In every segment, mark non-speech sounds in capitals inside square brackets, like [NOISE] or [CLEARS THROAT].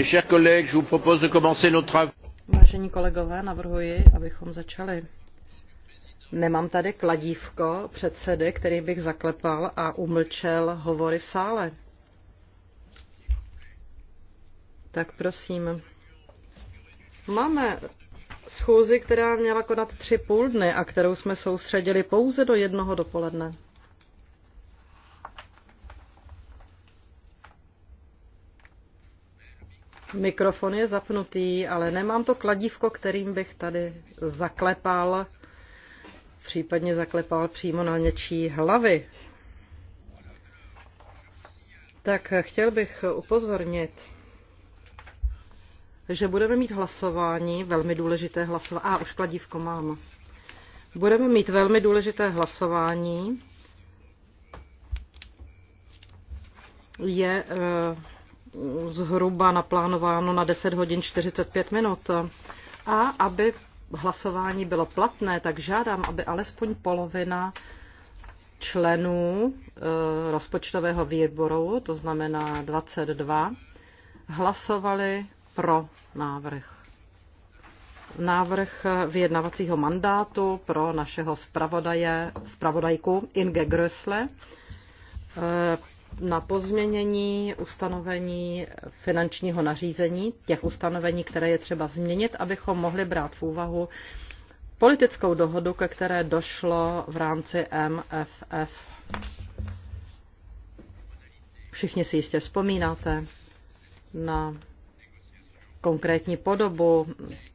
chers collègues, je vous propose de commencer nos travaux. Vážení kolegové, navrhuji, abychom začali. Nemám tady kladívko předsedy, kterým bych zaklepal a umlčel hovory v sále. Tak prosím. Máme schůzi, která měla konat tři půl dny a kterou jsme soustředili pouze do jednoho dopoledne. Mikrofon je zapnutý, ale nemám to kladívko, kterým bych tady zaklepal, případně zaklepal přímo na něčí hlavy. Tak chtěl bych upozornit, že budeme mít hlasování, velmi důležité hlasování. A, už kladívko mám. Budeme mít velmi důležité hlasování. Je eh, zhruba naplánováno na 10 hodin 45 minut. A aby hlasování bylo platné, tak žádám, aby alespoň polovina členů eh, rozpočtového výboru, to znamená 22, hlasovali pro návrh. Návrh vyjednavacího mandátu pro našeho zpravodaje, zpravodajku Inge Grösle eh, na pozměnění ustanovení finančního nařízení, těch ustanovení, které je třeba změnit, abychom mohli brát v úvahu politickou dohodu, ke které došlo v rámci MFF. Všichni si jistě vzpomínáte na konkrétní podobu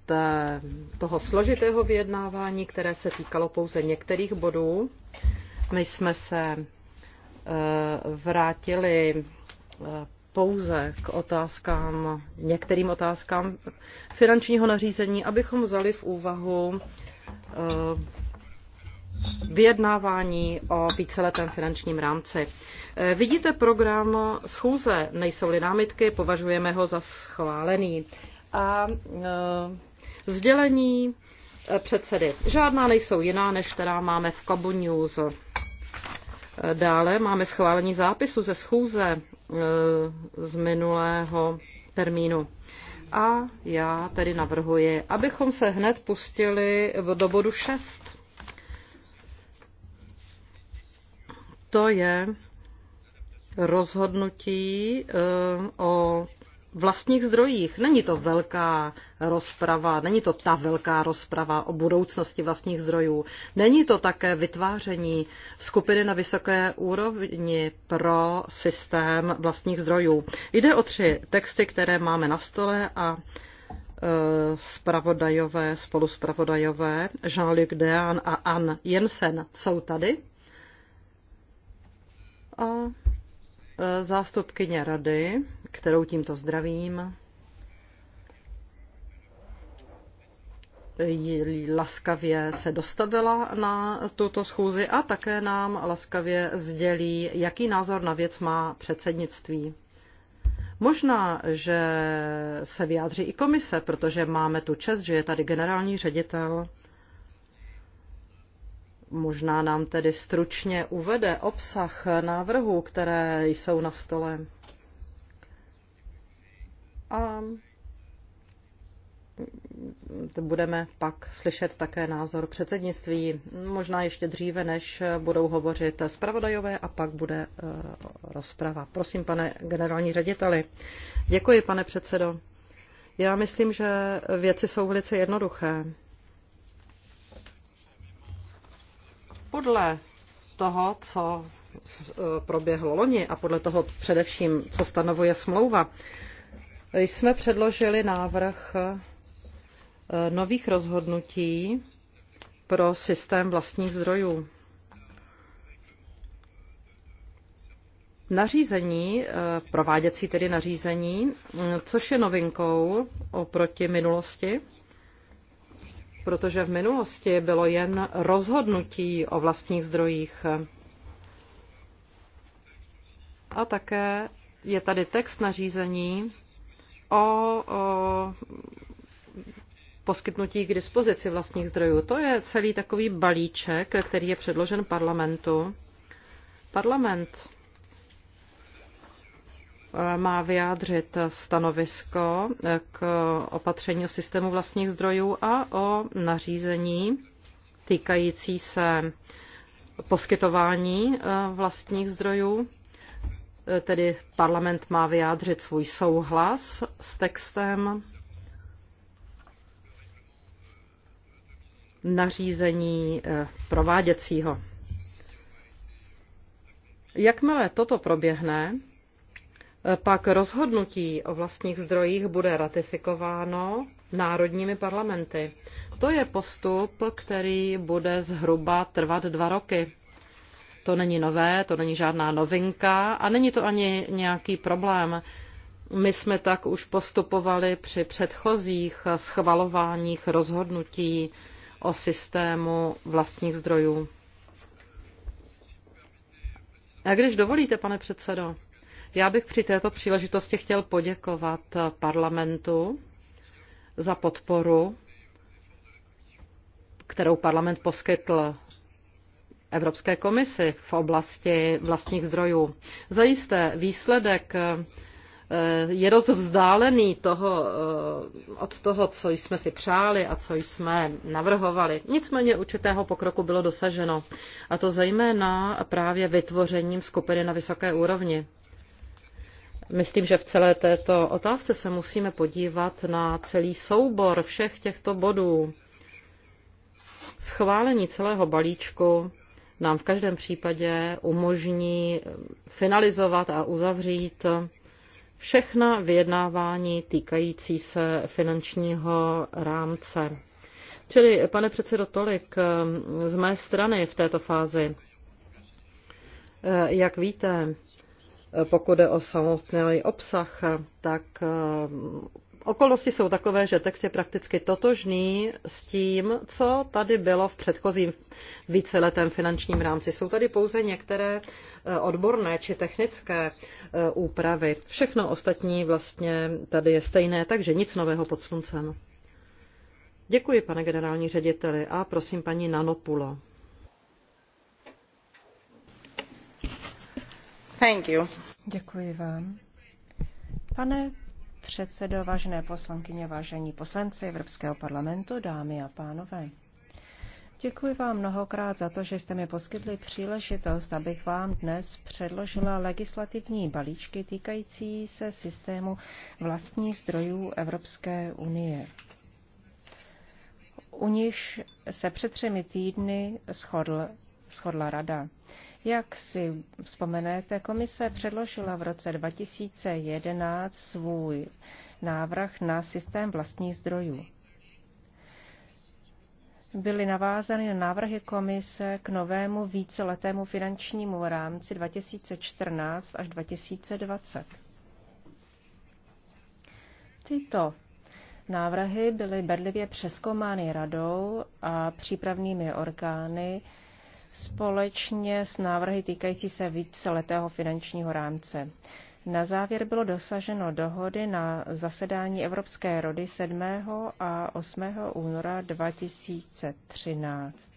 té, toho složitého vyjednávání, které se týkalo pouze některých bodů. My jsme se Eh, vrátili eh, pouze k otázkám, některým otázkám finančního nařízení, abychom vzali v úvahu eh, vyjednávání o víceletém finančním rámci. Vidíte program schůze, nejsou-li námitky, považujeme ho za schválený. A sdělení předsedy. Žádná nejsou jiná, než která máme v Kabu News. Dále máme schválení zápisu ze schůze e, z minulého termínu. A já tedy navrhuji, abychom se hned pustili do bodu 6. To je rozhodnutí e, o vlastních zdrojích. Není to velká rozprava, není to ta velká rozprava o budoucnosti vlastních zdrojů. Není to také vytváření skupiny na vysoké úrovni pro systém vlastních zdrojů. Jde o tři texty, které máme na stole a e, spravodajové, spoluspravodajové Jean-Luc Dean a Ann Jensen jsou tady. A e, zástupkyně rady kterou tímto zdravím. laskavě se dostavila na tuto schůzi a také nám laskavě sdělí, jaký názor na věc má předsednictví. Možná, že se vyjádří i komise, protože máme tu čest, že je tady generální ředitel. Možná nám tedy stručně uvede obsah návrhů, které jsou na stole a budeme pak slyšet také názor předsednictví, možná ještě dříve, než budou hovořit zpravodajové a pak bude eh, rozprava. Prosím, pane generální řediteli. Děkuji, pane předsedo. Já myslím, že věci jsou velice jednoduché. Podle toho, co eh, proběhlo loni a podle toho především, co stanovuje smlouva, jsme předložili návrh eh, nových rozhodnutí pro systém vlastních zdrojů. Nařízení, eh, prováděcí tedy nařízení, eh, což je novinkou oproti minulosti, protože v minulosti bylo jen rozhodnutí o vlastních zdrojích. A také je tady text nařízení, o, o poskytnutí k dispozici vlastních zdrojů. To je celý takový balíček, který je předložen parlamentu. Parlament eh, má vyjádřit stanovisko eh, k opatření o systému vlastních zdrojů a o nařízení týkající se poskytování eh, vlastních zdrojů tedy parlament má vyjádřit svůj souhlas s textem nařízení eh, prováděcího. Jakmile toto proběhne, eh, pak rozhodnutí o vlastních zdrojích bude ratifikováno národními parlamenty. To je postup, který bude zhruba trvat dva roky. To není nové, to není žádná novinka a není to ani nějaký problém. My jsme tak už postupovali při předchozích schvalováních rozhodnutí o systému vlastních zdrojů. A když dovolíte, pane předsedo, já bych při této příležitosti chtěl poděkovat parlamentu za podporu, kterou parlament poskytl Evropské komisi v oblasti vlastních zdrojů. Zajisté výsledek eh, je dost vzdálený toho, eh, od toho, co jsme si přáli a co jsme navrhovali. Nicméně určitého pokroku bylo dosaženo, a to zejména právě vytvořením skupiny na vysoké úrovni. Myslím, že v celé této otázce se musíme podívat na celý soubor všech těchto bodů. Schválení celého balíčku nám v každém případě umožní finalizovat a uzavřít všechna vyjednávání týkající se finančního rámce. Čili, pane předsedo, tolik eh, z mé strany v této fázi. Eh, jak víte, eh, pokud jde o samotný obsah, tak Okolnosti jsou takové, že text je prakticky totožný s tím, co tady bylo v předchozím víceletém finančním rámci. Jsou tady pouze některé e, odborné či technické e, úpravy. Všechno ostatní vlastně tady je stejné, takže nic nového pod sluncem. Děkuji, pane generální řediteli, a prosím paní Nanopulo. Thank you. Děkuji vám. Pane předsedo, vážené poslankyně, vážení poslanci Evropského parlamentu, dámy a pánové. Děkuji vám mnohokrát za to, že jste mi poskytli příležitost, abych vám dnes předložila legislativní balíčky týkající se systému vlastních zdrojů Evropské unie. U nich se před třemi týdny shodl, shodla rada. Jak si vzpomenete, komise předložila v roce 2011 svůj návrh na systém vlastních zdrojů. Byly navázány na návrhy komise k novému víceletému finančnímu rámci 2014 až 2020. Tyto návrhy byly bedlivě přeskomány radou a přípravnými orgány společně s návrhy týkající se víceletého finančního rámce. Na závěr bylo dosaženo dohody na zasedání Evropské rody 7. a 8. února 2013.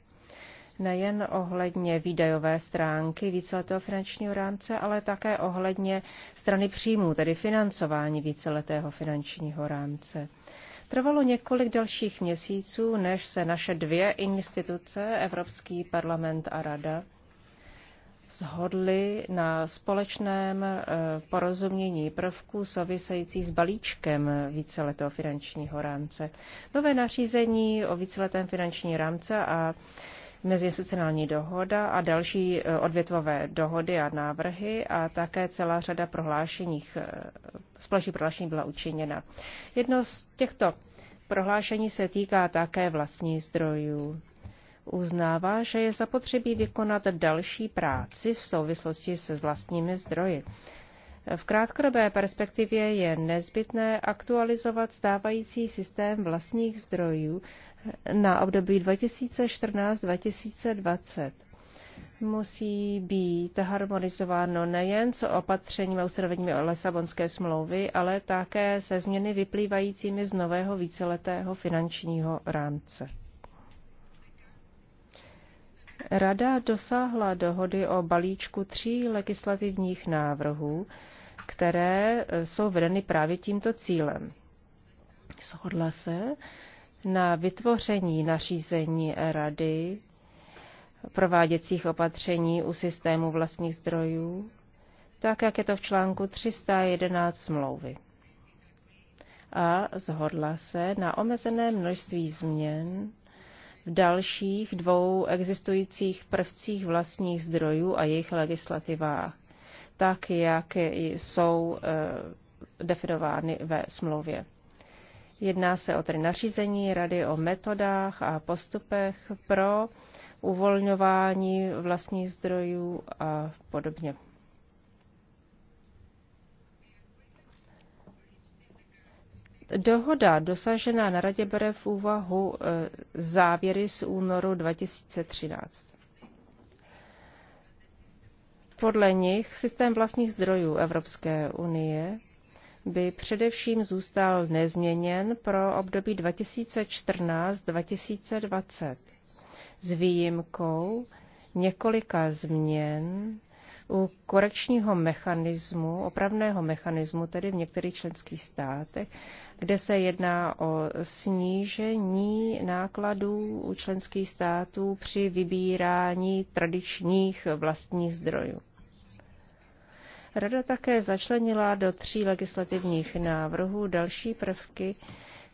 Nejen ohledně výdajové stránky víceletého finančního rámce, ale také ohledně strany příjmů, tedy financování víceletého finančního rámce. Trvalo několik dalších měsíců, než se naše dvě instituce, Evropský parlament a Rada, zhodly na společném eh, porozumění prvků souvisejících s balíčkem víceletého finančního rámce. Nové nařízení o víceletém finančním rámce a mezinstitucionální dohoda a další eh, odvětvové dohody a návrhy a také celá řada prohlášeních, eh, společných prohlášení byla učiněna. Jedno z těchto prohlášení se týká také vlastních zdrojů. Uznává, že je zapotřebí vykonat další práci v souvislosti se vlastními zdroji. V krátkodobé perspektivě je nezbytné aktualizovat stávající systém vlastních zdrojů na období 2014-2020 musí být harmonizováno nejen s opatřeními a ustanoveními Lisabonské smlouvy, ale také se změny vyplývajícími z nového víceletého finančního rámce. Rada dosáhla dohody o balíčku tří legislativních návrhů, které jsou vedeny právě tímto cílem. Shodla se, na vytvoření nařízení rady prováděcích opatření u systému vlastních zdrojů, tak jak je to v článku 311 smlouvy. A zhodla se na omezené množství změn v dalších dvou existujících prvcích vlastních zdrojů a jejich legislativách, tak jak jsou eh, definovány ve smlouvě. Jedná se o tedy nařízení Rady o metodách a postupech pro uvolňování vlastních zdrojů a podobně. Dohoda dosažená na radě bere v úvahu e, závěry z únoru 2013. Podle nich systém vlastních zdrojů Evropské unie by především zůstal nezměněn pro období 2014-2020 s výjimkou několika změn u korekčního mechanismu, opravného mechanismu, tedy v některých členských státech, kde se jedná o snížení nákladů u členských států při vybírání tradičních vlastních zdrojů. Rada také začlenila do tří legislativních návrhů další prvky,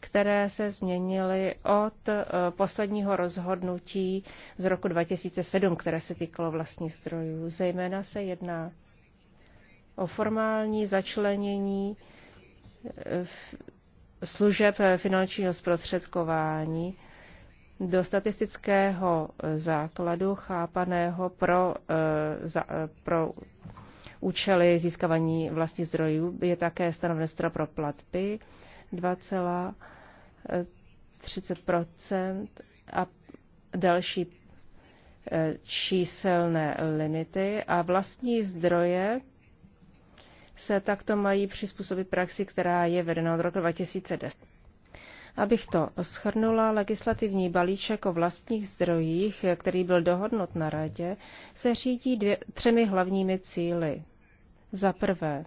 které se změnily od eh, posledního rozhodnutí z roku 2007, které se týkalo vlastních zdrojů. Zejména se jedná o formální začlenění eh, služeb eh, finančního zprostředkování do statistického základu chápaného pro, za, pro účely získávání vlastních zdrojů je také stanoven strop pro platby 2,30 a další eh, číselné limity a vlastní zdroje se takto mají přizpůsobit praxi, která je vedena od roku 2010. Abych to schrnula, legislativní balíček o vlastních zdrojích, který byl dohodnut na radě, se řídí dvě, třemi hlavními cíly. Za prvé,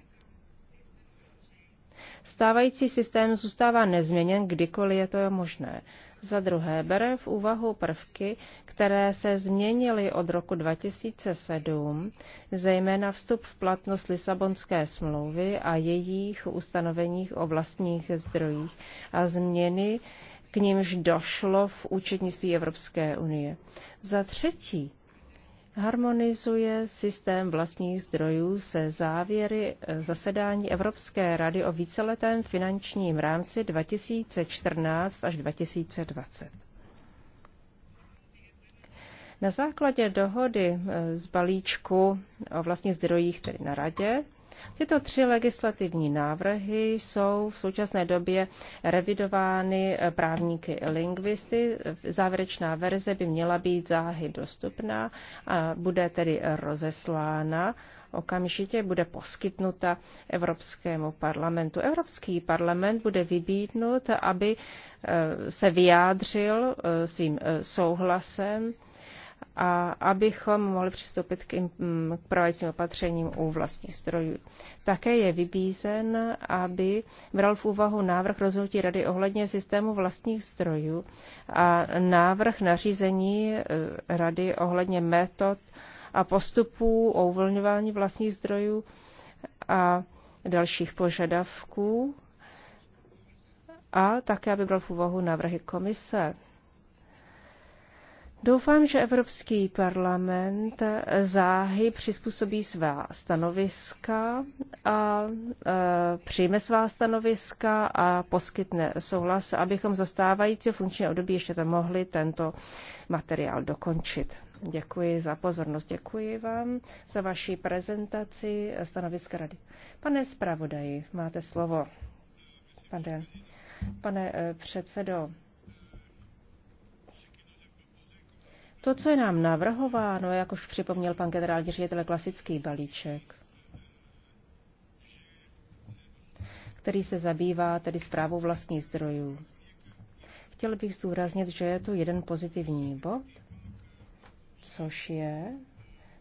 Stávající systém zůstává nezměněn, kdykoliv je to možné. Za druhé, bere v úvahu prvky, které se změnily od roku 2007, zejména vstup v platnost Lisabonské smlouvy a jejich ustanoveních o vlastních zdrojích a změny, k nímž došlo v účetnictví Evropské unie. Za třetí, harmonizuje systém vlastních zdrojů se závěry eh, zasedání Evropské rady o víceletém finančním rámci 2014 až 2020. Na základě dohody eh, z balíčku o vlastních zdrojích, tedy na radě, Tyto tři legislativní návrhy jsou v současné době revidovány eh, právníky lingvisty. Závěrečná verze by měla být záhy dostupná a bude tedy rozeslána okamžitě bude poskytnuta Evropskému parlamentu. Evropský parlament bude vybídnut, aby eh, se vyjádřil eh, svým souhlasem a abychom mohli přistoupit k, k provádějícím opatřením u vlastních strojů. Také je vybízen, aby bral v úvahu návrh rozhodnutí Rady ohledně systému vlastních strojů a návrh nařízení eh, Rady ohledně metod a postupů o uvolňování vlastních zdrojů a dalších požadavků a také, aby bral v úvahu návrhy komise. Doufám, že Evropský parlament záhy přizpůsobí svá stanoviska a e, přijme svá stanoviska a poskytne souhlas, abychom zastávající funkční období ještě tam mohli tento materiál dokončit. Děkuji za pozornost, děkuji vám za vaši prezentaci stanoviska rady. Pane zpravodaji, máte slovo. Pane, pane e, předsedo, To, co je nám navrhováno, jak už připomněl pan generální ředitel, klasický balíček, který se zabývá tedy zprávou vlastních zdrojů. Chtěl bych zdůraznit, že je tu jeden pozitivní bod, což je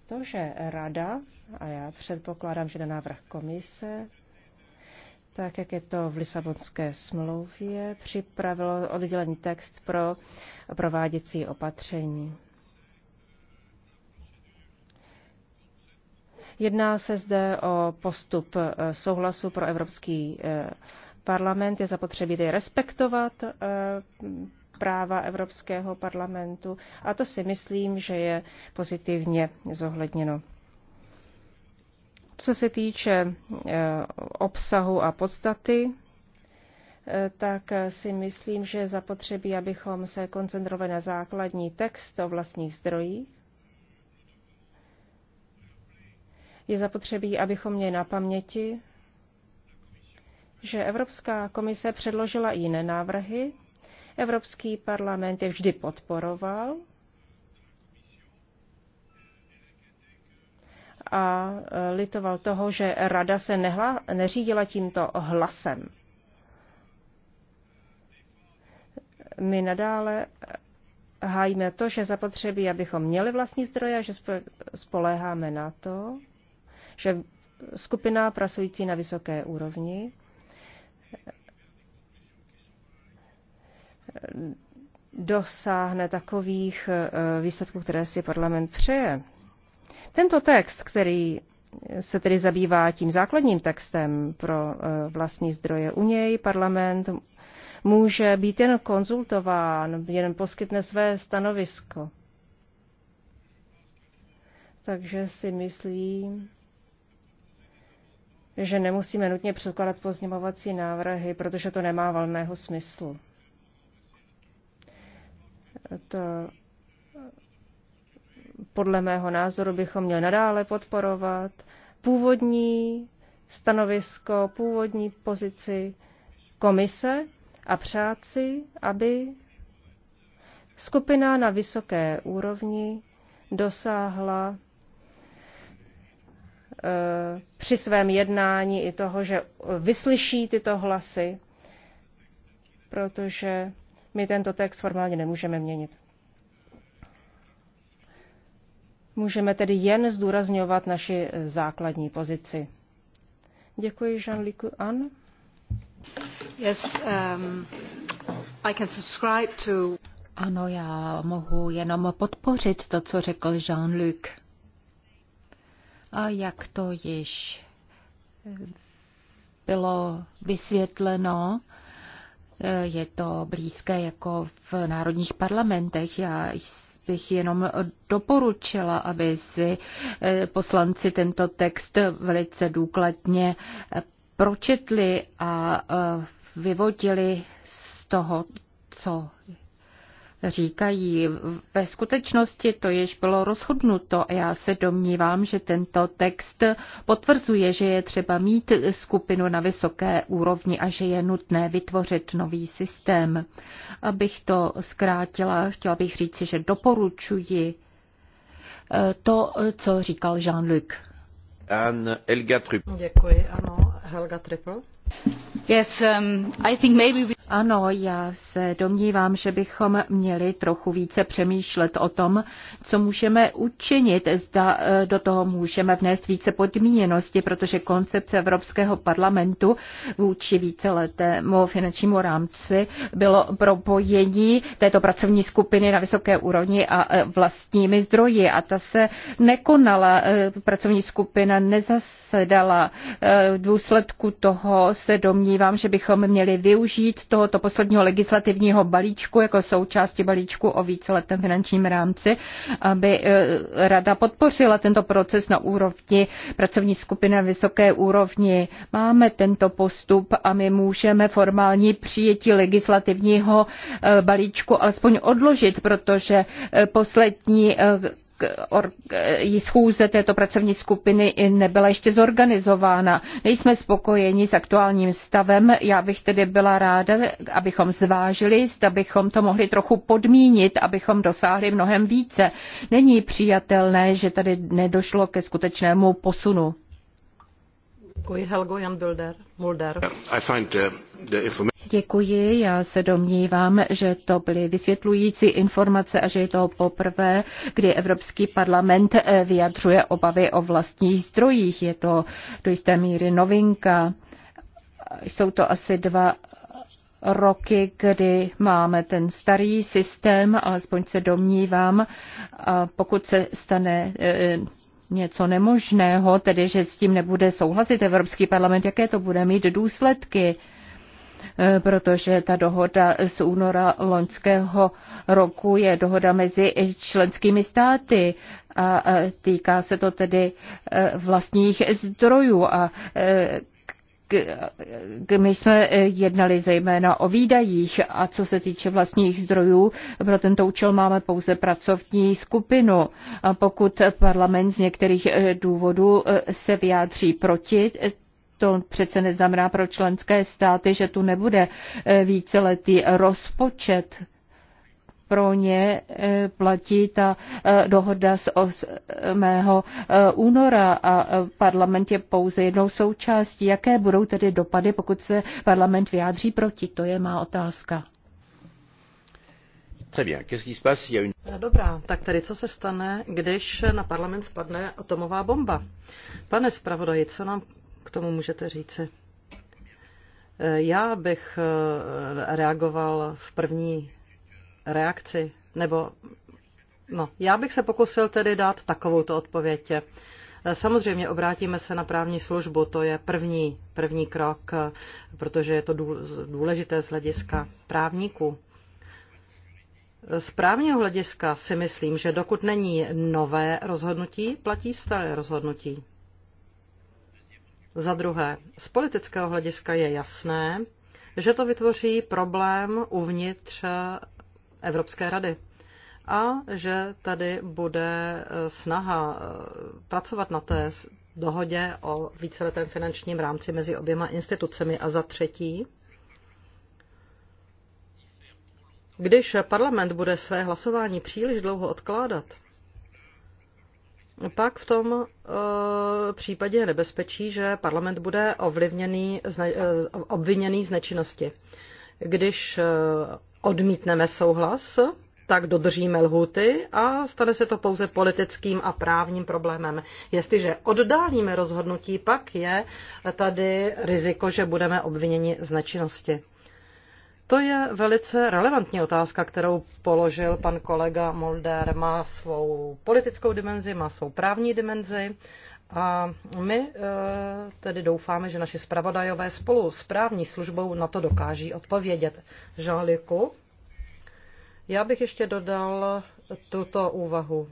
to, že rada, a já předpokládám, že na návrh komise, tak jak je to v Lisabonské smlouvě, připravilo oddělený text pro prováděcí opatření. Jedná se zde o postup eh, souhlasu pro Evropský eh, parlament. Je zapotřebí tedy respektovat eh, práva Evropského parlamentu a to si myslím, že je pozitivně zohledněno. Co se týče obsahu a podstaty, tak si myslím, že zapotřebí, abychom se koncentrovali na základní text o vlastních zdrojích, je zapotřebí, abychom měli na paměti, že Evropská komise předložila jiné návrhy, Evropský parlament je vždy podporoval a e, litoval toho, že rada se nehla, neřídila tímto hlasem. My nadále e, hájíme to, že zapotřebí, abychom měli vlastní zdroje že spoléháme na to, že skupina pracující na vysoké úrovni dosáhne takových eh, výsledků, které si parlament přeje. Tento text, který se tedy zabývá tím základním textem pro eh, vlastní zdroje u něj, parlament může být jen konzultován, jen poskytne své stanovisko. Takže si myslím, že nemusíme nutně předkládat pozněmovací návrhy, protože to nemá valného smyslu. To podle mého názoru bychom měli nadále podporovat původní stanovisko, původní pozici komise a přát si, aby skupina na vysoké úrovni dosáhla Eh, při svém jednání i toho, že vyslyší tyto hlasy, protože my tento text formálně nemůžeme měnit. Můžeme tedy jen zdůrazňovat naši základní pozici. Děkuji, Jean-Luc Anne. Yes, um, I can subscribe to... Ano, já mohu jenom podpořit to, co řekl Jean-Luc. A jak to již bylo vysvětleno, je to blízké jako v národních parlamentech. Já bych jenom doporučila, aby si eh, poslanci tento text velice důkladně eh, pročetli a eh, vyvodili z toho, co říkají. Ve skutečnosti to již bylo rozhodnuto a já se domnívám, že tento text potvrzuje, že je třeba mít skupinu na vysoké úrovni a že je nutné vytvořit nový systém. Abych to zkrátila, chtěla bych říci, že doporučuji eh, to, co říkal Jean-Luc. Děkuji, ano. Helga Triple. Um, ano, já se domnívám, že bychom měli trochu více přemýšlet o tom, co můžeme učinit. Zda eh, do toho můžeme vnést více podmíněnosti, protože koncepce Evropského parlamentu vůči víceletému finančnímu rámci bylo propojení této pracovní skupiny na vysoké úrovni a eh, vlastními zdroji. A ta se nekonala, eh, pracovní skupina nezasedala. V důsledku toho se domnívám, že bychom měli využít tohoto posledního legislativního balíčku jako součásti balíčku o víceletém finančním rámci, aby e, rada podpořila tento proces na úrovni pracovní skupiny na vysoké úrovni. Máme tento postup a my můžeme formální přijetí legislativního e, balíčku alespoň odložit, protože e, poslední or, schůze této pracovní skupiny nebyla ještě zorganizována. Nejsme spokojeni s aktuálním stavem. Já bych tedy byla ráda, abychom zvážili, abychom to mohli trochu podmínit, abychom dosáhli mnohem více. Není přijatelné, že tady nedošlo ke skutečnému posunu. Děkuji, Helgo Jan Bilder, Mulder. Uh, Děkuji, já se domnívám, že to byly vysvětlující informace a že je to poprvé, kdy Evropský parlament eh, vyjadřuje obavy o vlastních zdrojích. Je to do jisté míry novinka. Jsou to asi dva roky, kdy máme ten starý systém, alespoň se domnívám, a pokud se stane eh, něco nemožného, tedy že s tím nebude souhlasit Evropský parlament, jaké to bude mít důsledky e, protože ta dohoda z února loňského roku je dohoda mezi členskými státy a týká se to tedy e, vlastních zdrojů a e, my jsme eh, jednali zejména o výdajích a co se týče vlastních zdrojů, pro tento účel máme pouze pracovní skupinu. A pokud parlament z některých eh, důvodů eh, se vyjádří proti, to přece neznamená pro členské státy, že tu nebude víceletý rozpočet pro ně e, platí ta e, dohoda z 8. E, února a parlament je pouze jednou součástí. Jaké budou tedy dopady, pokud se parlament vyjádří proti? To je má otázka. No dobrá, tak tady co se stane, když na parlament spadne atomová bomba? Pane zpravodaji, co nám k tomu můžete říci? Já bych reagoval v první reakci, nebo no, já bych se pokusil tedy dát takovouto odpověď. Samozřejmě obrátíme se na právní službu, to je první, první krok, protože je to důležité z hlediska právníků. Z právního hlediska si myslím, že dokud není nové rozhodnutí, platí staré rozhodnutí. Za druhé, z politického hlediska je jasné, že to vytvoří problém uvnitř Evropské rady a že tady bude eh, snaha eh, pracovat na té dohodě o víceletém finančním rámci mezi oběma institucemi. A za třetí, když parlament bude své hlasování příliš dlouho odkládat, pak v tom uh, případě je nebezpečí, že parlament bude ovlivněný, zne, obviněný z nečinnosti. Když odmítneme souhlas, tak dodržíme lhuty a stane se to pouze politickým a právním problémem. Jestliže oddálíme rozhodnutí, pak je tady riziko, že budeme obviněni z nečinnosti. To je velice relevantní otázka, kterou položil pan kolega Molder. Má svou politickou dimenzi, má svou právní dimenzi a my eh, tedy doufáme, že naši zpravodajové spolu s právní službou na to dokáží odpovědět. jean -Luc. já bych ještě dodal tuto úvahu.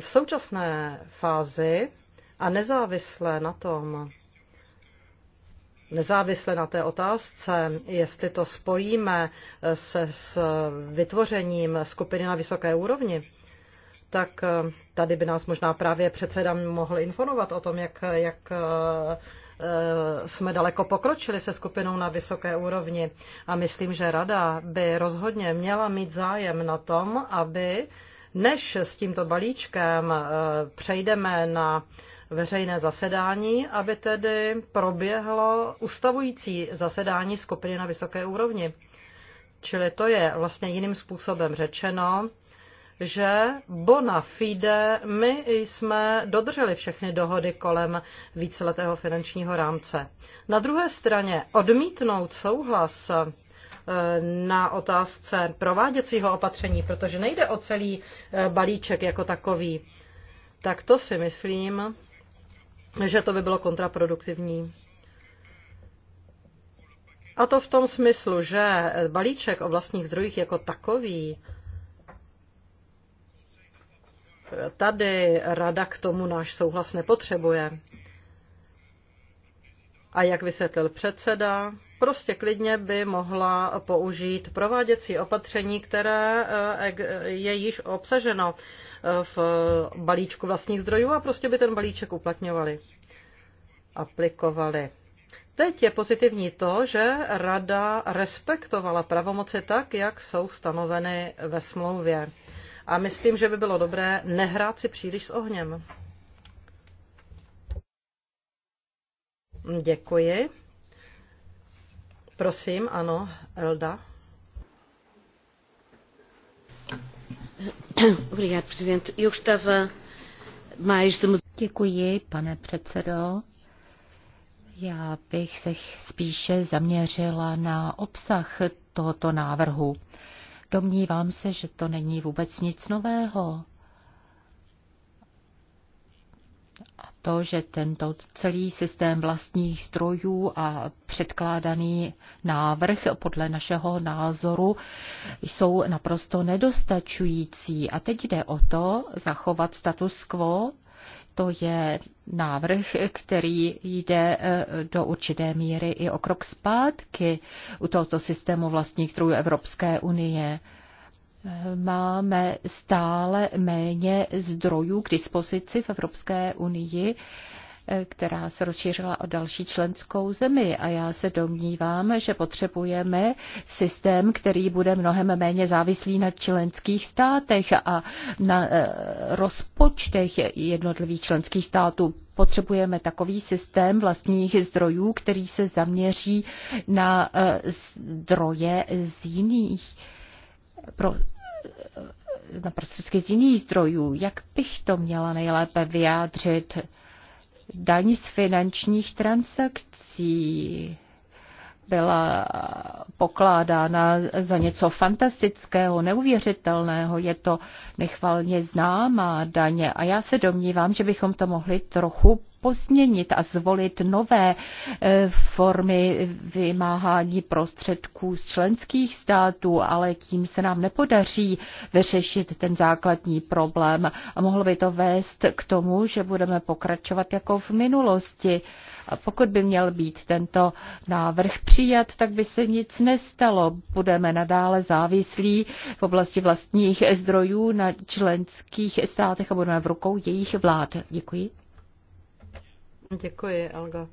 V současné fázi a nezávisle na tom, nezávisle na té otázce, jestli to spojíme se s vytvořením skupiny na vysoké úrovni, tak eh, tady by nás možná právě předseda mohl informovat o tom, jak, jak eh, eh, jsme daleko pokročili se skupinou na vysoké úrovni. A myslím, že rada by rozhodně měla mít zájem na tom, aby než s tímto balíčkem přejdeme na veřejné zasedání, aby tedy proběhlo ustavující zasedání skupiny na vysoké úrovni. Čili to je vlastně jiným způsobem řečeno, že bona fide my jsme dodrželi všechny dohody kolem víceletého finančního rámce. Na druhé straně odmítnout souhlas eh, na otázce prováděcího opatření, protože nejde o celý eh, balíček jako takový, tak to si myslím, že to by bylo kontraproduktivní. A to v tom smyslu, že balíček o vlastních zdrojích jako takový Tady rada k tomu náš souhlas nepotřebuje. A jak vysvětlil předseda, prostě klidně by mohla použít prováděcí opatření, které eh, eh, je již obsaženo eh, v balíčku vlastních zdrojů a prostě by ten balíček uplatňovali, aplikovali. Teď je pozitivní to, že Rada respektovala pravomoci tak, jak jsou stanoveny ve smlouvě. A myslím, že by bylo dobré nehrát si příliš s ohněm. Děkuji. Prosím, ano, Elda. Děkuji, pane předsedo. Já bych se spíše zaměřila na obsah tohoto návrhu. Domnívám se, že to není vůbec nic nového. A to, že tento celý systém vlastních strojů a předkládaný návrh podle našeho názoru jsou naprosto nedostačující. A teď jde o to zachovat status quo to je návrh, který jde e, do určité míry i o krok zpátky u tohoto systému vlastních trů Evropské unie. E, máme stále méně zdrojů k dispozici v Evropské unii která se rozšířila o další členskou zemi. A já se domnívám, že potřebujeme systém, který bude mnohem méně závislý na členských státech a na eh, rozpočtech jednotlivých členských států potřebujeme takový systém vlastních zdrojů, který se zaměří na eh, zdroje z jiných pro, eh, na prostředky z jiných zdrojů. Jak bych to měla nejlépe vyjádřit? daň z finančních transakcí byla pokládána za něco fantastického, neuvěřitelného. Je to nechvalně známá daně a já se domnívám, že bychom to mohli trochu pozměnit a zvolit nové e, formy vymáhání prostředků z členských států, ale tím se nám nepodaří vyřešit ten základní problém. A mohlo by to vést k tomu, že budeme pokračovat jako v minulosti. A pokud by měl být tento návrh přijat, tak by se nic nestalo. Budeme nadále závislí v oblasti vlastních zdrojů na členských státech a budeme v rukou jejich vlád. Děkuji. Děkuji, Alga.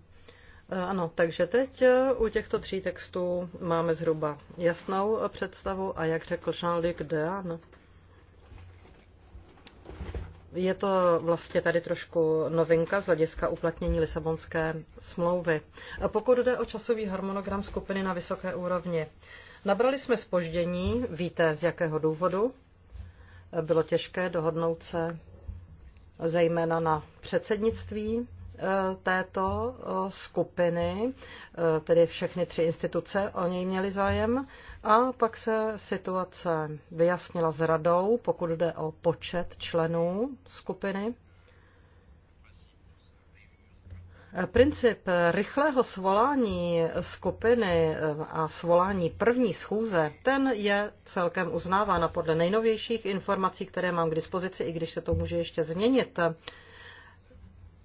Eh, ano, takže teď eh, u těchto tří textů máme zhruba jasnou eh, představu a jak řekl Jean-Luc Dean, je to vlastně tady trošku novinka z hlediska uplatnění Lisabonské smlouvy. Pokud jde o časový harmonogram skupiny na vysoké úrovni, nabrali jsme spoždění, víte z jakého důvodu. Bylo těžké dohodnout se zejména na předsednictví Eh, této eh, skupiny, eh, tedy všechny tři instituce o něj měly zájem a pak se situace vyjasnila s radou, pokud jde o počet členů skupiny. Princip rychlého svolání skupiny a svolání první schůze, ten je celkem uznáván a podle nejnovějších informací, které mám k dispozici, i když se to může ještě změnit,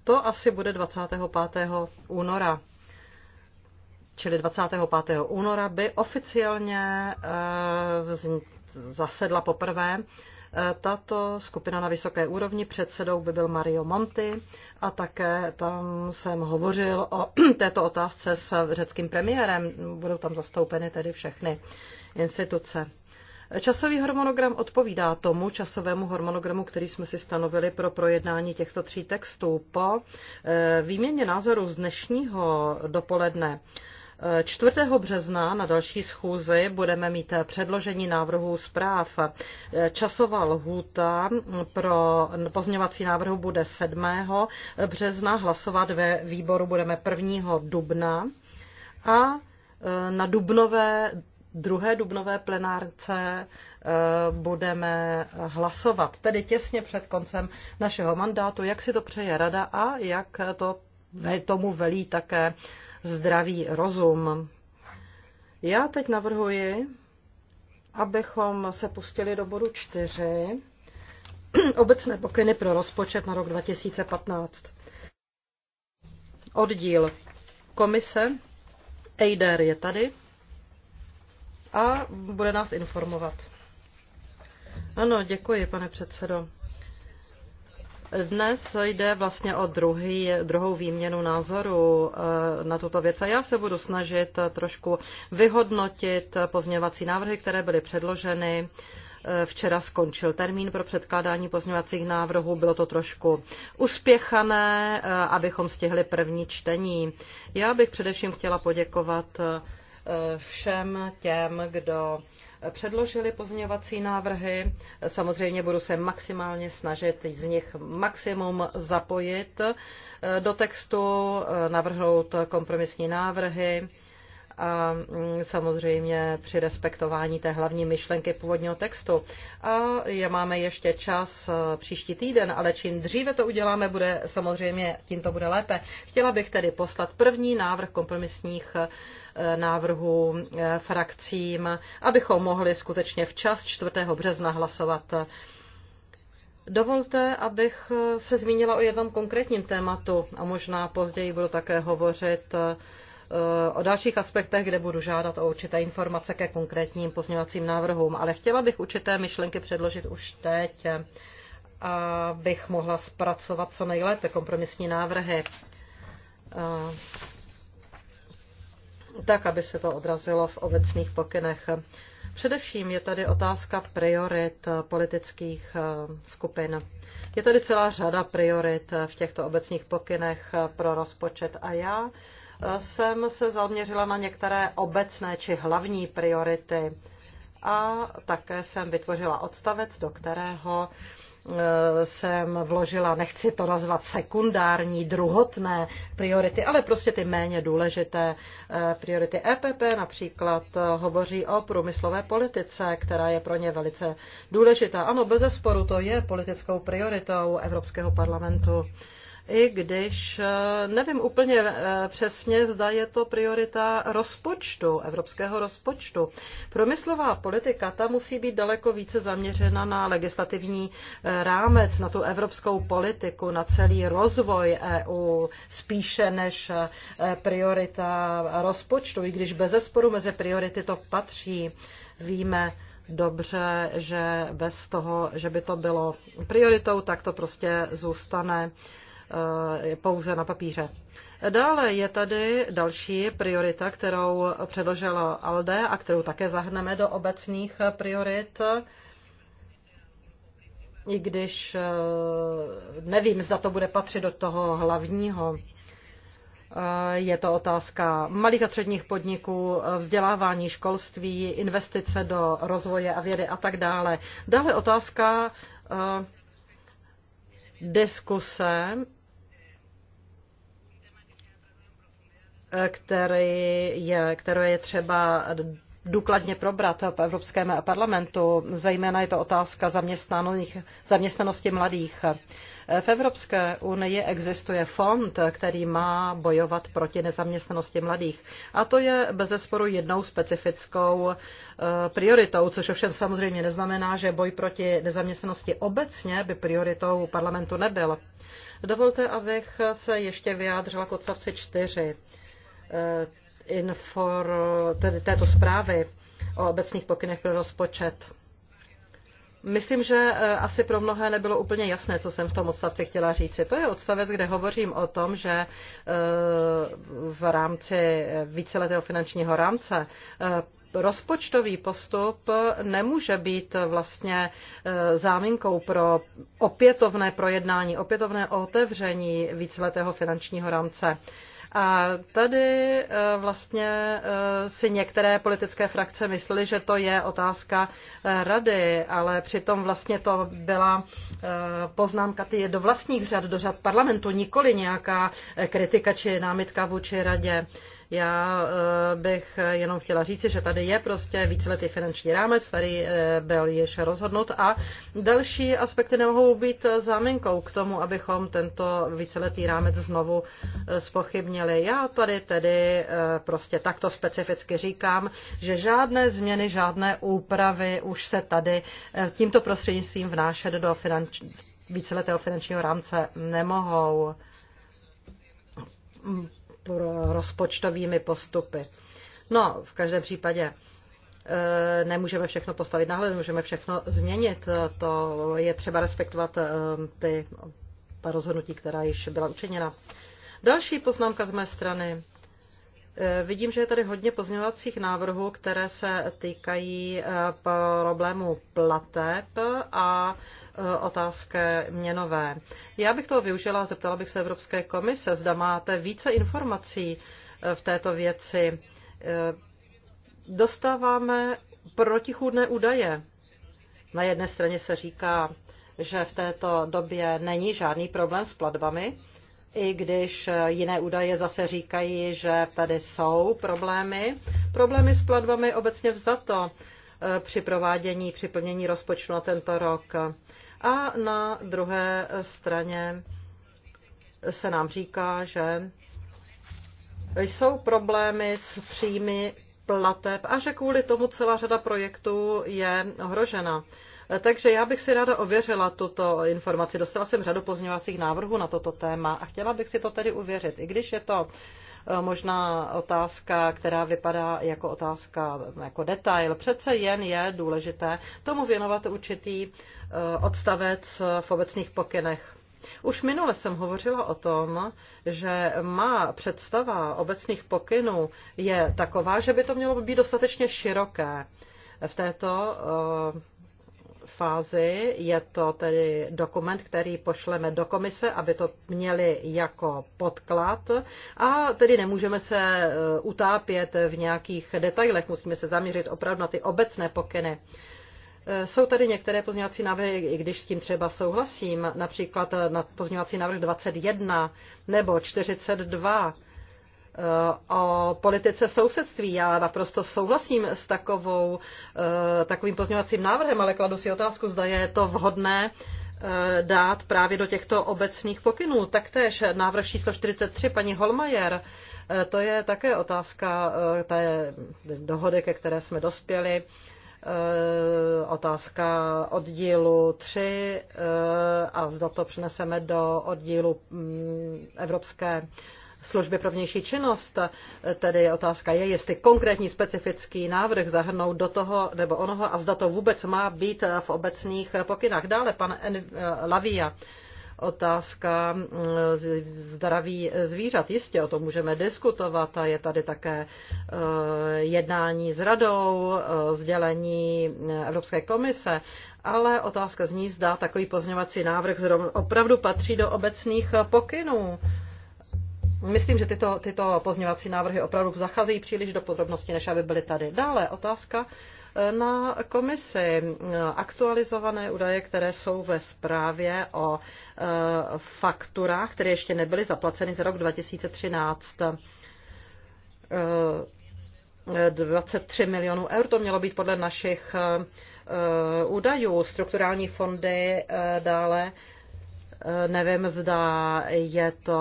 to asi bude 25. února. Čili 25. února by oficiálně eh, zasedla poprvé eh, tato skupina na vysoké úrovni předsedou by byl Mario Monti a také tam jsem hovořil o [CLEARS THROAT] této otázce s řeckým premiérem. Budou tam zastoupeny tedy všechny instituce. Časový harmonogram odpovídá tomu časovému harmonogramu, který jsme si stanovili pro projednání těchto tří textů. Po eh, výměně názorů z dnešního dopoledne 4. Eh, března na další schůzi budeme mít předložení návrhu zpráv. Eh, časová lhůta pro pozměňovací návrhu bude 7. března, hlasovat ve výboru budeme 1. dubna a na dubnové druhé dubnové plenárce eh, budeme hlasovat, tedy těsně před koncem našeho mandátu, jak si to přeje rada a jak to tomu velí také zdravý rozum. Já teď navrhuji, abychom se pustili do bodu čtyři [CLEARS THROAT] obecné pokyny pro rozpočet na rok 2015. Oddíl komise. Eider je tady, a bude nás informovat. Ano, děkuji, pane předsedo. Dnes jde vlastně o druhý, druhou výměnu názoru eh, na tuto věc a já se budu snažit trošku vyhodnotit pozměňovací návrhy, které byly předloženy. Eh, včera skončil termín pro předkládání pozměňovacích návrhů, bylo to trošku uspěchané, eh, abychom stihli první čtení. Já bych především chtěla poděkovat všem těm, kdo předložili pozměňovací návrhy. Samozřejmě budu se maximálně snažit z nich maximum zapojit do textu, navrhnout kompromisní návrhy a mm, samozřejmě při respektování té hlavní myšlenky původního textu. A je, máme ještě čas e, příští týden, ale čím dříve to uděláme, bude samozřejmě tím to bude lépe. Chtěla bych tedy poslat první návrh kompromisních e, návrhů e, frakcím, abychom mohli skutečně včas 4. března hlasovat. Dovolte, abych se zmínila o jednom konkrétním tématu a možná později budu také hovořit Eh, o dalších aspektech, kde budu žádat o určité informace ke konkrétním pozměňovacím návrhům, ale chtěla bych určité myšlenky předložit už teď, eh, abych mohla zpracovat co nejlépe kompromisní návrhy eh, tak, aby se to odrazilo v obecných pokynech. Především je tady otázka priorit politických skupin. Je tady celá řada priorit v těchto obecných pokynech pro rozpočet a já jsem se zaměřila na některé obecné či hlavní priority a také jsem vytvořila odstavec, do kterého e, jsem vložila, nechci to nazvat sekundární, druhotné priority, ale prostě ty méně důležité e, priority. EPP například e, hovoří o průmyslové politice, která je pro ně velice důležitá. Ano, bez to je politickou prioritou Evropského parlamentu i když eh, nevím úplně eh, přesně, zda je to priorita rozpočtu, evropského rozpočtu. Promyslová politika, ta musí být daleko více zaměřena na legislativní eh, rámec, na tu evropskou politiku, na celý rozvoj EU, spíše než priorita rozpočtu, i když bez zesporu mezi priority to patří. Víme, dobře, že bez toho, že by to bylo prioritou, tak to prostě zůstane Eh, pouze na papíře. Dále je tady další priorita, kterou předložila ALDE a kterou také zahrneme do obecných priorit i když eh, nevím, zda to bude patřit do toho hlavního. Eh, je to otázka malých a středních podniků, vzdělávání, školství, investice do rozvoje a vědy a tak dále. Dále otázka diskuse který je, které je třeba důkladně probrat v Evropském parlamentu. Zejména je to otázka zaměstnanosti mladých. V Evropské unii existuje fond, který má bojovat proti nezaměstnanosti mladých. A to je bezesporu jednou specifickou eh, prioritou, což ovšem samozřejmě neznamená, že boj proti nezaměstnanosti obecně by prioritou parlamentu nebyl. Dovolte, abych se ještě vyjádřila k odstavci 4. Eh, infor, tedy této zprávy o obecných pokynech pro rozpočet. Myslím, že eh, asi pro mnohé nebylo úplně jasné, co jsem v tom odstavci chtěla říci. To je odstavec, kde hovořím o tom, že eh, v rámci víceletého finančního rámce rozpočtový postup nemůže být vlastně záminkou pro opětovné projednání, opětovné otevření víceletého finančního rámce. A tady eh, vlastně eh, si některé politické frakce myslely, že to je otázka eh, rady, ale přitom vlastně to byla poznámka ty do vlastních řad, do řad parlamentu, nikoli nějaká kritika či námitka vůči radě. Já eh, bych jenom chtěla říci, že tady je prostě víceletý finanční rámec, který eh, byl již rozhodnut a další aspekty nemohou být záminkou k tomu, abychom tento víceletý rámec znovu eh, spochybnili. Já tady tedy prostě takto specificky říkám, že žádné změny, žádné úpravy už se tady tímto prostřednictvím vnášet do finanč... víceletého finančního rámce nemohou rozpočtovými postupy. No, v každém případě e, nemůžeme všechno postavit na hled, můžeme všechno změnit. To je třeba respektovat e, ty, ta rozhodnutí, která již byla učiněna. Další poznámka z mé strany Eh, vidím, že je tady hodně pozměňovacích návrhů, které se týkají eh, problému plateb a eh, otázky měnové. Já bych toho využila a zeptala bych se Evropské komise, zda máte více informací v této věci. Dostáváme protichůdné údaje. Na jedné straně se říká, že v této době není žádný problém s platbami, i když jiné údaje zase říkají, že tady jsou problémy. Problémy s platbami obecně vzato eh, při provádění, při plnění rozpočtu na tento rok. A na druhé straně se nám říká, že jsou problémy s příjmy plateb a že kvůli tomu celá řada projektů je ohrožena. Takže já bych si ráda ověřila tuto informaci. Dostala jsem řadu pozměňovacích návrhů na toto téma a chtěla bych si to tedy uvěřit. I když je to eh, možná otázka, která vypadá jako otázka, jako detail, přece jen je důležité tomu věnovat určitý eh, odstavec eh, v obecných pokynech. Už minule jsem hovořila o tom, že má představa obecných pokynů je taková, že by to mělo být dostatečně široké. V této fázi je to tedy dokument, který pošleme do komise, aby to měli jako podklad a tedy nemůžeme se eh, utápět v nějakých detailech, musíme se zaměřit opravdu na ty obecné pokyny. Eh, jsou tady některé pozměňovací návrhy, i když s tím třeba souhlasím, například eh, na pozměňovací návrh 21 nebo 42, Eh, o politice sousedství. Já naprosto souhlasím s takovou, eh, takovým pozměňovacím návrhem, ale kladu si otázku, zda je to vhodné eh, dát právě do těchto obecných pokynů. Taktéž návrh číslo 43 paní Holmajer, to je také otázka té dohody, ke které jsme dospěli. Otázka oddílu 3 a zda to přeneseme do oddílu mm, Evropské služby pro vnější činnost. Tedy otázka je, jestli konkrétní specifický návrh zahrnout do toho nebo onoho a zda to vůbec má být v obecných pokynách. Dále pan Lavia otázka mm, zdraví zvířat. Jistě o tom můžeme diskutovat a je tady také e, jednání s radou, e, sdělení Evropské komise, ale otázka zní, zda takový pozněvací návrh opravdu patří do obecných pokynů Myslím, že tyto, tyto pozměňovací návrhy opravdu zacházejí příliš do podrobností, než aby byly tady. Dále otázka eh, na komisi. Eh, aktualizované údaje, které jsou ve zprávě o eh, fakturách, které ještě nebyly zaplaceny za rok 2013. 23 milionů eur. To mělo být podle našich údajů. Strukturální fondy dále Eh, nevím, zda je to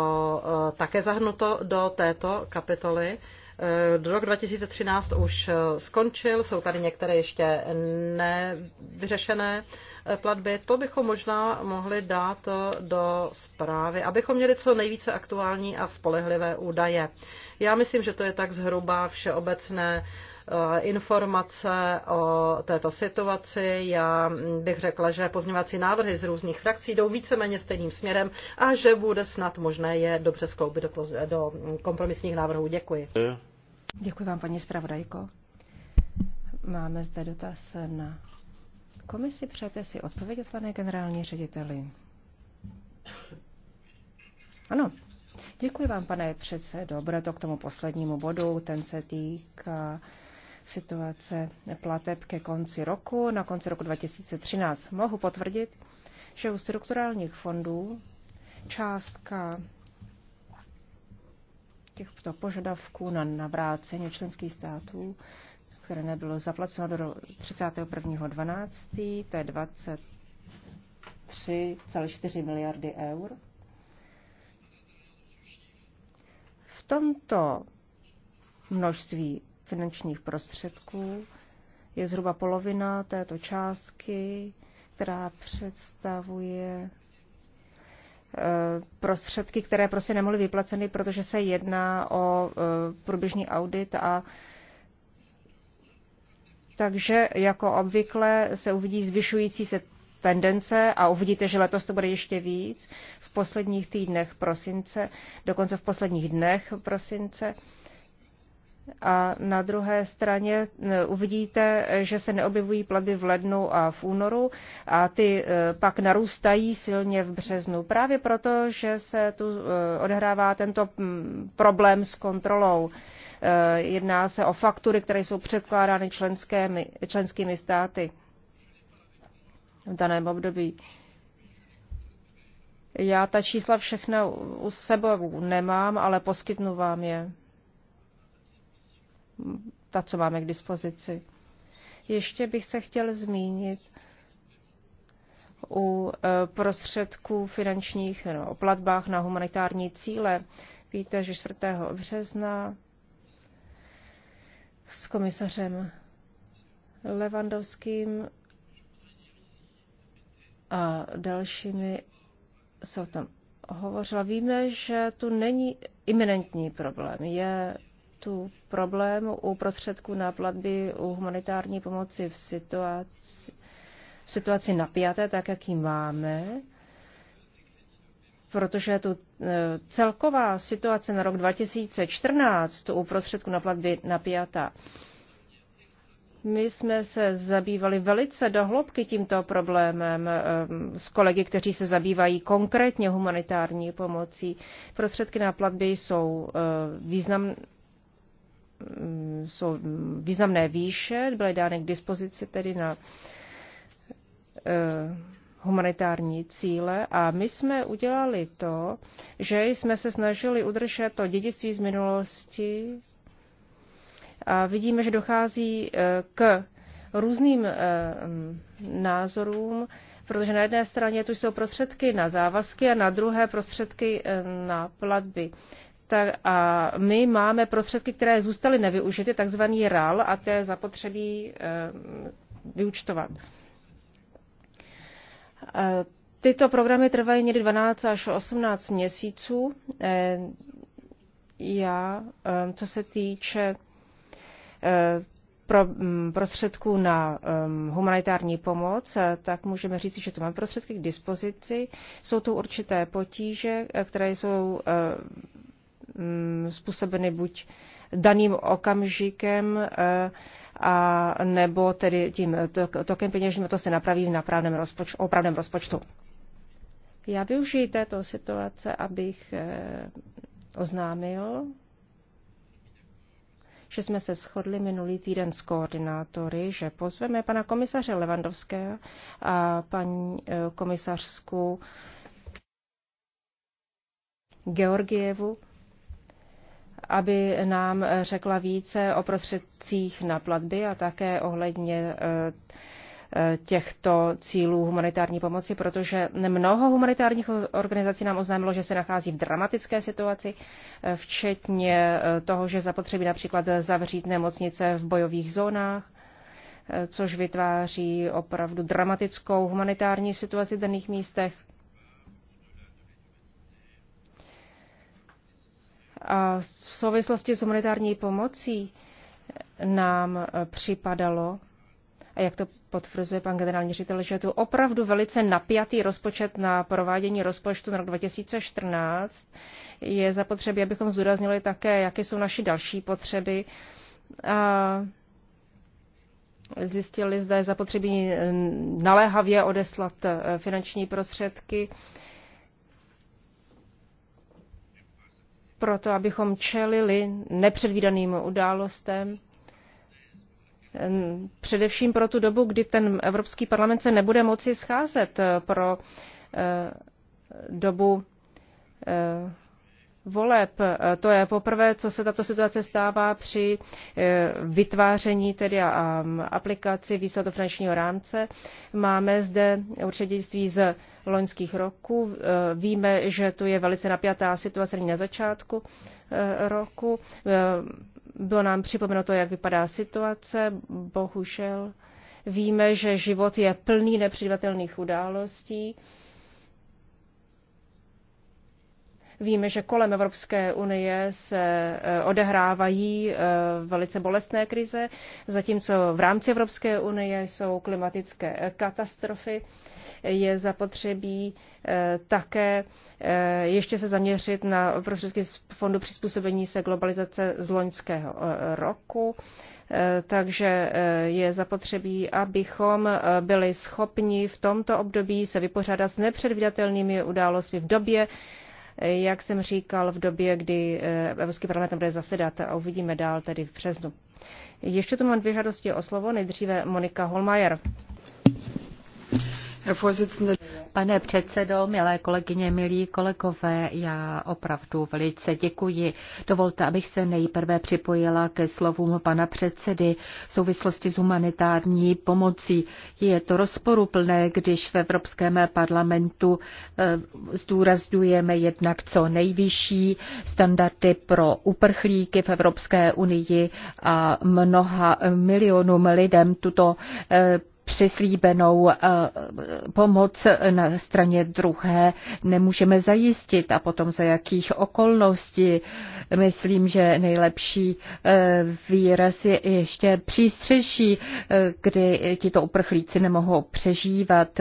eh, také zahrnuto do této kapitoly. Eh, rok 2013 už skončil, jsou tady některé ještě nevyřešené platby. To bychom možná mohli dát do zprávy, abychom měli co nejvíce aktuální a spolehlivé údaje. Já myslím, že to je tak zhruba všeobecné Eh, informace o této situaci. Já bych řekla, že pozměňovací návrhy z různých frakcí jdou víceméně stejným směrem a že bude snad možné je dobře skloubit do, do kompromisních návrhů. Děkuji. Děkuji vám, paní zpravodajko. Máme zde dotaz na komisi. Přejete si odpovědět, pane generální řediteli? Ano. Děkuji vám, pane předsedo. Bude to k tomu poslednímu bodu. Ten se týká situace plateb ke konci roku, na konci roku 2013. Mohu potvrdit, že u strukturálních fondů částka těchto požadavků na navrácení členských států, které nebylo zaplaceno do 31.12., to je 23,4 miliardy eur. V tomto množství finančních prostředků. Je zhruba polovina této částky, která představuje e, prostředky, které prostě nemohly vyplaceny, protože se jedná o e, průběžný audit a takže jako obvykle se uvidí zvyšující se tendence a uvidíte, že letos to bude ještě víc v posledních týdnech prosince, dokonce v posledních dnech prosince a na druhé straně eh, uvidíte, eh, že se neobjevují platby v lednu a v únoru a ty eh, pak narůstají silně v březnu. Právě proto, že se tu odehrává tento mm, problém s kontrolou. Jedná se o faktury, které jsou předkládány členskými, členskými státy v daném období. Já ta čísla všechna u sebou nemám, ale poskytnu vám je ta, co máme k dispozici. Ještě bych se chtěl zmínit u e, prostředků finančních no, o platbách na humanitární cíle. Víte, že 4. března s komisařem Levandovským a dalšími jsou tam hovořila. Víme, že tu není iminentní problém. Je tu problém u prostředků na platby u humanitární pomoci v situaci, v situaci napjaté, tak jak ji máme, protože tu e, celková situace na rok 2014 u prostředku na platby napjatá. My jsme se zabývali velice dohloubky tímto problémem e, s kolegy, kteří se zabývají konkrétně humanitární pomocí. Prostředky na platby jsou e, význam, Mm, jsou významné výše, byly dány k dispozici tedy na eh, humanitární cíle a my jsme udělali to, že jsme se snažili udržet to dědictví z minulosti a vidíme, že dochází eh, k různým eh, mm, názorům, protože na jedné straně tu jsou prostředky na závazky a na druhé prostředky na platby tak a my máme prostředky, které zůstaly nevyužity, takzvaný RAL, a to je zapotřebí eh, vyučtovat. Eh, tyto programy trvají někdy 12 až 18 měsíců. Eh, já, co se týče pro, mm, prostředků na um, humanitární pomoc, tak můžeme říct, že tu máme prostředky k dispozici. Jsou tu určité potíže, které jsou uh, Mm, způsobeny buď daným okamžikem eh, a nebo tedy tím tokem peněžním, to se napraví v napravném rozpočtu, opravném rozpočtu. Já využiji této situace, abych eh, oznámil, že jsme se shodli minulý týden s koordinátory, že pozveme pana komisaře Levandovského a paní eh, komisařskou Georgievu aby nám řekla více o prostředcích na platby a také ohledně e, e, těchto cílů humanitární pomoci, protože mnoho humanitárních organizací nám oznámilo, že se nachází v dramatické situaci, e, včetně toho, že zapotřebí například zavřít nemocnice v bojových zónách, což vytváří opravdu dramatickou humanitární situaci v daných místech. A v souvislosti s humanitární pomocí nám eh, připadalo, a jak to potvrzuje pan generální ředitel, že je to opravdu velice napjatý rozpočet na provádění rozpočtu na rok 2014. Je zapotřebí, abychom zúraznili také, jaké jsou naše další potřeby. A zjistili, zda je zapotřebí naléhavě odeslat eh, finanční prostředky. proto abychom čelili nepředvídaným událostem, především pro tu dobu, kdy ten Evropský parlament se nebude moci scházet eh, pro eh, dobu eh, voleb. E, to je poprvé, co se tato situace stává při e, vytváření tedy a aplikaci výsledu finančního rámce. Máme zde určitě z loňských roků. E, víme, že tu je velice napjatá situace na začátku roku. Bylo nám připomenuto, jak vypadá situace. Bohužel víme, že život je plný nepředvatelných událostí Víme, že kolem Evropské unie se eh, odehrávají eh, velice bolestné krize, zatímco v rámci Evropské unie jsou klimatické eh, katastrofy. Je zapotřebí také ještě se zaměřit na prostředky z Fondu přizpůsobení se globalizace z loňského roku takže je zapotřebí, abychom byli schopni v tomto období se vypořádat s nepředvídatelnými událostmi v době, jak jsem říkal, v době, kdy eh, Evropský parlament bude zasedat a uvidíme dál tedy v březnu. Ještě tu mám dvě žádosti o slovo, nejdříve Monika Holmajer. Pane předsedo, milé kolegyně, milí kolegové, já opravdu velice děkuji. Dovolte, abych se nejprve připojila ke slovům pana předsedy v souvislosti s humanitární pomocí. Je to rozporuplné, když v Evropském parlamentu eh, zdůrazňujeme jednak co nejvyšší standardy pro uprchlíky v Evropské unii a mnoha milionům lidem tuto eh, přislíbenou eh, pomoc na straně druhé nemůžeme zajistit a potom za jakých okolností. Myslím, že nejlepší eh, výraz je ještě přístřeší, eh, kdy tito uprchlíci nemohou přežívat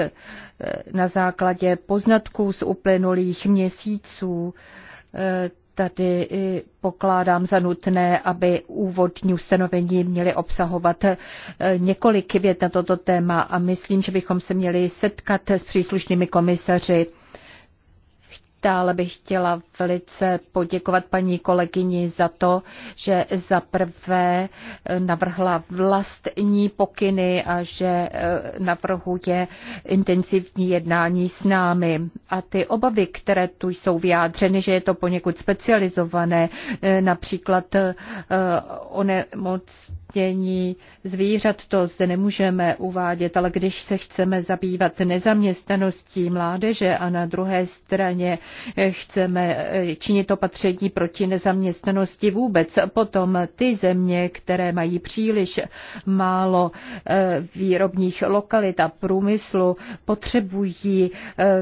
na základě poznatků z uplynulých měsíců Tady pokládám za nutné, aby úvodní ustanovení měly obsahovat eh, několik vět na toto téma a myslím, že bychom se měli setkat s příslušnými komisaři Dále bych chtěla velice poděkovat paní kolegyni za to, že za prvé eh, navrhla vlastní pokyny a že eh, navrhuje intenzivní jednání s námi. A ty obavy, které tu jsou vyjádřeny, že je to poněkud specializované, eh, například onemocnění zaměstnaní zvířat, to zde nemůžeme uvádět, ale když se chceme zabývat nezaměstnaností mládeže a na druhé straně eh, chceme eh, činit opatření proti nezaměstnanosti vůbec, potom ty země, které mají příliš málo eh, výrobních lokalit a průmyslu, potřebují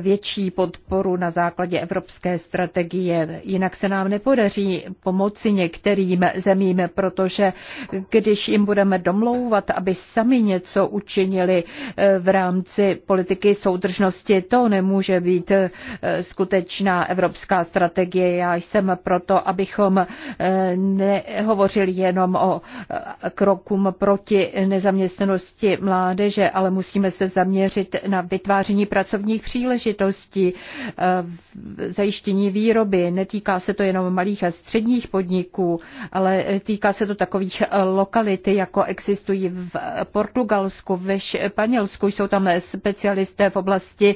větší podporu na základě evropské strategie. Jinak se nám nepodaří pomoci některým zemím, protože když když jim budeme domlouvat, aby sami něco učinili eh, v rámci politiky soudržnosti, to nemůže být eh, skutečná evropská strategie. Já jsem proto, abychom eh, nehovořili jenom o krokům proti nezaměstnanosti mládeže, ale musíme se zaměřit na vytváření pracovních příležitostí, zajištění výroby. Netýká se to jenom malých a středních podniků, ale týká se to takových lokalit, speciality, jako existují v Portugalsku, ve Španělsku. Jsou tam specialisté v oblasti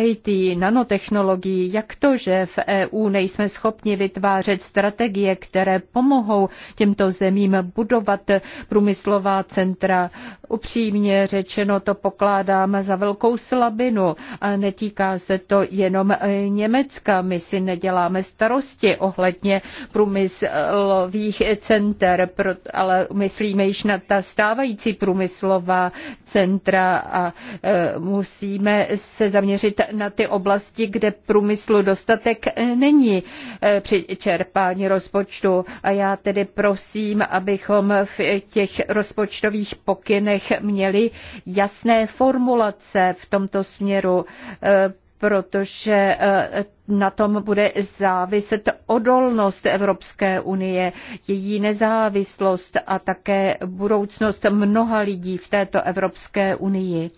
IT, nanotechnologií. Jak to, že v EU nejsme schopni vytvářet strategie, které pomohou těmto zemím budovat průmyslová centra? Upřímně řečeno to pokládám za velkou slabinu a netýká se to jenom Německa. My si neděláme starosti ohledně průmyslových center, ale myslím, myslíme již na ta stávající průmyslová centra a e, musíme se zaměřit na ty oblasti, kde průmyslu dostatek není e, při čerpání rozpočtu. A já tedy prosím, abychom v těch rozpočtových pokynech měli jasné formulace v tomto směru e, protože eh, na tom bude záviset odolnost Evropské unie, její nezávislost a také budoucnost mnoha lidí v této Evropské unii.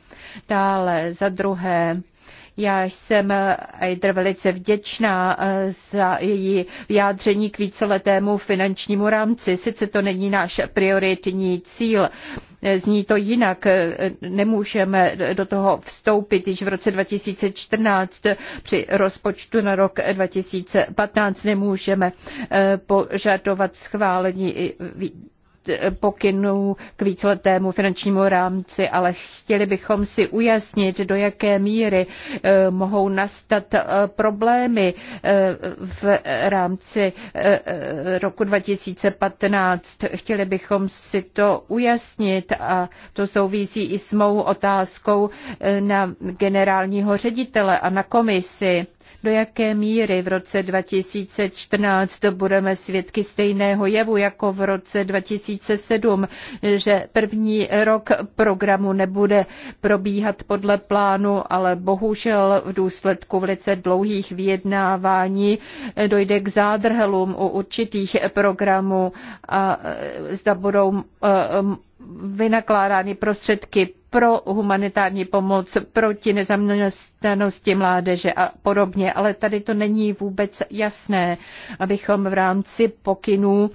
Dále za druhé já jsem Eider velice vděčná eh, za její vyjádření k víceletému finančnímu rámci. Sice to není náš prioritní cíl, eh, zní to jinak. Eh, nemůžeme do toho vstoupit již v roce 2014 při rozpočtu na rok 2015 nemůžeme požadovat schválení pokynů k víceletému finančnímu rámci, ale chtěli bychom si ujasnit, do jaké míry eh, mohou nastat eh, problémy eh, v rámci roku 2015. Chtěli bychom si to ujasnit a to souvisí i s mou otázkou na generálního ředitele a na komisi do jaké míry v roce 2014 budeme svědky stejného jevu jako v roce 2007, že první rok programu nebude probíhat podle plánu, ale bohužel v důsledku velice dlouhých vyjednávání dojde k zádrhelům u určitých programů a e, zda budou e, vynakládány prostředky pro humanitární pomoc, proti nezaměstnanosti mládeže a podobně, ale tady to není vůbec jasné, abychom v rámci pokynů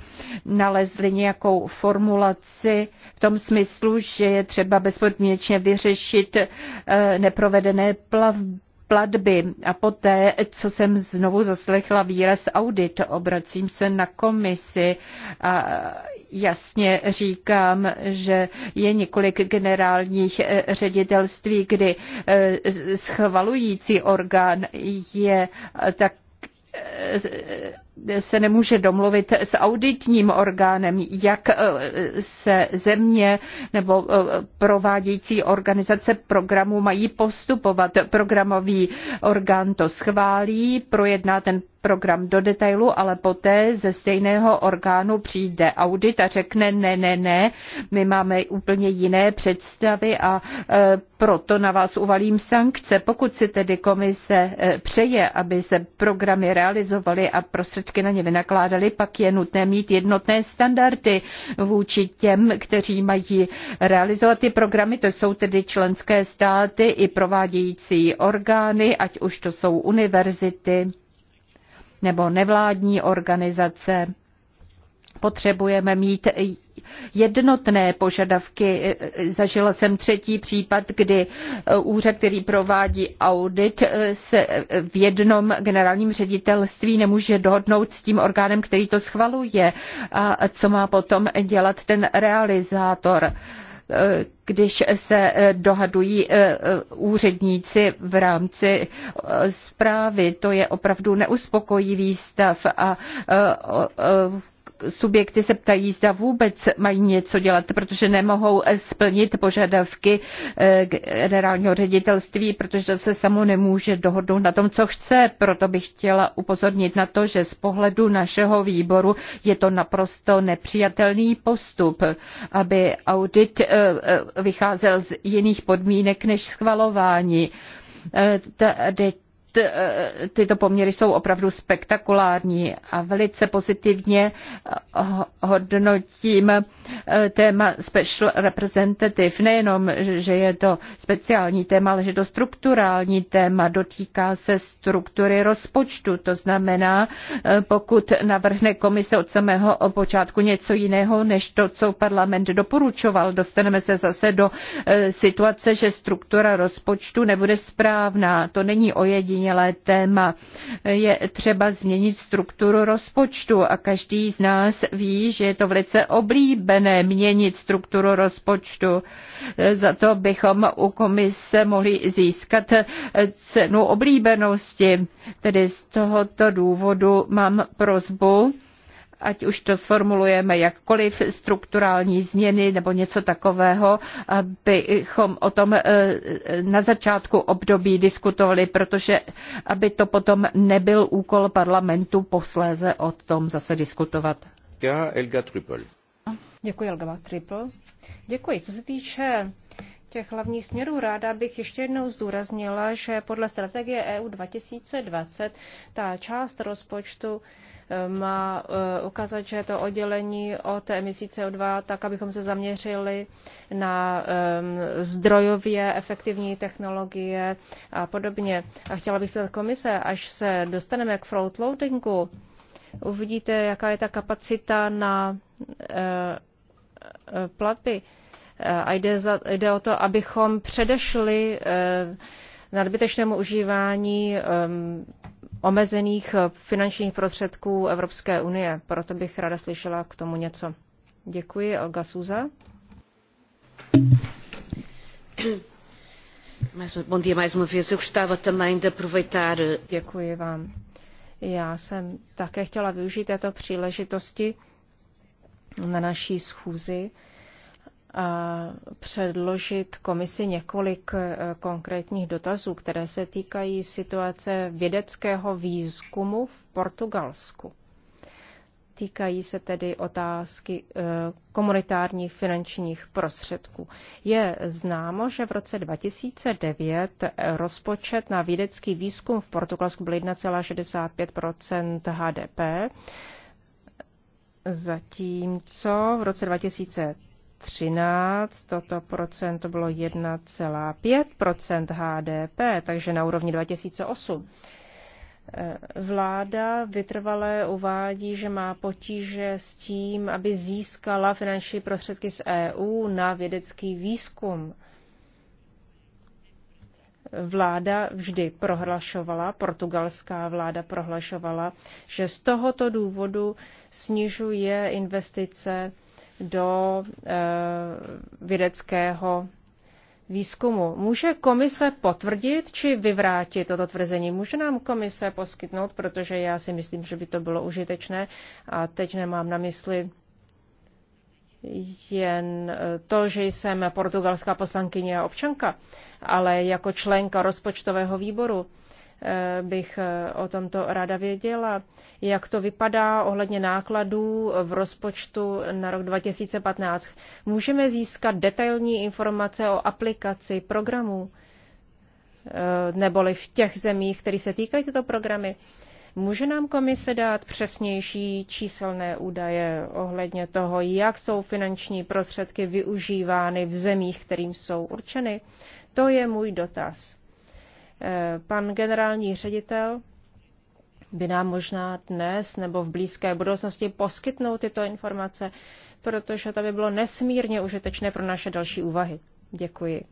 nalezli nějakou formulaci v tom smyslu, že je třeba bezpodmínečně vyřešit eh, neprovedené plavby platby a poté, co jsem znovu zaslechla výraz audit, obracím se na komisi a jasně říkám, že je několik generálních eh, ředitelství, kdy eh, schvalující orgán je tak eh, se nemůže domluvit s auditním orgánem, jak e, se země nebo e, provádějící organizace programu mají postupovat. Programový orgán to schválí, projedná ten program do detailu, ale poté ze stejného orgánu přijde audit a řekne ne, ne, ne, my máme úplně jiné představy a e, proto na vás uvalím sankce. Pokud si tedy komise e, přeje, aby se programy realizovaly a prostřednictvím prostředky na ně vynakládali, pak je nutné mít jednotné standardy vůči těm, kteří mají realizovat ty programy, to jsou tedy členské státy i provádějící orgány, ať už to jsou univerzity nebo nevládní organizace. Potřebujeme mít jednotné požadavky. Zažila jsem třetí případ, kdy úřad, který provádí audit, se v jednom generálním ředitelství nemůže dohodnout s tím orgánem, který to schvaluje. A co má potom dělat ten realizátor? když se dohadují úředníci v rámci zprávy. To je opravdu neuspokojivý stav a subjekty se ptají, zda vůbec mají něco dělat, protože nemohou eh, splnit požadavky eh, generálního ředitelství, protože se samo nemůže dohodnout na tom, co chce. Proto bych chtěla upozornit na to, že z pohledu našeho výboru je to naprosto nepřijatelný postup, aby audit eh, vycházel z jiných podmínek než schvalování. Tady Eh, tyto poměry jsou opravdu spektakulární a velice pozitivně eh, hodnotím eh, téma special representative. Nejenom, že je to speciální téma, ale že to strukturální téma dotýká se struktury rozpočtu. To znamená, pokud navrhne komise od samého počátku něco jiného, než to, co parlament doporučoval, dostaneme se zase do situace, že struktura rozpočtu nebude správná. To není ojedinělé zasnělé téma. Je třeba změnit strukturu rozpočtu a každý z nás ví, že je to velice oblíbené měnit strukturu rozpočtu. Za to bychom u komise mohli získat cenu oblíbenosti. Tedy z tohoto důvodu mám prozbu ať už to sformulujeme jakkoliv, strukturální změny nebo něco takového, abychom o tom eh, na začátku období diskutovali, protože aby to potom nebyl úkol parlamentu posléze o tom zase diskutovat. Já Elga Trüppel. Děkuji, Elga Trüppel. Děkuji. Co se týče těch hlavních směrů ráda bych ještě jednou zdůraznila, že podle strategie EU 2020 ta část rozpočtu eh, má eh, ukázat, že to oddělení od emisí CO2, tak abychom se zaměřili na ehm, zdrojově efektivní technologie a podobně. A chtěla bych se komise, až se dostaneme k frontloadingu, uvidíte, jaká je ta kapacita na eh, platby a jde, za, jde o to, abychom předešli eh, nadbytečnému užívání ehm, eh, omezených finančních prostředků Evropské unie. Proto bych ráda slyšela k tomu něco. Děkuji, Olga Suza. Um, bom dia mais uma vez. Eu gostava também de aproveitar. Eh, Děkuji vám. Já jsem také chtěla využít této příležitosti na naší schůzi předložit komisi několik e, konkrétních dotazů, které se týkají situace vědeckého výzkumu v Portugalsku. Týkají se tedy otázky e, komunitárních finančních prostředků. Je známo, že v roce 2009 rozpočet na vědecký výzkum v Portugalsku byl 1,65 HDP, zatímco v roce 2000 2013 toto procento bylo 1,5 HDP, takže na úrovni 2008. Eh, vláda vytrvalé uvádí, že má potíže s tím, aby získala finanční prostředky z EU na vědecký výzkum. Vláda vždy prohlašovala, portugalská vláda prohlašovala, že z tohoto důvodu snižuje investice do eh, vědeckého výzkumu. Může komise potvrdit či vyvrátit toto tvrzení? Může nám komise poskytnout, protože já si myslím, že by to bylo užitečné a teď nemám na mysli jen eh, to, že jsem portugalská poslankyně a občanka, ale jako členka rozpočtového výboru Eh, bych eh, o tomto ráda věděla. Jak to vypadá ohledně nákladů v rozpočtu na rok 2015? Můžeme získat detailní informace o aplikaci programů eh, neboli v těch zemích, které se týkají tyto programy. Může nám komise dát přesnější číselné údaje ohledně toho, jak jsou finanční prostředky využívány v zemích, kterým jsou určeny? To je můj dotaz. Eh, pan generální ředitel by nám možná dnes nebo v blízké budoucnosti poskytnout tyto informace, protože to by bylo nesmírně užitečné pro naše další úvahy. Děkuji.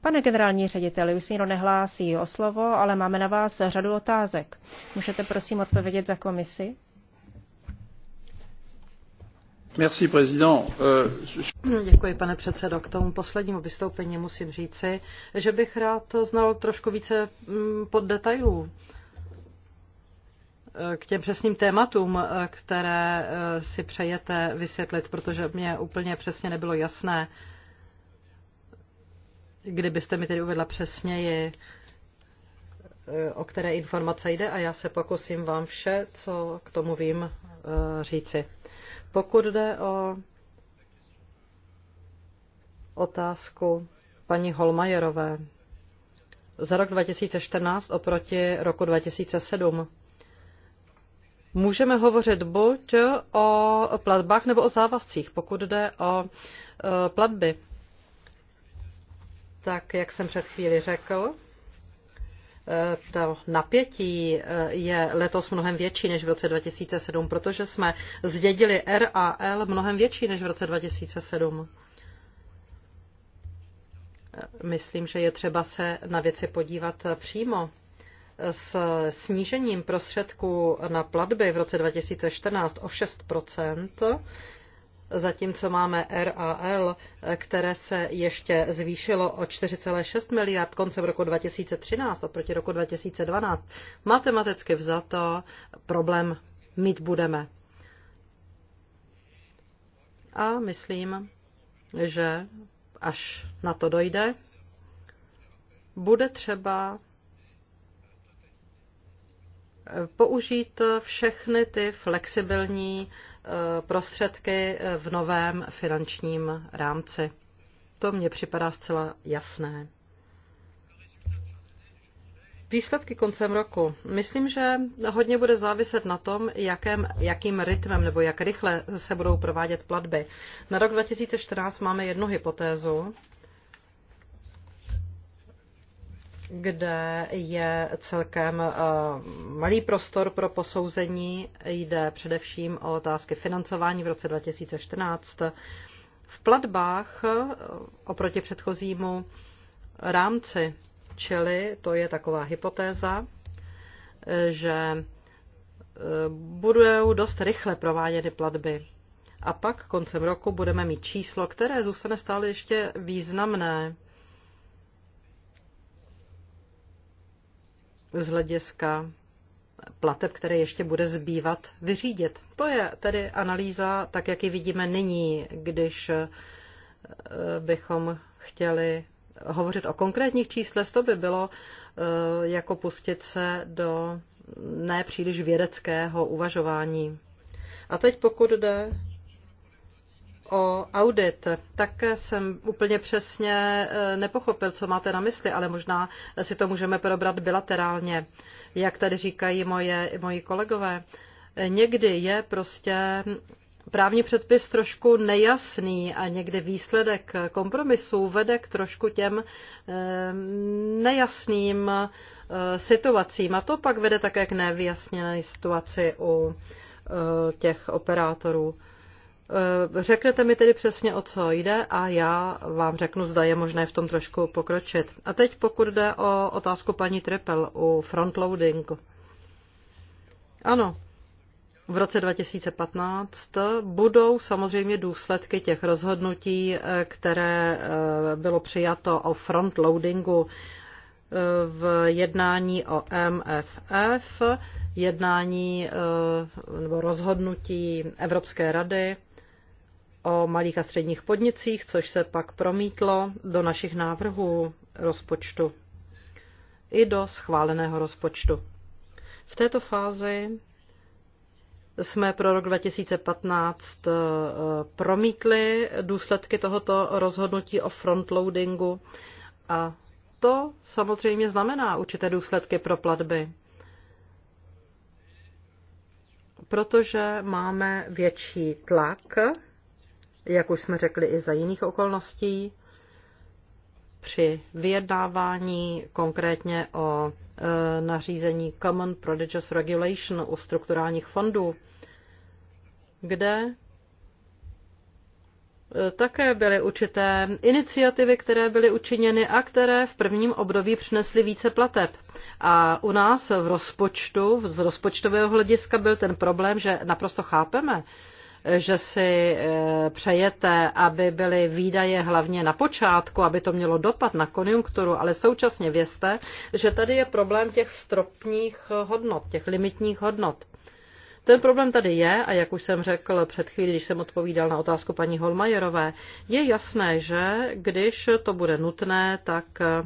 Pane generální řediteli, už se nikdo nehlásí o slovo, ale máme na vás řadu otázek. Můžete prosím odpovědět za komisi? Euh, no, děkuji, pane předsedající K tomu poslednímu vystoupení musím říci, že bych rád znal trošku více mm, pod detailů eh, k těm přesným tématům, eh, které eh, si přejete vysvětlit, protože mě úplně přesně nebylo jasné, kdybyste mi tedy uvedla přesněji, o které informace jde a já se pokusím vám vše, co k tomu vím, říci. Pokud jde o otázku paní Holmajerové za rok 2014 oproti roku 2007, Můžeme hovořit buď o platbách nebo o závazcích, pokud jde o e, platby. Tak, jak jsem před chvíli řekl, Eh, to napětí eh, je letos mnohem větší než v roce 2007, protože jsme zdědili RAL mnohem větší než v roce 2007. Eh, myslím, že je třeba se na věci podívat přímo. S snížením prostředků na platby v roce 2014 o 6 zatímco máme RAL, které se ještě zvýšilo o 4,6 miliard koncem roku 2013 oproti roku 2012, matematicky vzato problém mít budeme. A myslím, že až na to dojde, bude třeba použít všechny ty flexibilní Eh, prostředky eh, v novém finančním rámci. To mně připadá zcela jasné. Výsledky koncem roku. Myslím, že hodně bude záviset na tom, jakém, jakým rytmem nebo jak rychle se budou provádět platby. Na rok 2014 máme jednu hypotézu, kde je celkem eh, malý prostor pro posouzení. Jde především o otázky financování v roce 2014. V platbách eh, oproti předchozímu rámci, čili to je taková hypotéza, eh, že budou dost rychle prováděny platby. A pak koncem roku budeme mít číslo, které zůstane stále ještě významné z hlediska plateb, které ještě bude zbývat vyřídit. To je tedy analýza, tak jak ji vidíme nyní, když eh, bychom chtěli hovořit o konkrétních číslech, to by bylo eh, jako pustit se do nepříliš vědeckého uvažování. A teď pokud jde o audit, tak jsem úplně přesně eh, nepochopil, co máte na mysli, ale možná si to můžeme probrat bilaterálně, jak tady říkají moje, moji kolegové. Eh, někdy je prostě právní předpis trošku nejasný a někdy výsledek kompromisů vede k trošku těm eh, nejasným situacím. A to pak vede také k nevyjasněné situaci u těch operátorů. Eh, řeknete mi tedy přesně, o co jde a já vám řeknu, zda je možné v tom trošku pokročit. A teď pokud jde o otázku paní Trepel u frontloadingu. Ano, v roce 2015 budou samozřejmě důsledky těch rozhodnutí, eh, které eh, bylo přijato o frontloadingu v jednání o MFF, jednání nebo rozhodnutí Evropské rady o malých a středních podnicích, což se pak promítlo do našich návrhů rozpočtu i do schváleného rozpočtu. V této fázi jsme pro rok 2015 eh, promítli důsledky tohoto rozhodnutí o frontloadingu a to samozřejmě znamená určité důsledky pro platby, protože máme větší tlak jak už jsme řekli i za jiných okolností, při vyjednávání konkrétně o e, nařízení Common Prodigious Regulation u strukturálních fondů, kde e, také byly určité iniciativy, které byly učiněny a které v prvním období přinesly více plateb. A u nás v rozpočtu, z rozpočtového hlediska byl ten problém, že naprosto chápeme, že si eh, přejete, aby byly výdaje hlavně na počátku, aby to mělo dopad na konjunkturu, ale současně vězte, že tady je problém těch stropních hodnot, těch limitních hodnot. Ten problém tady je, a jak už jsem řekl před chvílí, když jsem odpovídal na otázku paní Holmajerové, je jasné, že když to bude nutné, tak eh,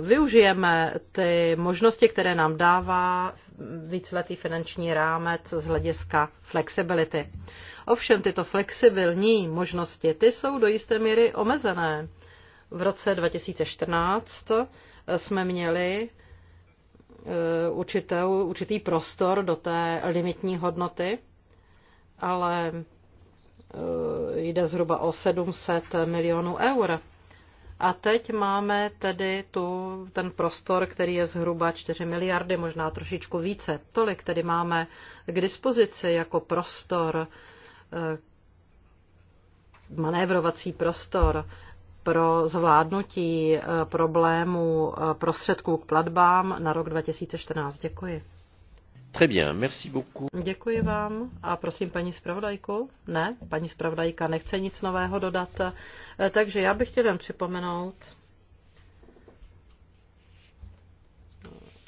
využijeme ty možnosti, které nám dává víceletý finanční rámec z hlediska flexibility. Ovšem tyto flexibilní možnosti, ty jsou do jisté míry omezené. V roce 2014 eh, jsme měli Eh, určitou, určitý prostor do té limitní hodnoty, ale eh, jde zhruba o 700 milionů eur. A teď máme tedy tu, ten prostor, který je zhruba 4 miliardy, možná trošičku více. Tolik tedy máme k dispozici jako prostor, eh, manévrovací prostor pro zvládnutí eh, problému eh, prostředků k platbám na rok 2014. Děkuji. Très bien, merci beaucoup. Děkuji vám a prosím paní zpravodajku. Ne, paní zpravodajka nechce nic nového dodat, eh, takže já bych chtěl jen připomenout,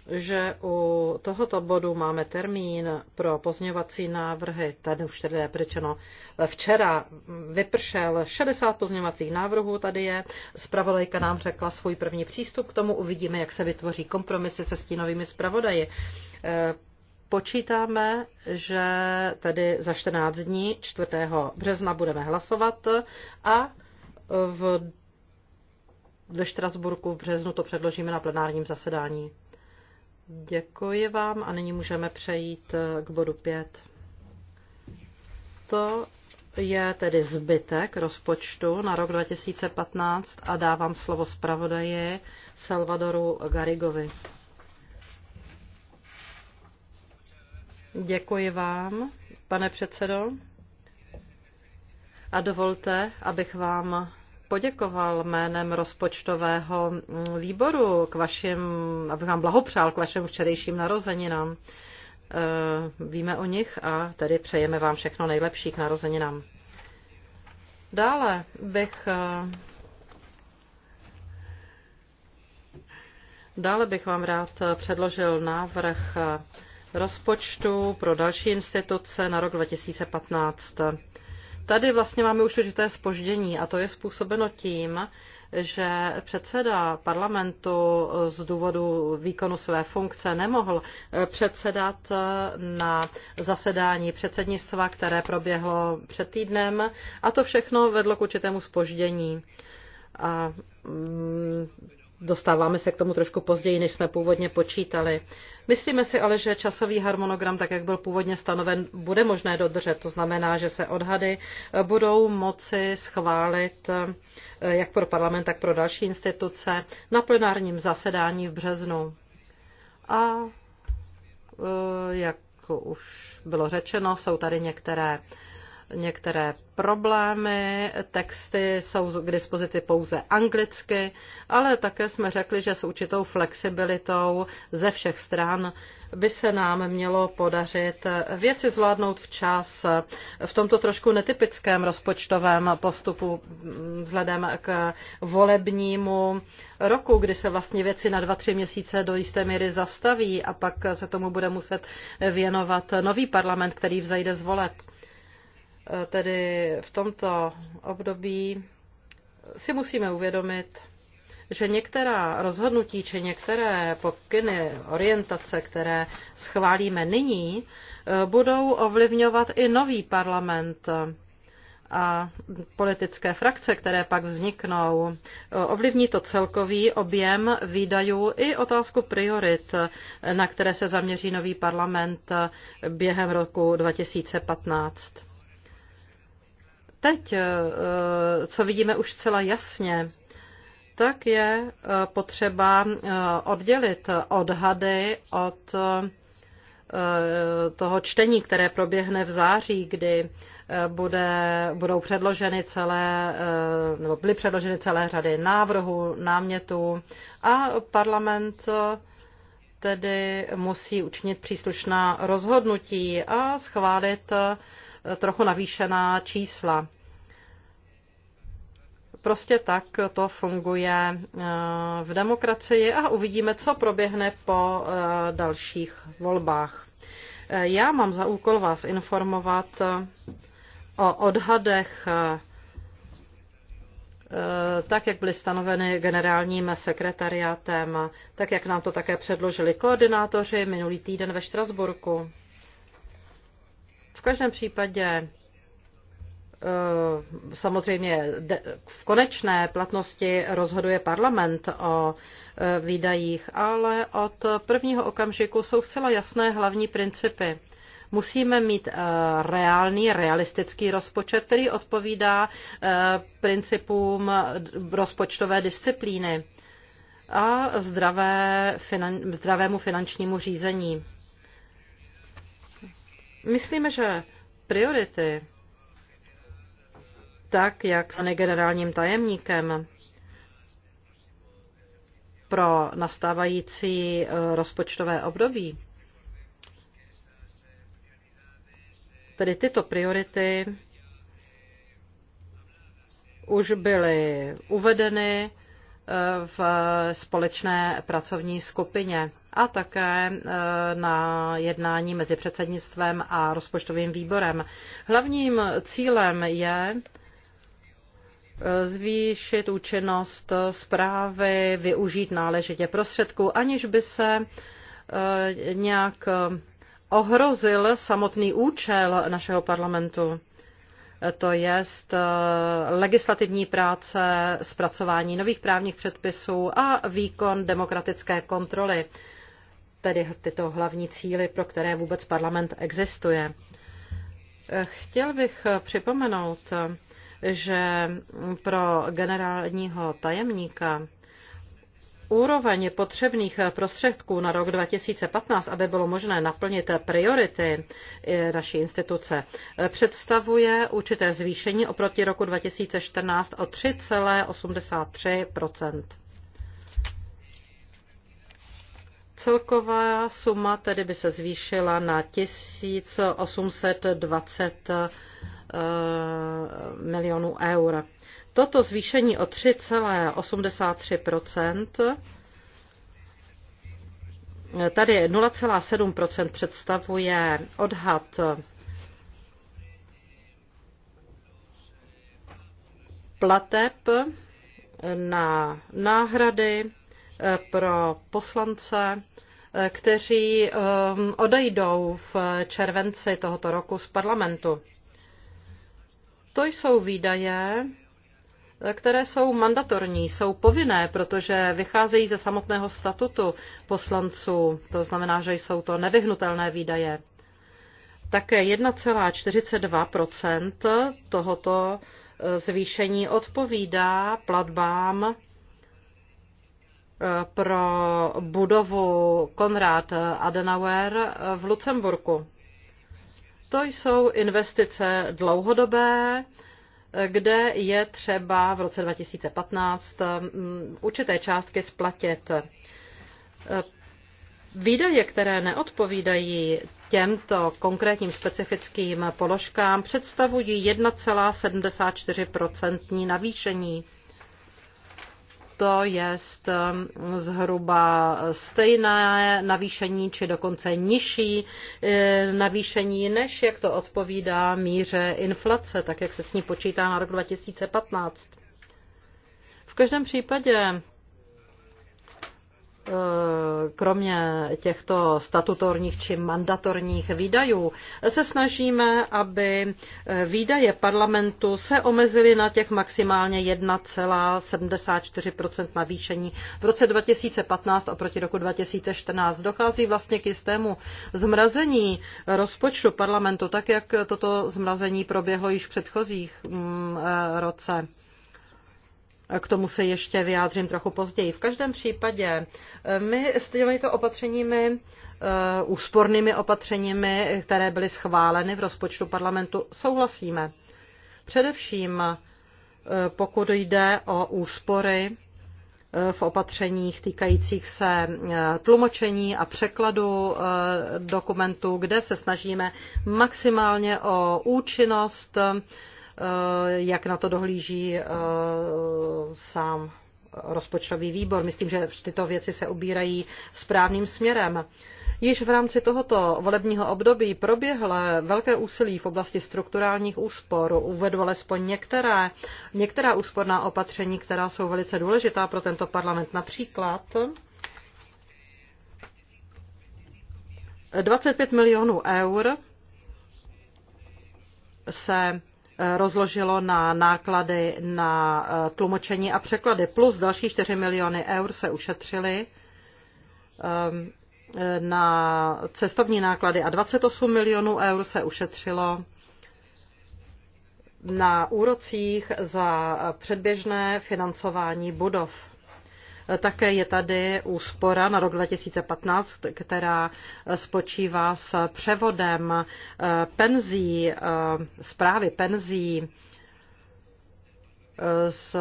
že u tohoto bodu máme termín pro pozměňovací návrhy, tady už tedy je řečeno, včera vypršel 60 pozměňovacích návrhů, tady je, zpravodajka nám řekla svůj první přístup k tomu, uvidíme, jak se vytvoří kompromisy se stínovými zpravodaji. Eh, počítáme, že tedy za 14 dní, 4. března, budeme hlasovat a v ve Štrasburku v březnu to předložíme na plenárním zasedání. Děkuji vám a nyní můžeme přejít eh, k bodu 5. To je tedy zbytek rozpočtu na rok 2015 a dávám slovo zpravodaji Salvadoru Garigovi. Děkuji vám, pane předsedo. A dovolte, abych vám poděkoval jménem rozpočtového výboru k vašim, abych vám blahopřál k vašim včerejším narozeninám. Eh, víme o nich a tedy přejeme vám všechno nejlepší k narozeninám. Dále bych eh, Dále bych vám rád předložil návrh rozpočtu pro další instituce na rok 2015. Tady vlastně máme už určité spoždění a to je způsobeno tím, že předseda parlamentu z důvodu výkonu své funkce nemohl eh, předsedat eh, na zasedání předsednictva, které proběhlo před týdnem a to všechno vedlo k určitému spoždění. A mm, Dostáváme se k tomu trošku později, než jsme původně počítali. Myslíme si ale, že časový harmonogram, tak jak byl původně stanoven, bude možné dodržet. To znamená, že se odhady budou moci schválit eh, jak pro parlament, tak pro další instituce na plenárním zasedání v březnu. A eh, jak už bylo řečeno, jsou tady některé některé problémy, texty jsou k dispozici pouze anglicky, ale také jsme řekli, že s určitou flexibilitou ze všech stran by se nám mělo podařit věci zvládnout včas v tomto trošku netypickém rozpočtovém postupu vzhledem k volebnímu roku, kdy se vlastně věci na dva, tři měsíce do jisté míry zastaví a pak se tomu bude muset věnovat nový parlament, který vzejde z voleb. Eh, tedy v tomto období si musíme uvědomit, že některá rozhodnutí či některé pokyny, orientace, které schválíme nyní, eh, budou ovlivňovat i nový parlament a politické frakce, které pak vzniknou. Eh, ovlivní to celkový objem výdajů i otázku priorit, na které se zaměří nový parlament během roku 2015 teď, eh, eh, co vidíme už celá jasně, tak je eh, potřeba oddělit odhady od toho čtení, které proběhne v září, kdy bude, budou předloženy celé, nebo byly předloženy celé řady návrhů, námětů a parlament tedy musí učinit příslušná rozhodnutí a schválit trochu navýšená čísla. Prostě tak to funguje eh, v demokracii a uvidíme, co proběhne po eh, dalších volbách. Eh, já mám za úkol vás informovat o odhadech tak, jak byly stanoveny generálním sekretariátem, tak, jak nám to také předložili koordinátoři minulý týden ve Štrasburku. V každém případě Eh, samozřejmě v konečné platnosti rozhoduje parlament o eh, výdajích, ale od prvního okamžiku jsou zcela jasné hlavní principy. Musíme mít eh, reálný, realistický rozpočet, který odpovídá principům rozpočtové disciplíny a zdravé, finan, zdravému finančnímu řízení. Myslíme, že priority tak, jak se generálním tajemníkem pro nastávající e, rozpočtové období. Tedy tyto priority už byly uvedeny e, v společné pracovní skupině a také e, na jednání mezi předsednictvem a rozpočtovým výborem. Hlavním cílem je zvýšit účinnost zprávy, využít náležitě prostředků, aniž by se eh, nějak eh, ohrozil samotný účel našeho parlamentu, eh, to je legislativní práce, zpracování nových právních předpisů a výkon demokratické kontroly, tedy tyto hlavní cíly, pro které vůbec parlament existuje. Chtěl bych připomenout, že pro generálního tajemníka úroveň potřebných prostředků na rok 2015, aby bylo možné naplnit priority e, naší instituce, představuje určité zvýšení oproti roku 2014 o 3,83 Celková suma tedy by se zvýšila na 1820 eh, milionů eur. Toto zvýšení o 3,83 Tady 0,7 představuje odhad plateb na náhrady pro poslance, kteří um, odejdou v červenci tohoto roku z parlamentu. To jsou výdaje, které jsou mandatorní, jsou povinné, protože vycházejí ze samotného statutu poslanců. To znamená, že jsou to nevyhnutelné výdaje. Také 1,42 tohoto eh, zvýšení odpovídá platbám pro budovu Konrad Adenauer v Lucemburku. To jsou investice dlouhodobé, kde je třeba v roce 2015 mm, určité částky splatit. Výdaje, které neodpovídají těmto konkrétním specifickým položkám, představují 1,74% navýšení to je um, zhruba stejné navýšení či dokonce nižší e, navýšení, než jak to odpovídá míře inflace, tak jak se s ní počítá na rok 2015. V každém případě Eh, kromě těchto statutorních či mandatorních výdajů se snažíme, aby eh, výdaje parlamentu se omezily na těch maximálně 1,74 navýšení. V roce 2015 oproti roku 2014 dochází vlastně k jistému zmrazení rozpočtu parlamentu, tak jak toto zmrazení proběhlo již v předchozích mm, eh, roce. K tomu se ještě vyjádřím trochu později. V každém případě eh, my s těmito opatřeními, eh, úspornými opatřeními, které byly schváleny v rozpočtu parlamentu, souhlasíme. Především eh, pokud jde o úspory v opatřeních týkajících se tlumočení a překladu dokumentů, kde se snažíme maximálně o účinnost Eh, jak na to dohlíží eh, sám rozpočtový výbor. Myslím, že tyto věci se ubírají správným směrem. Již v rámci tohoto volebního období proběhlo velké úsilí v oblasti strukturálních úspor. Uvedu alespoň některé, některá úsporná opatření, která jsou velice důležitá pro tento parlament. Například 25 milionů eur se rozložilo na náklady na eh, tlumočení a překlady, plus další 4 miliony eur se ušetřily ehm, eh, na cestovní náklady a 28 milionů eur se ušetřilo na úrocích za předběžné financování budov. Také je tady úspora na rok 2015, která spočívá s převodem eh, penzí, zprávy eh, penzí eh, z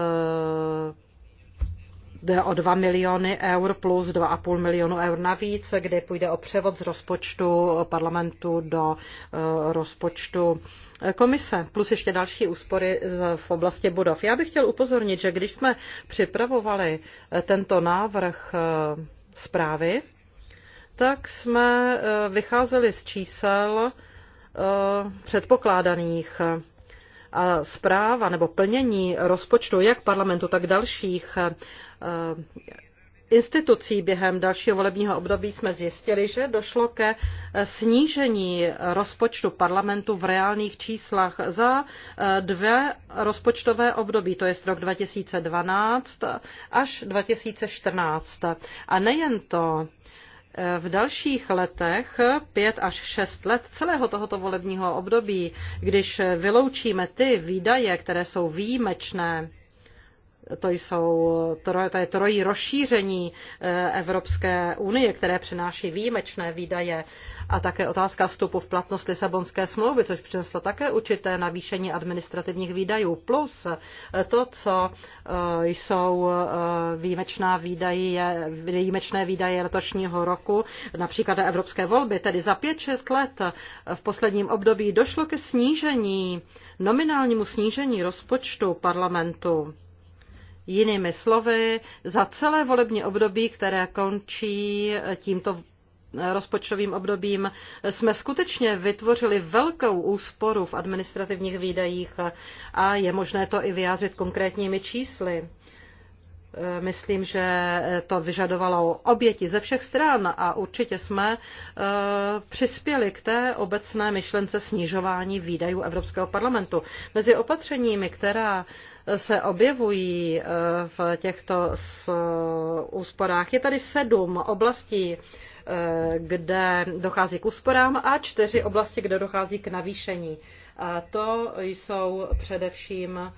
jde o 2 miliony eur plus 2,5 milionu eur navíc, kde půjde o převod z rozpočtu parlamentu do eh, rozpočtu komise, plus ještě další úspory v oblasti budov. Já bych chtěl upozornit, že když jsme připravovali eh, tento návrh eh, zprávy, tak jsme vycházeli z čísel předpokládaných a zpráva nebo plnění rozpočtu jak parlamentu, tak dalších eh, institucí během dalšího volebního období jsme zjistili, že došlo ke eh, snížení rozpočtu parlamentu v reálných číslech za eh, dvě rozpočtové období, to je rok 2012 až 2014. A nejen to, v dalších letech, pět až šest let celého tohoto volebního období, když vyloučíme ty výdaje, které jsou výjimečné, to, jsou, to je trojí rozšíření eh, Evropské unie, které přináší výjimečné výdaje a také otázka vstupu v platnost Lisabonské smlouvy, což přineslo také určité navýšení administrativních výdajů, plus eh, to, co eh, jsou eh, výjimečná výdaje, výjimečné výdaje letošního roku, například evropské volby, tedy za 5-6 let v posledním období došlo ke snížení, nominálnímu snížení rozpočtu parlamentu. Jinými slovy, za celé volební období, které končí tímto rozpočtovým obdobím jsme skutečně vytvořili velkou úsporu v administrativních výdajích a je možné to i vyjádřit konkrétními čísly. Myslím, že to vyžadovalo oběti ze všech stran a určitě jsme eh, přispěli k té obecné myšlence snižování výdajů Evropského parlamentu. Mezi opatřeními, která se objevují eh, v těchto úsporách, je tady sedm oblastí Eh, kde dochází k úsporám a čtyři oblasti, kde dochází k navýšení. A to jsou především eh,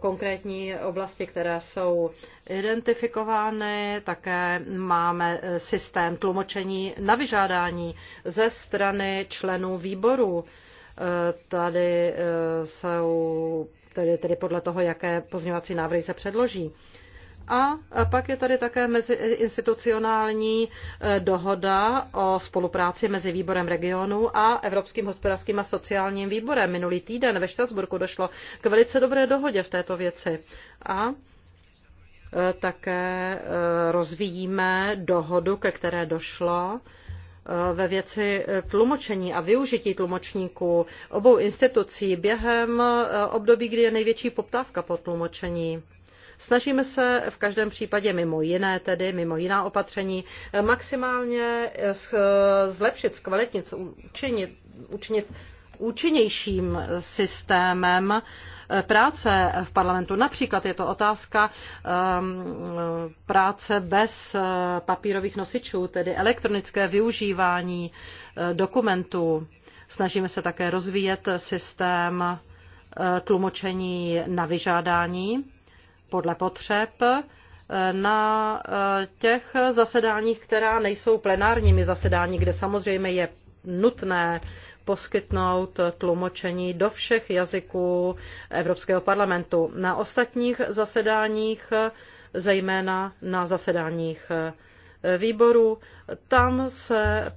konkrétní oblasti, které jsou identifikovány. Také máme eh, systém tlumočení na vyžádání ze strany členů výboru. Tady jsou tedy, tedy podle toho, jaké pozměňovací návrhy se předloží. A pak je tady také meziinstitucionální e, dohoda o spolupráci mezi výborem regionu a Evropským hospodářským a sociálním výborem. Minulý týden ve Štrasburku došlo k velice dobré dohodě v této věci. A e, také e, rozvíjíme dohodu, ke které došlo ve věci tlumočení a využití tlumočníků obou institucí během období, kdy je největší poptávka po tlumočení. Snažíme se v každém případě mimo jiné tedy, mimo jiná opatření, eh, maximálně eh, eh, zlepšit, zkvalitnit, učinit, učinit účinnějším systémem práce v parlamentu. Například je to otázka ehm, práce bez papírových nosičů, tedy elektronické využívání dokumentů. Snažíme se také rozvíjet systém tlumočení na vyžádání podle potřeb eh, na eh, těch zasedáních, která nejsou plenárními zasedání, kde samozřejmě je nutné poskytnout tlumočení do všech jazyků Evropského parlamentu. Na ostatních zasedáních, zejména na zasedáních eh, výboru, tam se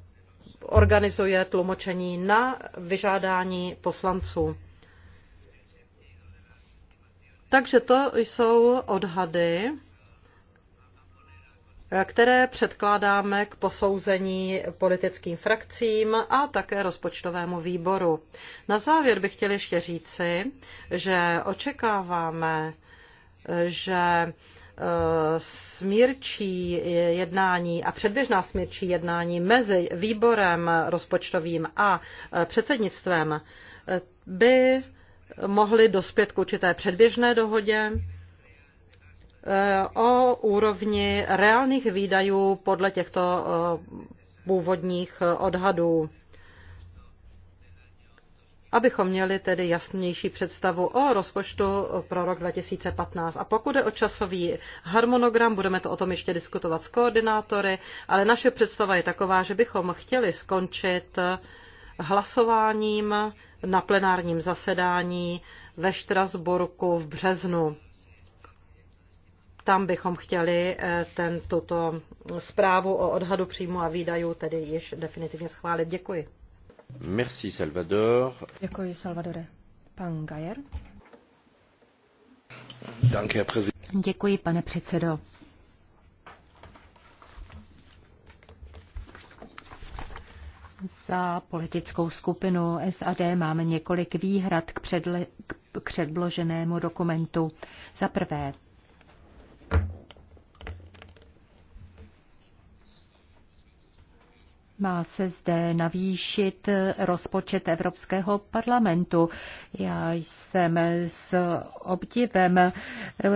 organizuje tlumočení na vyžádání poslanců. Takže to jsou odhady, které předkládáme k posouzení politickým frakcím a také rozpočtovému výboru. Na závěr bych chtěl ještě říci, že očekáváme, že eh, smírčí jednání a předběžná smírčí jednání mezi výborem rozpočtovým a eh, předsednictvem eh, by mohli dospět k určité předběžné dohodě eh, o úrovni reálných výdajů podle těchto eh, původních eh, odhadů. Abychom měli tedy jasnější představu o rozpočtu pro rok 2015. A pokud je o časový harmonogram, budeme to o tom ještě diskutovat s koordinátory, ale naše představa je taková, že bychom chtěli skončit hlasováním na plenárním zasedání ve Štrasburku v březnu. Tam bychom chtěli eh, ten, tuto zprávu o odhadu příjmu a výdajů tedy již definitivně schválit. Děkuji. Merci, Salvador. Děkuji, Salvadore. Pan Gajer. Děkuji, pane předsedo. Za politickou skupinu SAD máme několik výhrad k, předle, k předloženému dokumentu. Za prvé, Má se zde navýšit rozpočet Evropského parlamentu. Já jsem s obdivem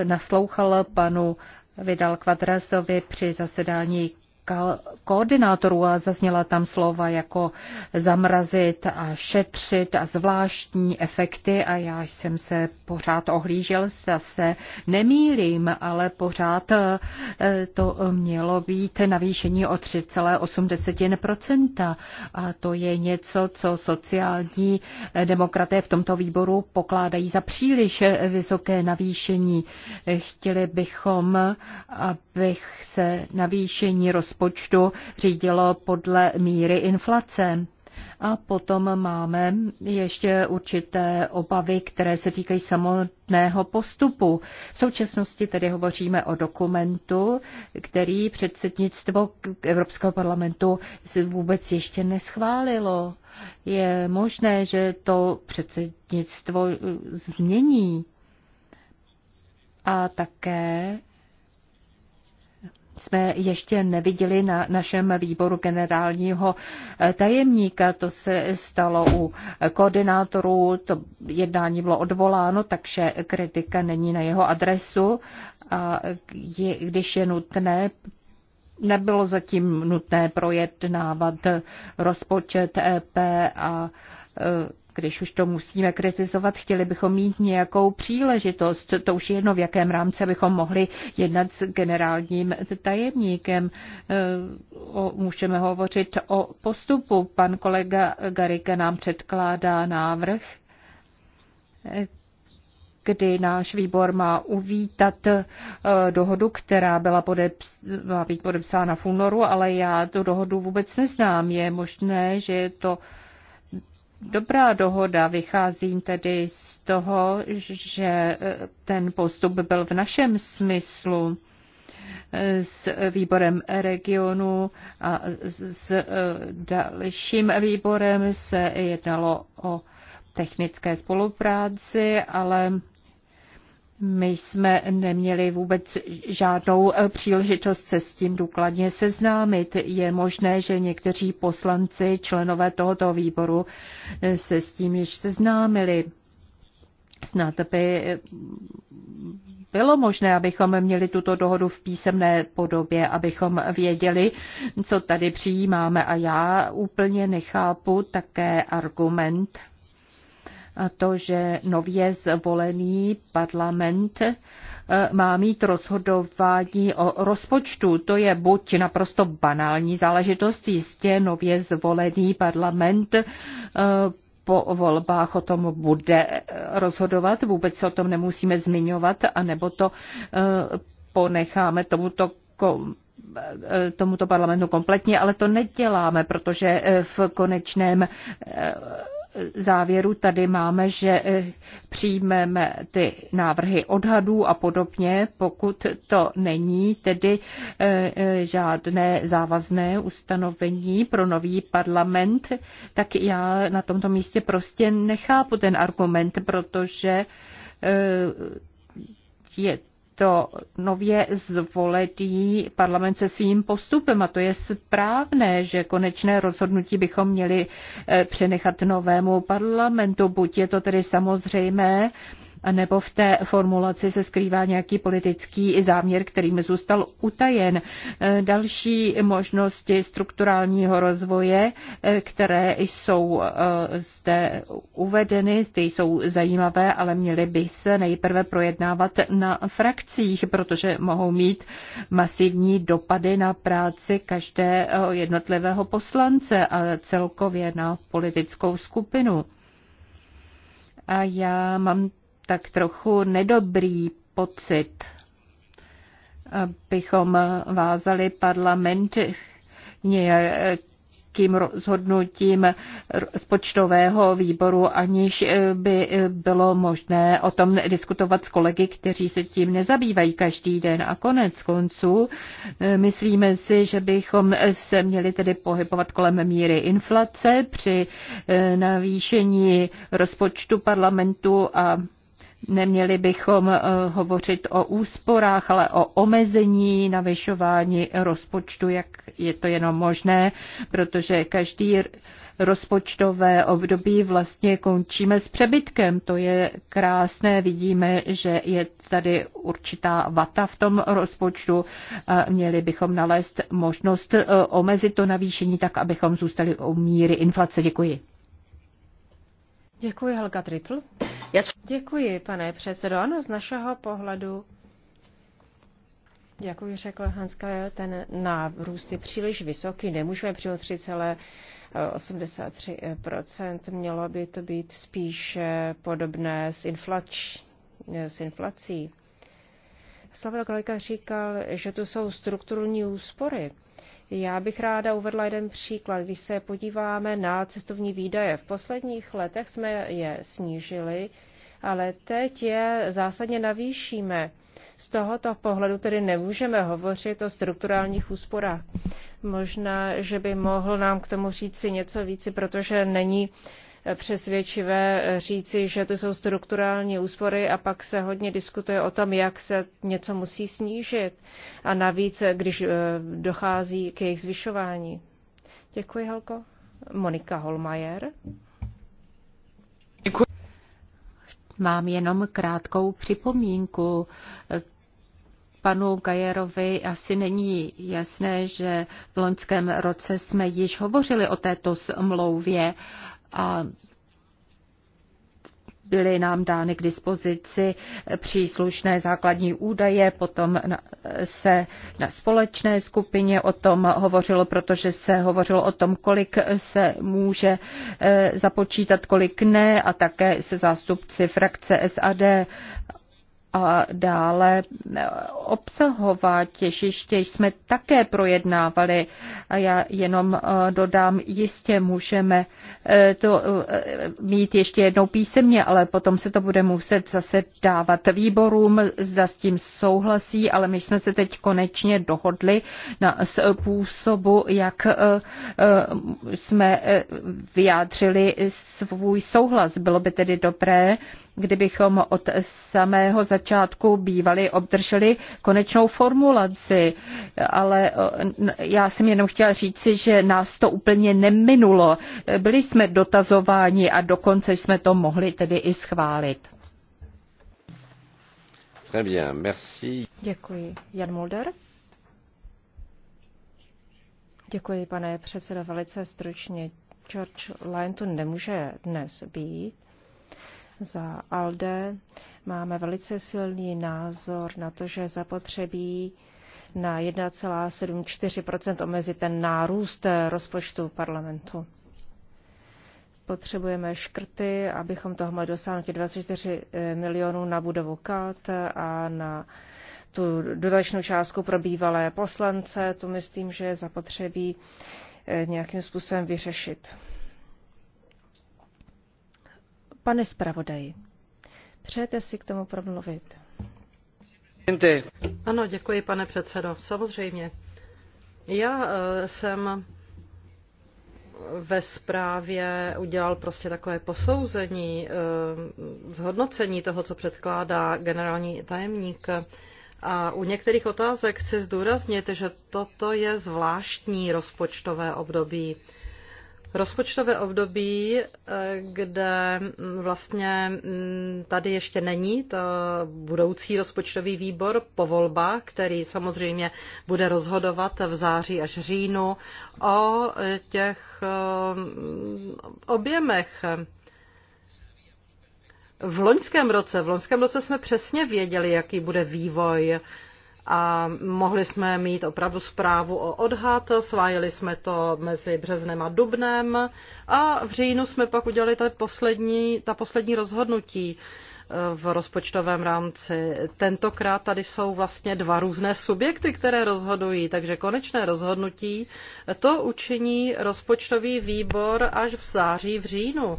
naslouchal panu Vidal Kvadrasovi při zasedání koordinátorů a zazněla tam slova jako zamrazit a šetřit a zvláštní efekty a já jsem se pořád ohlížel, zase nemýlím, ale pořád eh, to mělo být navýšení o 3,8% a to je něco, co sociální demokraté v tomto výboru pokládají za příliš vysoké navýšení. Chtěli bychom, abych se navýšení rozpočtu rozpočtu řídilo podle míry inflace. A potom máme ještě určité obavy, které se týkají samotného postupu. V současnosti tedy hovoříme o dokumentu, který předsednictvo Evropského parlamentu vůbec ještě neschválilo. Je možné, že to předsednictvo eh, změní. A také jsme ještě neviděli na našem výboru generálního eh, tajemníka. To se stalo u koordinátorů, to jednání bylo odvoláno, takže kritika není na jeho adresu. A když je nutné nebylo zatím nutné projednávat rozpočet EP a eh, když už to musíme kritizovat, chtěli bychom mít nějakou příležitost, to už je jedno, v jakém rámci bychom mohli jednat s generálním tajemníkem. Eh, můžeme hovořit o postupu. Pan kolega Garika nám předkládá návrh, eh, kdy náš výbor má uvítat eh, dohodu, která byla podeps- má být podepsána v únoru, ale já tu dohodu vůbec neznám. Je možné, že je to dobrá dohoda. Vycházím tedy z toho, že eh, ten postup byl v našem smyslu eh, s výborem regionu a s eh, dalším výborem se jednalo o technické spolupráci, ale my jsme neměli vůbec žádnou eh, příležitost se s tím důkladně seznámit. Je možné, že někteří poslanci, členové tohoto výboru eh, se s tím již seznámili. Snad by eh, bylo možné, abychom měli tuto dohodu v písemné podobě, abychom věděli, co tady přijímáme. A já úplně nechápu také argument, a to, že nově zvolený parlament eh, má mít rozhodování o rozpočtu. To je buď naprosto banální záležitost, jistě nově zvolený parlament eh, po volbách o tom bude eh, rozhodovat, vůbec se o tom nemusíme zmiňovat, anebo to ponecháme tomuto tomuto parlamentu kompletně, ale to neděláme, protože v konečném závěru tady máme, že eh, přijmeme ty návrhy odhadů a podobně, pokud to není tedy eh, eh, žádné závazné ustanovení pro nový parlament, tak já na tomto místě prostě nechápu ten argument, protože je to nově zvolený parlament se svým postupem a to je správné, že konečné rozhodnutí bychom měli eh, přenechat novému parlamentu. Buď je to tedy samozřejmé, nebo v té formulaci se skrývá nějaký politický záměr, který mi zůstal utajen. Další možnosti strukturálního rozvoje, které jsou eh, zde uvedeny, ty jsou zajímavé, ale měly by se nejprve projednávat na frakcích, protože mohou mít masivní dopady na práci každé jednotlivého poslance a celkově na politickou skupinu. A já mám tak trochu nedobrý pocit, abychom vázali parlament nějakým rozhodnutím spočtového výboru, aniž by bylo možné o tom diskutovat s kolegy, kteří se tím nezabývají každý den. A konec konců myslíme si, že bychom se měli tedy pohybovat kolem míry inflace při navýšení rozpočtu parlamentu a Neměli bychom eh, hovořit o úsporách, ale o omezení navyšování rozpočtu, jak je to jenom možné, protože každý rozpočtové období vlastně končíme s přebytkem. To je krásné, vidíme, že je tady určitá vata v tom rozpočtu. Měli bychom nalézt možnost eh, omezit to navýšení tak, abychom zůstali u míry inflace. Děkuji. Děkuji, Helga Triple. Děkuji, pane předsedo. Ano, z našeho pohledu, jak už řekl Hanska, ten nárůst je příliš vysoký. Nemůžeme přijmout 3,83%. Mělo by to být spíš podobné s, inflač, s inflací. Slavil Kolika říkal, že tu jsou strukturní úspory já bych ráda uvedla jeden příklad. Když se podíváme na cestovní výdaje, v posledních letech jsme je snížili, ale teď je zásadně navýšíme. Z tohoto pohledu tedy nemůžeme hovořit o strukturálních úsporách. Možná, že by mohl nám k tomu říci něco víci, protože není uh, přesvědčivé říci, že to jsou strukturální úspory a pak se hodně diskutuje o tom, jak se něco musí snížit a navíc, když eh, dochází k jejich zvyšování. Děkuji, Helko. Monika Holmajer. Děkuji. Mám jenom krátkou připomínku panu Gajerovi asi není jasné, že v loňském roce jsme již hovořili o této smlouvě a byly nám dány k dispozici příslušné základní údaje, potom se na společné skupině o tom hovořilo, protože se hovořilo o tom, kolik se může eh, započítat, kolik ne a také se zástupci frakce SAD a dále eh, obsahovat těžiště jsme také projednávali. A já jenom eh, dodám, jistě můžeme eh, to mít ještě jednou písemně, ale potom se to bude muset zase dávat výborům, zda s tím souhlasí, ale my jsme se teď konečně dohodli na způsobu, jak jsme vyjádřili svůj souhlas. Bylo by tedy dobré, kdybychom od samého začátku bývali obdrželi konečnou formulaci. Ale já jsem jenom chtěla říci, že nás to úplně neminulo. Byli jsme dotazováni a dokonce jsme to mohli tedy i schválit. Très bien, merci. Děkuji. Jan Mulder? Děkuji, pane předsedo, velice stručně. George Lyon tu nemůže dnes být za ALDE máme velice silný názor na to, že zapotřebí na 1,74 omezit ten nárůst rozpočtu parlamentu. Potřebujeme škrty, abychom toho mohli dosáhnout 24 eh, milionů na budovu KAT a na tu dodatečnou částku pro bývalé poslance. To myslím, že je zapotřebí eh, nějakým způsobem vyřešit. Pane zpravodaji, přejete si k tomu promluvit? Ano, děkuji, pane předsedo. Samozřejmě. Já e, jsem ve zprávě udělal prostě takové posouzení, e, zhodnocení toho, co předkládá generální tajemník. A u některých otázek chci zdůraznit, že toto je zvláštní rozpočtové období rozpočtové období, eh, kde mm, vlastně mm, tady ještě není to budoucí rozpočtový výbor po volbách, který samozřejmě bude rozhodovat v září až říjnu o eh, těch eh, objemech v loňském roce, v loňském roce jsme přesně věděli, jaký bude vývoj a mohli jsme mít opravdu zprávu o odhad, Svájili jsme to mezi březnem a dubnem a v říjnu jsme pak udělali ta poslední, ta poslední rozhodnutí eh, v rozpočtovém rámci. Tentokrát tady jsou vlastně dva různé subjekty, které rozhodují, takže konečné rozhodnutí to učiní rozpočtový výbor až v září v říjnu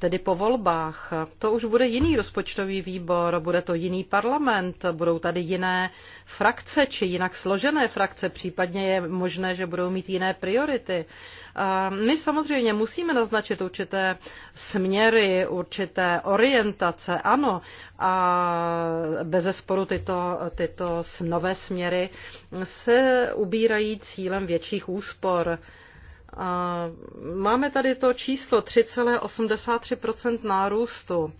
tedy po volbách. To už bude jiný rozpočtový výbor, bude to jiný parlament, budou tady jiné frakce či jinak složené frakce, případně je možné, že budou mít jiné priority. My samozřejmě musíme naznačit určité směry, určité orientace, ano, a bez zesporu tyto, tyto nové směry se ubírají cílem větších úspor. A máme tady to číslo 3,83 nárůstu,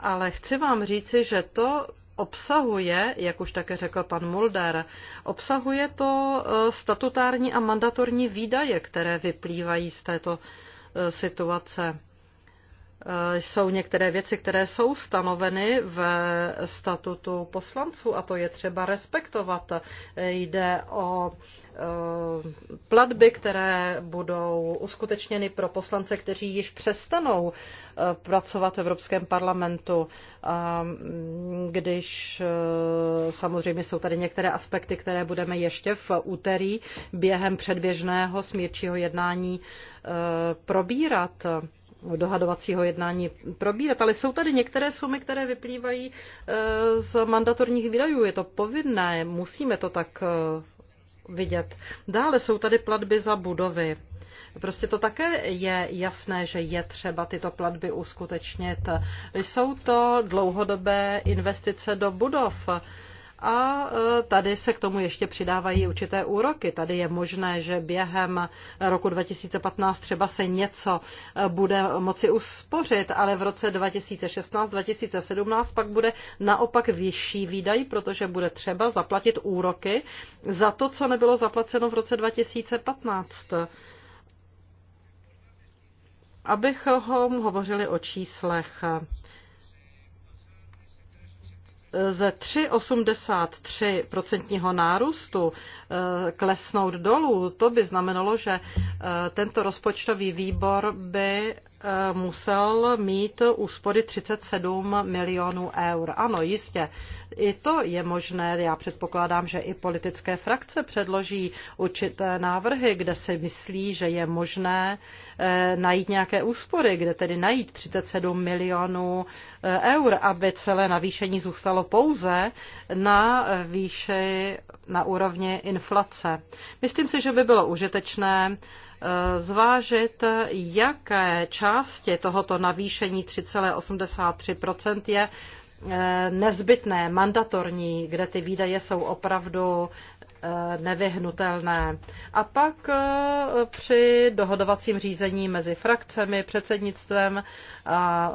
ale chci vám říci, že to obsahuje, jak už také řekl pan Mulder, obsahuje to e, statutární a mandatorní výdaje, které vyplývají z této e, situace. Eh, jsou některé věci, které jsou stanoveny v statutu poslanců a to je třeba respektovat. Eh, jde o eh, platby, které budou uskutečněny pro poslance, kteří již přestanou pracovat v Evropském parlamentu, mm, když samozřejmě jsou tady některé aspekty, které budeme ještě v úterý během předběžného smírčího jednání probírat dohadovacího jednání probírat. Ale jsou tady některé sumy, které vyplývají eh, z mandatorních výdajů. Je to povinné, musíme to tak eh, vidět. Dále jsou tady platby za budovy. Prostě to také je jasné, že je třeba tyto platby uskutečnit. Jsou to dlouhodobé investice do budov a e, tady se k tomu ještě přidávají určité úroky. Tady je možné, že během roku 2015 třeba se něco e, bude moci uspořit, ale v roce 2016-2017 pak bude naopak vyšší výdaj, protože bude třeba zaplatit úroky za to, co nebylo zaplaceno v roce 2015. Abychom hovořili o číslech ze 3,83% nárůstu eh, klesnout dolů, to by znamenalo, že eh, tento rozpočtový výbor by Eh, musel mít úspory 37 milionů eur. Ano, jistě, i to je možné. Já předpokládám, že i politické frakce předloží určité návrhy, kde si myslí, že je možné eh, najít nějaké úspory, kde tedy najít 37 milionů eh, eur, aby celé navýšení zůstalo pouze na výši na úrovni inflace. Myslím si, že by bylo užitečné Eh, zvážit, jaké části tohoto navýšení 3,83 je eh, nezbytné, mandatorní, kde ty výdaje jsou opravdu eh, nevyhnutelné. A pak při dohodovacím řízení mezi frakcemi, předsednictvem a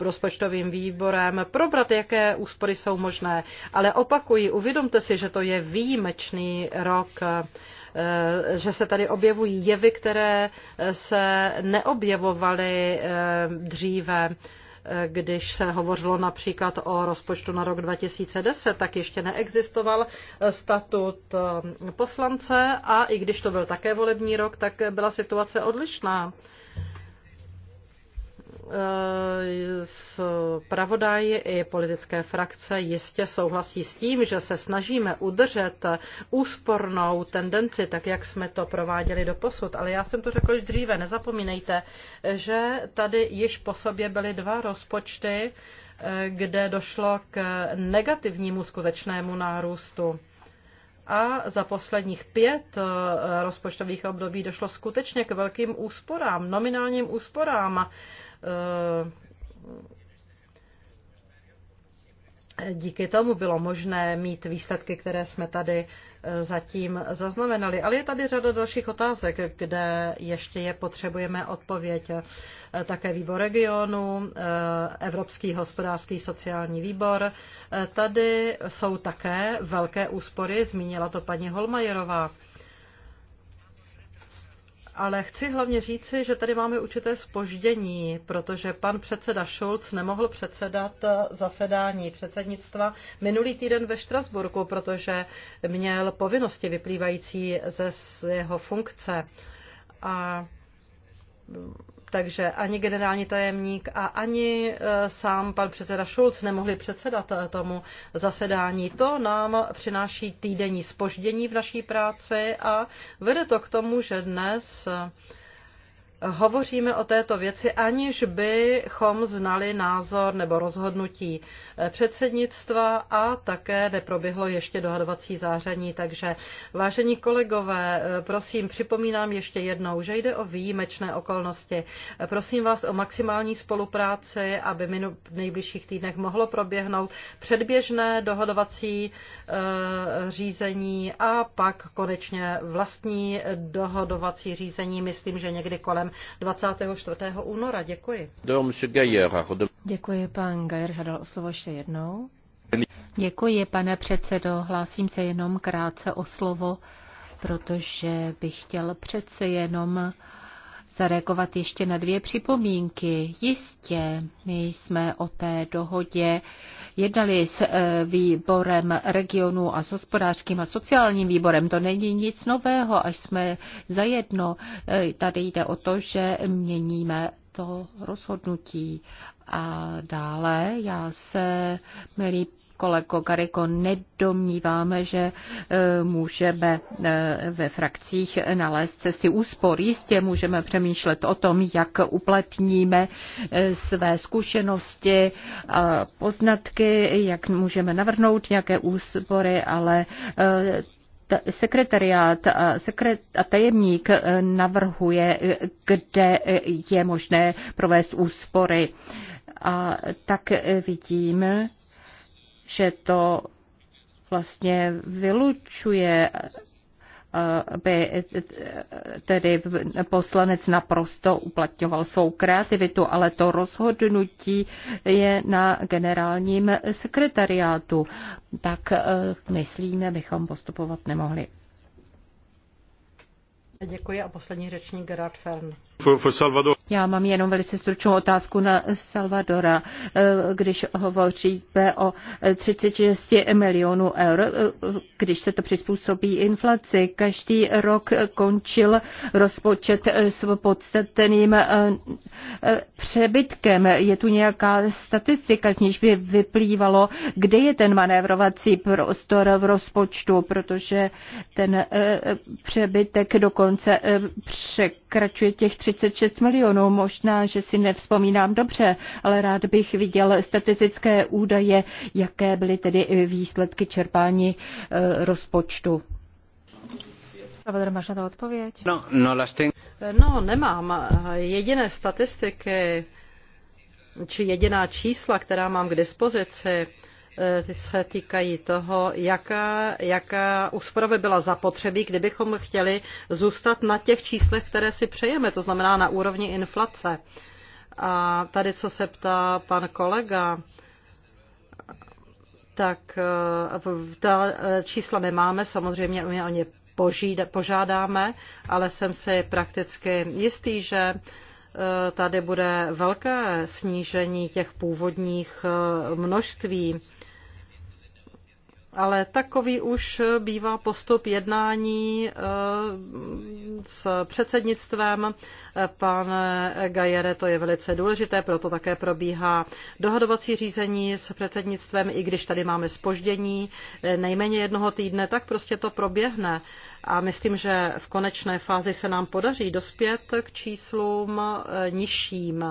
rozpočtovým výborem probrat, jaké úspory jsou možné. Ale opakuji, uvědomte si, že to je výjimečný rok Eh, že se tady objevují jevy, které eh, se neobjevovaly eh, dříve když se hovořilo například o rozpočtu na rok 2010, tak ještě neexistoval statut poslance a i když to byl také volební rok, tak byla situace odlišná. Eh, Pravodaj i politické frakce jistě souhlasí s tím, že se snažíme udržet úspornou tendenci, tak jak jsme to prováděli do posud. Ale já jsem to řekl už dříve, nezapomínejte, že tady již po sobě byly dva rozpočty, eh, kde došlo k negativnímu skutečnému nárůstu a za posledních pět eh, rozpočtových období došlo skutečně k velkým úsporám, nominálním úsporám Eh, díky tomu bylo možné mít výsledky, které jsme tady eh, zatím zaznamenali. Ale je tady řada dalších otázek, kde ještě je potřebujeme odpověď. Eh, také výbor regionu, Evropský hospodářský sociální výbor. Tady jsou také velké úspory, zmínila to paní Holmajerová. Ale chci hlavně říci, že tady máme určité spoždění, protože pan předseda Schulz nemohl předsedat eh, zasedání předsednictva minulý týden ve Štrasburku, protože měl povinnosti vyplývající ze jeho funkce. A takže ani generální tajemník a ani e, sám pan předseda Schulz nemohli předsedat e, tomu zasedání. To nám přináší týdenní spoždění v naší práci a vede to k tomu, že dnes hovoříme o této věci, aniž bychom znali názor nebo rozhodnutí eh, předsednictva a také neproběhlo ještě dohadovací záření. Takže, vážení kolegové, eh, prosím, připomínám ještě jednou, že jde o výjimečné okolnosti. Eh, prosím vás o maximální spolupráci, aby minu v nejbližších týdnech mohlo proběhnout předběžné dohodovací řízení a pak konečně vlastní dohodovací řízení, myslím, že někdy kolem 24. února. Děkuji. Děkuji, pan Gajer žádal o slovo ještě jednou. Děkuji, pane předsedo. Hlásím se jenom krátce o slovo, protože bych chtěl přece jenom zareagovat ještě na dvě připomínky. Jistě, my jsme o té dohodě jednali s eh, výborem regionu a s hospodářským a sociálním výborem. To není nic nového, až jsme zajedno. Eh, tady jde o to, že měníme to rozhodnutí. A dále já se, milí kolego kariko nedomníváme, že e, můžeme e, ve frakcích nalézt cesty úspor. Jistě můžeme přemýšlet o tom, jak uplatníme e, své zkušenosti, poznatky, jak můžeme navrhnout nějaké úspory, ale sekretariát a, sekret, a tajemník e, navrhuje, e, kde e, je možné provést úspory. A tak vidím, že to vlastně vylučuje by tedy poslanec naprosto uplatňoval svou kreativitu, ale to rozhodnutí je na generálním sekretariátu. Tak eh, myslíme, bychom postupovat nemohli. Děkuji a poslední řečník Gerard Fern. Já mám jenom velice stručnou otázku na Salvadora. Eh, když hovoříte o 36 milionů eur, eh, když se to přizpůsobí inflaci, každý rok končil rozpočet eh, s podstatným přebytkem. Je tu nějaká statistika, z níž by vyplývalo, kde je ten manévrovací prostor v rozpočtu, protože ten přebytek dokonce dokonce eh, překračuje těch 36 milionů. Možná, že si nevzpomínám dobře, ale rád bych viděl statistické údaje, jaké byly tedy výsledky čerpání eh, rozpočtu. Pavel máš na to odpověď? No, no, lasting. no, nemám. Jediné statistiky, či jediná čísla, která mám k dispozici, Eh, se týkají toho, jaká, jaká úspora by byla zapotřebí, kdybychom chtěli zůstat na těch číslech, které si přejeme, to znamená na úrovni inflace. A tady, co se ptá pan kolega, tak eh, ta eh, čísla nemáme, samozřejmě o ně požádáme, ale jsem si prakticky jistý, že Eh, tady bude velké snížení těch původních eh, množství ale takový už bývá postup jednání eh, s předsednictvem. Pan Gajere, to je velice důležité, proto také probíhá dohadovací řízení s předsednictvem, i když tady máme spoždění nejméně jednoho týdne, tak prostě to proběhne. A myslím, že v konečné fázi se nám podaří dospět k číslům eh, nižším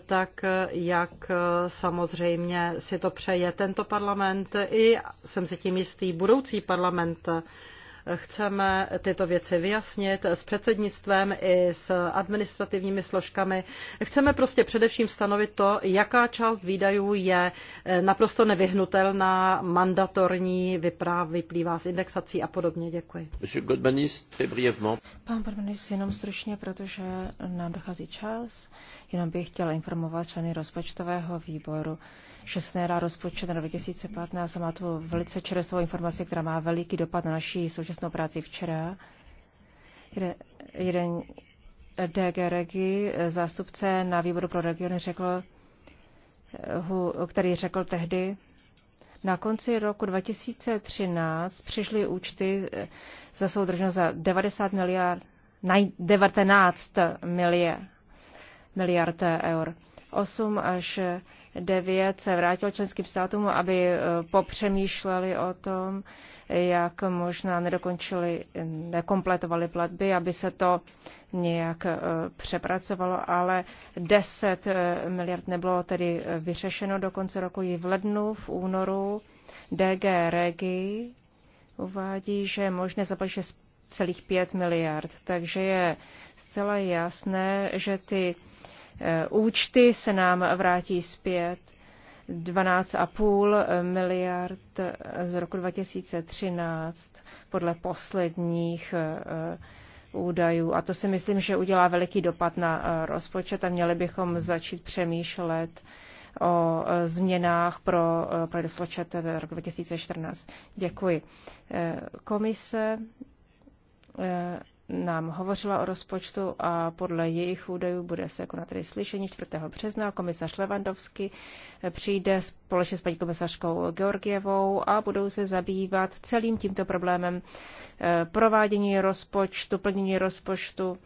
tak jak samozřejmě si to přeje tento parlament i, jsem si tím jistý, budoucí parlament Chceme tyto věci vyjasnit s předsednictvem i s administrativními složkami. Chceme prostě především stanovit to, jaká část výdajů je eh, naprosto nevyhnutelná, mandatorní, vypráv, vyplývá z indexací a podobně. Děkuji. Pán Podmanis, jenom stručně, protože nám dochází čas, jenom bych chtěla informovat členy rozpočtového výboru, že se rozpočet na 2015 a má tu velice čerstvou informaci, která má veliký dopad na naší současnou práci včera. Jeden, jeden DG Regi, zástupce na výboru pro regiony, řekl, který řekl tehdy, na konci roku 2013 přišly účty eh, za soudržnost za 90 miliard, 19 miliard, miliard eur. 8 až 9 se vrátil členským státům, aby e, popřemýšleli o tom, jak možná nedokončili, nekompletovali platby, aby se to nějak e, přepracovalo, ale 10 e, miliard nebylo tedy vyřešeno do konce roku i v lednu, v únoru. DG Regi uvádí, že je možné zaplatit celých 5 miliard, takže je zcela jasné, že ty Eh, účty se nám vrátí zpět 12,5 eh, miliard eh, z roku 2013 podle posledních údajů. A to si myslím, že udělá veliký dopad na rozpočet a měli bychom začít přemýšlet o změnách pro, pro rozpočet v roku 2014. Děkuji. Komise nám hovořila o rozpočtu a podle jejich údajů bude se konat tedy slyšení 4. března. Komisař Levandovský přijde společně s paní komisařkou Georgievou a budou se zabývat celým tímto problémem eh, provádění rozpočtu, plnění rozpočtu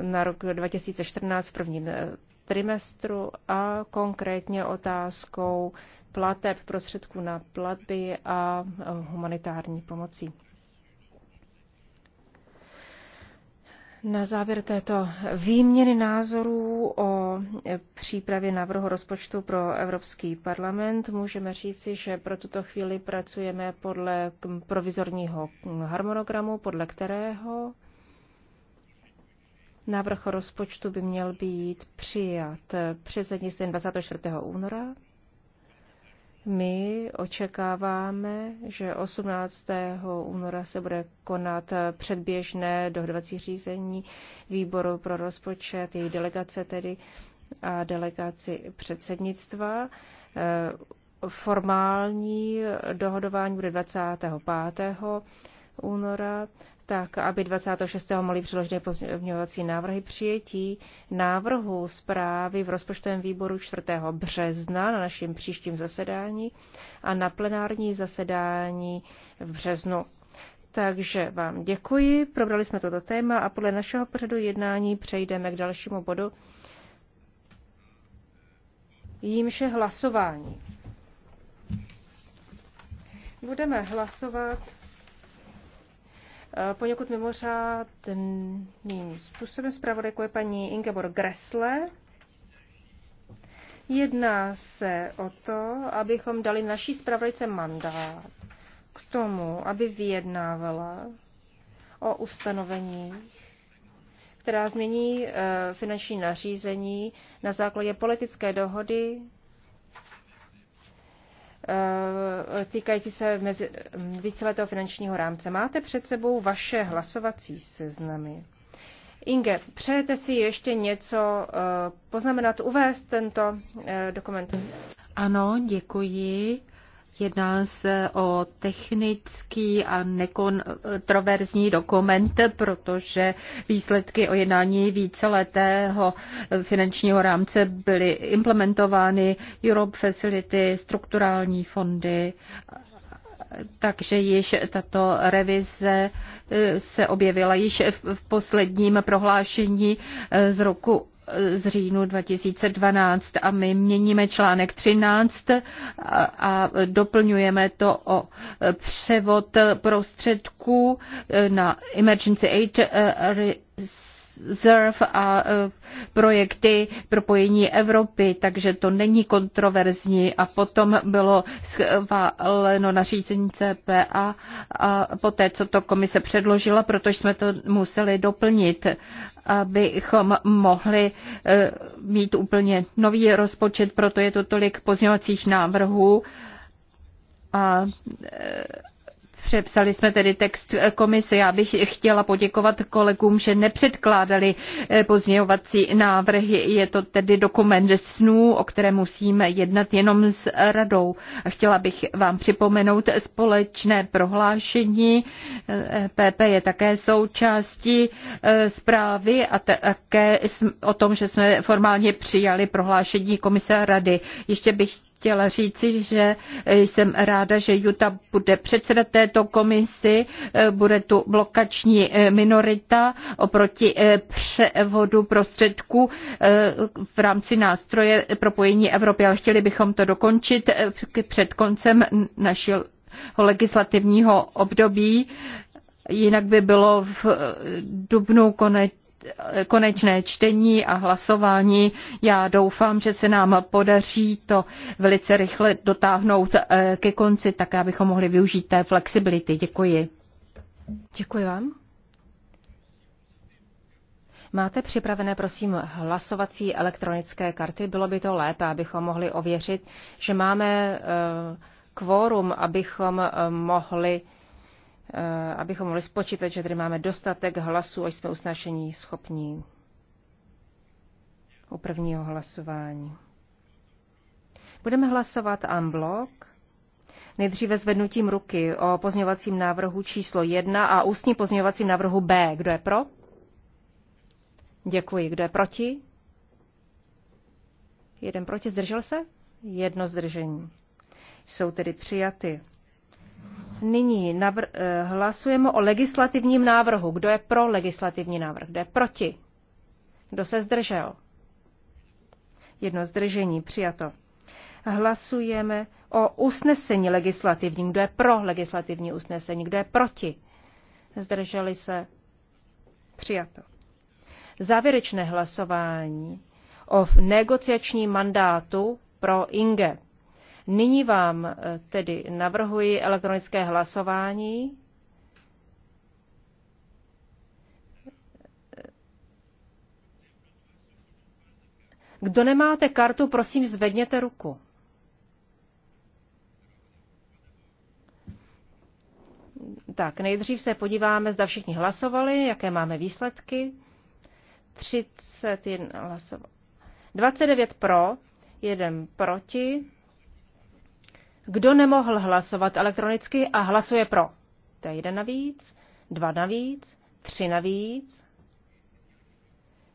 na rok 2014 v prvním eh, trimestru a konkrétně otázkou plateb prostředků na platby a humanitární pomoci. na závěr této výměny názorů o přípravě návrhu rozpočtu pro Evropský parlament můžeme říci, že pro tuto chvíli pracujeme podle provizorního harmonogramu, podle kterého návrh rozpočtu by měl být přijat předsednictvím 24. února my očekáváme, že 18. února se bude konat předběžné dohodovací řízení výboru pro rozpočet, její delegace tedy a delegaci předsednictva. Eh, formální dohodování bude 25 února, tak aby 26. mohli přiložené pozměňovací návrhy přijetí návrhu zprávy v rozpočtovém výboru 4. března na našem příštím zasedání a na plenární zasedání v březnu. Takže vám děkuji, probrali jsme toto téma a podle našeho pořadu jednání přejdeme k dalšímu bodu, jímž je hlasování. Budeme hlasovat poněkud mimořádným způsobem. Zpravodajku je paní Ingeborg Gressle. Jedná se o to, abychom dali naší zpravodajce mandát k tomu, aby vyjednávala o ustanoveních, která změní eh, finanční nařízení na základě politické dohody Eh, týkající se mezi mm, víceletého finančního rámce. Máte před sebou vaše hlasovací seznamy. Inge, přejete si ještě něco eh, poznamenat, uvést tento eh, dokument? Ano, děkuji. Jedná se o technický a nekontroverzní dokument, protože výsledky o jednání víceletého finančního rámce byly implementovány Europe Facility, strukturální fondy takže již tato revize eh, se objevila již v posledním prohlášení eh, z roku z říjnu 2012 a my měníme článek 13 a doplňujeme to o převod prostředků na Emergency Aid eh, Reserve a e, projekty propojení Evropy, takže to není kontroverzní. A potom bylo schváleno nařízení CPA a poté, co to komise předložila, protože jsme to museli doplnit, abychom mohli e, mít úplně nový rozpočet, proto je to tolik pozměňovacích návrhů. A e, Přepsali jsme tedy text komise. Já bych chtěla poděkovat kolegům, že nepředkládali eh, pozměňovací návrhy. Je to tedy dokument snů, o kterém musíme jednat jenom s radou. Chtěla bych vám připomenout společné prohlášení. PP e je také součástí eh, zprávy a také o tom, že jsme formálně přijali prohlášení komise rady. Ještě bych chtěla říci, že jsem ráda, že Juta bude předseda této komisi, bude tu blokační minorita oproti převodu prostředků v rámci nástroje propojení Evropy, ale chtěli bychom to dokončit před koncem našeho legislativního období. Jinak by bylo v dubnu konec konečné čtení a hlasování. Já doufám, že se nám podaří to velice rychle dotáhnout eh, ke konci, tak abychom mohli využít té flexibility. Děkuji. Děkuji vám. Máte připravené, prosím, hlasovací elektronické karty? Bylo by to lépe, abychom mohli ověřit, že máme eh, kvórum, abychom eh, mohli Eh, abychom mohli spočítat, že tady máme dostatek hlasů, až jsme usnášení schopní u prvního hlasování. Budeme hlasovat unblock. Nejdříve zvednutím ruky o pozměňovacím návrhu číslo 1 a ústní pozměňovacím návrhu B. Kdo je pro? Děkuji. Kdo je proti? Jeden proti. Zdržel se? Jedno zdržení. Jsou tedy přijaty. Nyní navr- eh, hlasujeme o legislativním návrhu. Kdo je pro legislativní návrh? Kdo je proti? Kdo se zdržel? Jedno zdržení přijato. Hlasujeme o usnesení legislativní. Kdo je pro legislativní usnesení? Kdo je proti? Zdrželi se? Přijato. Závěrečné hlasování o negociačním mandátu pro INGE. Nyní vám eh, tedy navrhuji elektronické hlasování. Kdo nemáte kartu, prosím zvedněte ruku. Tak, nejdřív se podíváme, zda všichni hlasovali, jaké máme výsledky. 31 hlasovalo. 29 pro, 1 proti, kdo nemohl hlasovat elektronicky a hlasuje pro? To je jeden navíc, dva navíc, tři navíc.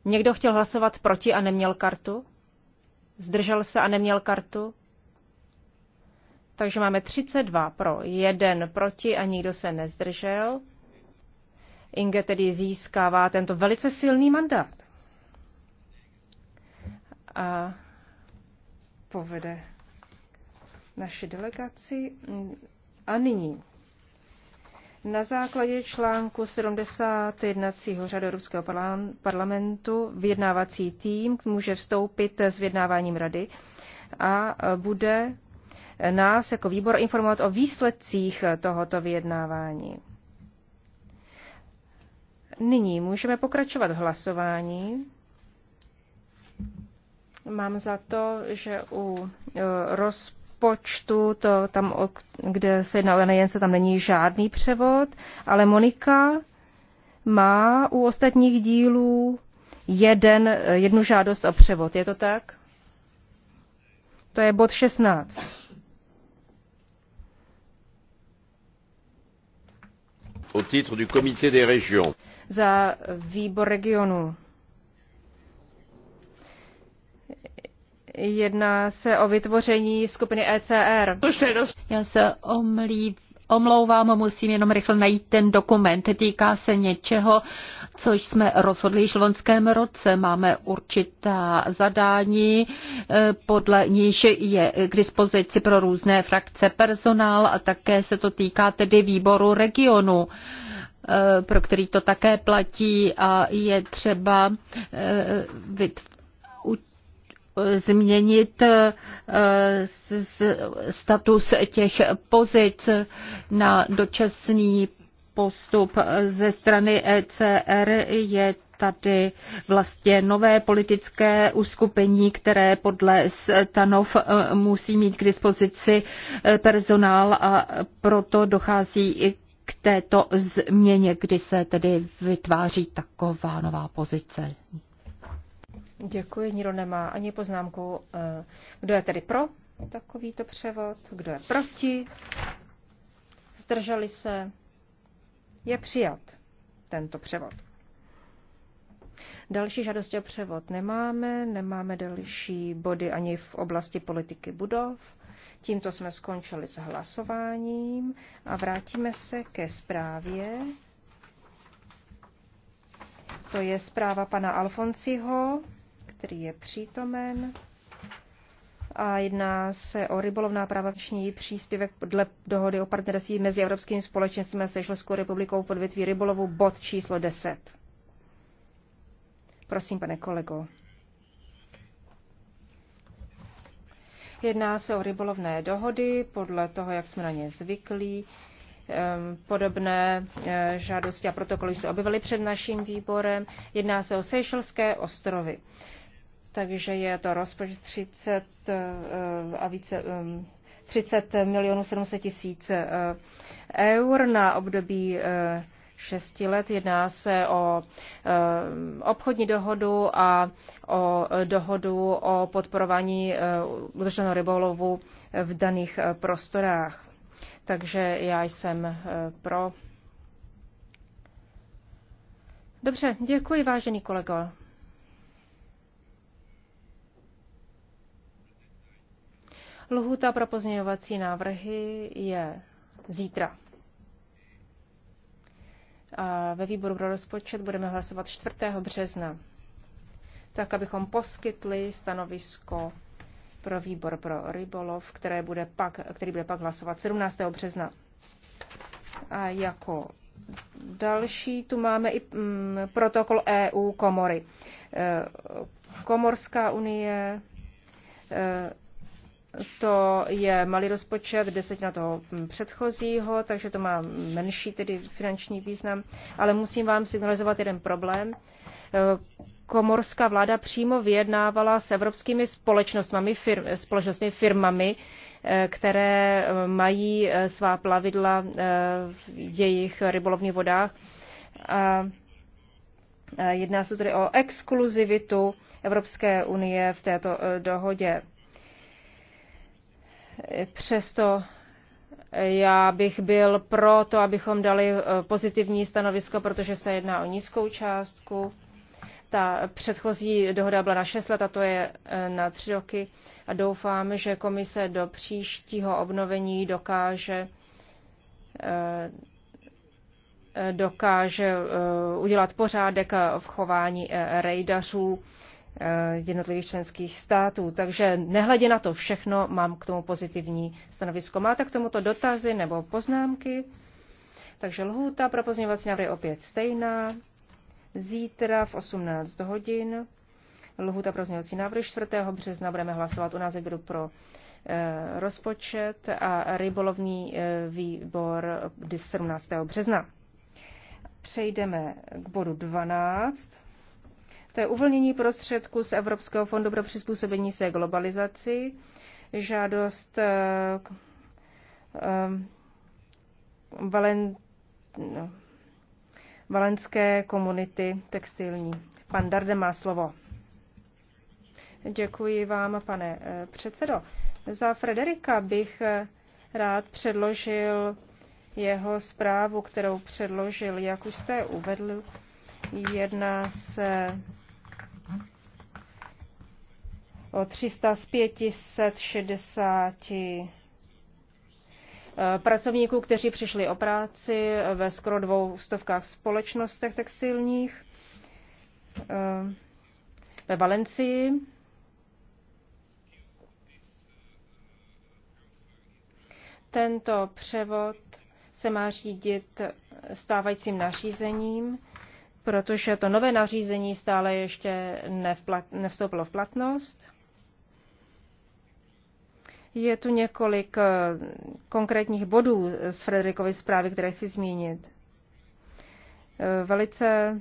Někdo chtěl hlasovat proti a neměl kartu? Zdržel se a neměl kartu? Takže máme 32 pro, jeden proti a nikdo se nezdržel. Inge tedy získává tento velice silný mandát. A povede naši delegaci. A nyní na základě článku 70 jednacího Ruského parlamentu vyjednávací tým může vstoupit s vyjednáváním rady a bude nás jako výbor informovat o výsledcích tohoto vyjednávání. Nyní můžeme pokračovat v hlasování. Mám za to, že u e, rozpočtu rozpočtu, to tam, kde se jedná o se tam není žádný převod, ale Monika má u ostatních dílů jeden, jednu žádost o převod. Je to tak? To je bod 16. Au titre du comité des régions. Za výbor regionu. Jedná se o vytvoření skupiny ECR. Já se omlív, omlouvám, musím jenom rychle najít ten dokument. Týká se něčeho, což jsme rozhodli již v lonském roce. Máme určitá zadání, eh, podle níž je k dispozici pro různé frakce personál a také se to týká tedy výboru regionu eh, pro který to také platí a je třeba eh, vytvořit změnit eh, status těch pozic na dočasný postup ze strany ECR je tady vlastně nové politické uskupení, které podle stanov eh, musí mít k dispozici eh, personál a proto dochází i k této změně, kdy se tedy vytváří taková nová pozice. Děkuji, nikdo nemá ani poznámku. Eh, kdo je tedy pro takovýto převod? Kdo je proti? Zdrželi se? Je přijat tento převod. Další žádosti o převod nemáme, nemáme další body ani v oblasti politiky budov. Tímto jsme skončili s hlasováním a vrátíme se ke zprávě. To je zpráva pana Alfonsiho který je přítomen. A jedná se o rybolovná práva všichni příspěvek dle dohody o partnerství mezi Evropským společenstvím a Sešlskou republikou v odvětví rybolovu bod číslo 10. Prosím, pane kolego. Jedná se o rybolovné dohody podle toho, jak jsme na ně zvyklí. Ehm, podobné e, žádosti a protokoly se objevily před naším výborem. Jedná se o Seychelské ostrovy takže je to rozpočet 30 eh, a více 30 eh, milionů 700 tisíc eh, eur na období 6 let. Jedná se o obchodní dohodu a o dohodu o podporování udrženého rybolovu v daných prostorách. Takže já jsem pro. Dobře, děkuji, vážený kolego. Lhuta pro pozměňovací návrhy je zítra. A ve výboru pro rozpočet budeme hlasovat 4. března, tak abychom poskytli stanovisko pro výbor pro rybolov, které bude pak, který bude pak hlasovat 17. března. A jako další tu máme i mm, protokol EU komory. E, Komorská unie, e, to je malý rozpočet, na toho předchozího, takže to má menší tedy finanční význam. Ale musím vám signalizovat jeden problém. Komorská vláda přímo vyjednávala s evropskými společnostmi, firm, společnostmi firmami, eh, které eh, mají eh, svá plavidla v jejich rybolovných vodách. A jedná se tedy o exkluzivitu Evropské unie v této dohodě. Přesto já bych byl pro to, abychom dali eh, pozitivní stanovisko, protože se jedná o nízkou částku. Ta předchozí dohoda byla na 6 let a to je eh, na 3 roky. A doufám, že komise do příštího obnovení dokáže eh, dokáže udělat pořádek v chování rejdařů Eh, jednotlivých členských států. Takže nehledě na to všechno, mám k tomu pozitivní stanovisko. Máte k tomuto dotazy nebo poznámky? Takže lhůta pro pozměňovací návrhy opět stejná. Zítra v 18 hodin. Lhůta pro pozměňovací návrhy 4. března budeme hlasovat u nás výboru pro e, rozpočet a rybolovní e, eh, výbor 17. března. Přejdeme k bodu 12 to je uvolnění prostředků z Evropského fondu pro přizpůsobení se globalizaci, žádost eh, eh, valen, no, valenské komunity textilní. Pan Darde má slovo. Děkuji vám, pane eh, předsedo. Za Frederika bych rád předložil jeho zprávu, kterou předložil. Jak už jste uvedl, jedna se o 300 z 560 eh, pracovníků, kteří přišli o práci ve skoro dvou stovkách společnostech textilních eh, ve Valencii. Tento převod se má řídit stávajícím nařízením, protože to nové nařízení stále ještě nevstoupilo v platnost. Je tu několik eh, konkrétních bodů z Frederikovy zprávy, které chci zmínit. Eh, velice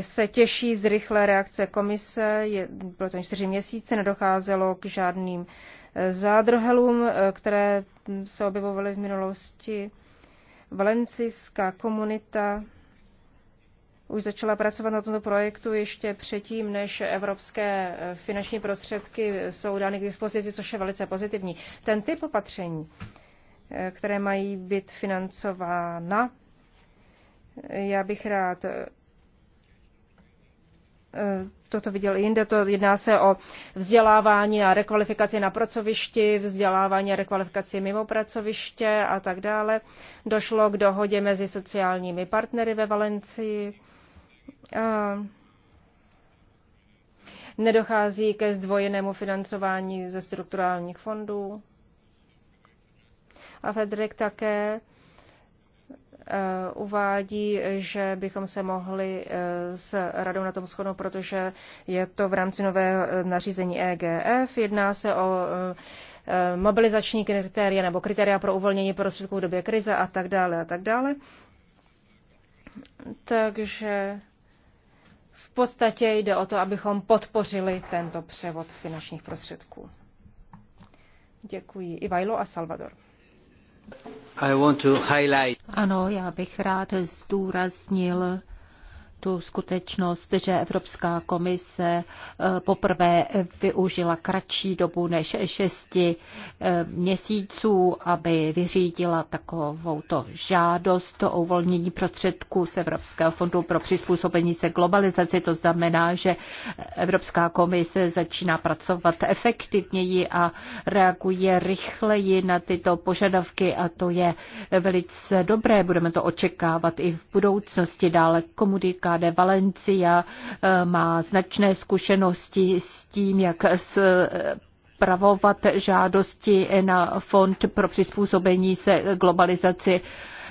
se těší z rychlé reakce komise, je, bylo to čtyři měsíce, nedocházelo k žádným eh, zádrhelům, které se objevovaly v minulosti. Valencijská komunita už začala pracovat na tomto projektu ještě předtím, než evropské eh, finanční prostředky jsou dány k dispozici, což je velice pozitivní. Ten typ opatření, eh, které mají být financována, eh, já bych rád toto viděl i jinde, to jedná se o vzdělávání a rekvalifikaci na pracovišti, vzdělávání a rekvalifikaci mimo pracoviště a tak dále. Došlo k dohodě mezi sociálními partnery ve Valencii Nedochází ke zdvojenému financování ze strukturálních fondů. A Fedrik také e, uvádí, že bychom se mohli e, s radou na tom shodnout, protože je to v rámci nového e, nařízení EGF. Jedná se o mobilizační kritéria nebo kritéria pro uvolnění prostředků v době krize a tak dále a tak dále. Takže podstatě jde o to, abychom podpořili tento převod finančních prostředků. Děkuji. Ivajlo a Salvador. I want to highlight. Ano, já bych rád zdůraznil tu skutečnost, že Evropská komise eh, poprvé využila kratší dobu než šesti eh, měsíců, aby vyřídila takovouto žádost o uvolnění prostředků z Evropského fondu pro přizpůsobení se globalizaci. To znamená, že Evropská komise začíná pracovat efektivněji a reaguje rychleji na tyto požadavky a to je velice dobré. Budeme to očekávat i v budoucnosti dále komunikace de Valencia eh, má značné zkušenosti s tím, jak s pravovat žádosti na fond pro přizpůsobení se globalizaci.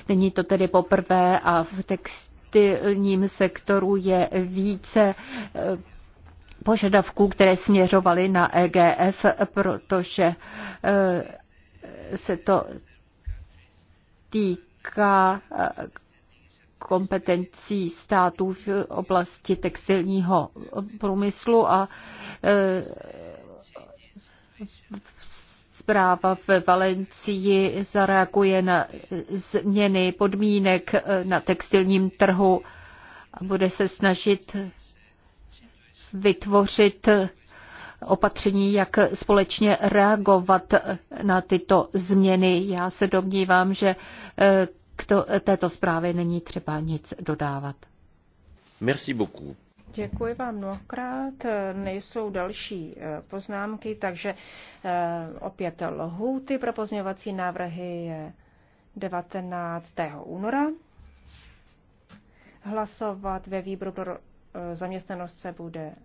Není to tedy poprvé a v textilním sektoru je více eh, požadavků, které směřovaly na EGF, protože eh, se to týká kompetencí států v oblasti textilního průmyslu a e, zpráva ve Valencii zareaguje na změny podmínek e, na textilním trhu a bude se snažit vytvořit opatření, jak společně reagovat na tyto změny. Já se domnívám, že e, k to, této zprávě není třeba nic dodávat. Merci beaucoup. Děkuji vám mnohokrát. Nejsou další eh, poznámky, takže eh, opět lhůty pro pozměňovací návrhy je 19. února. Hlasovat ve výboru pro eh, zaměstnanost se bude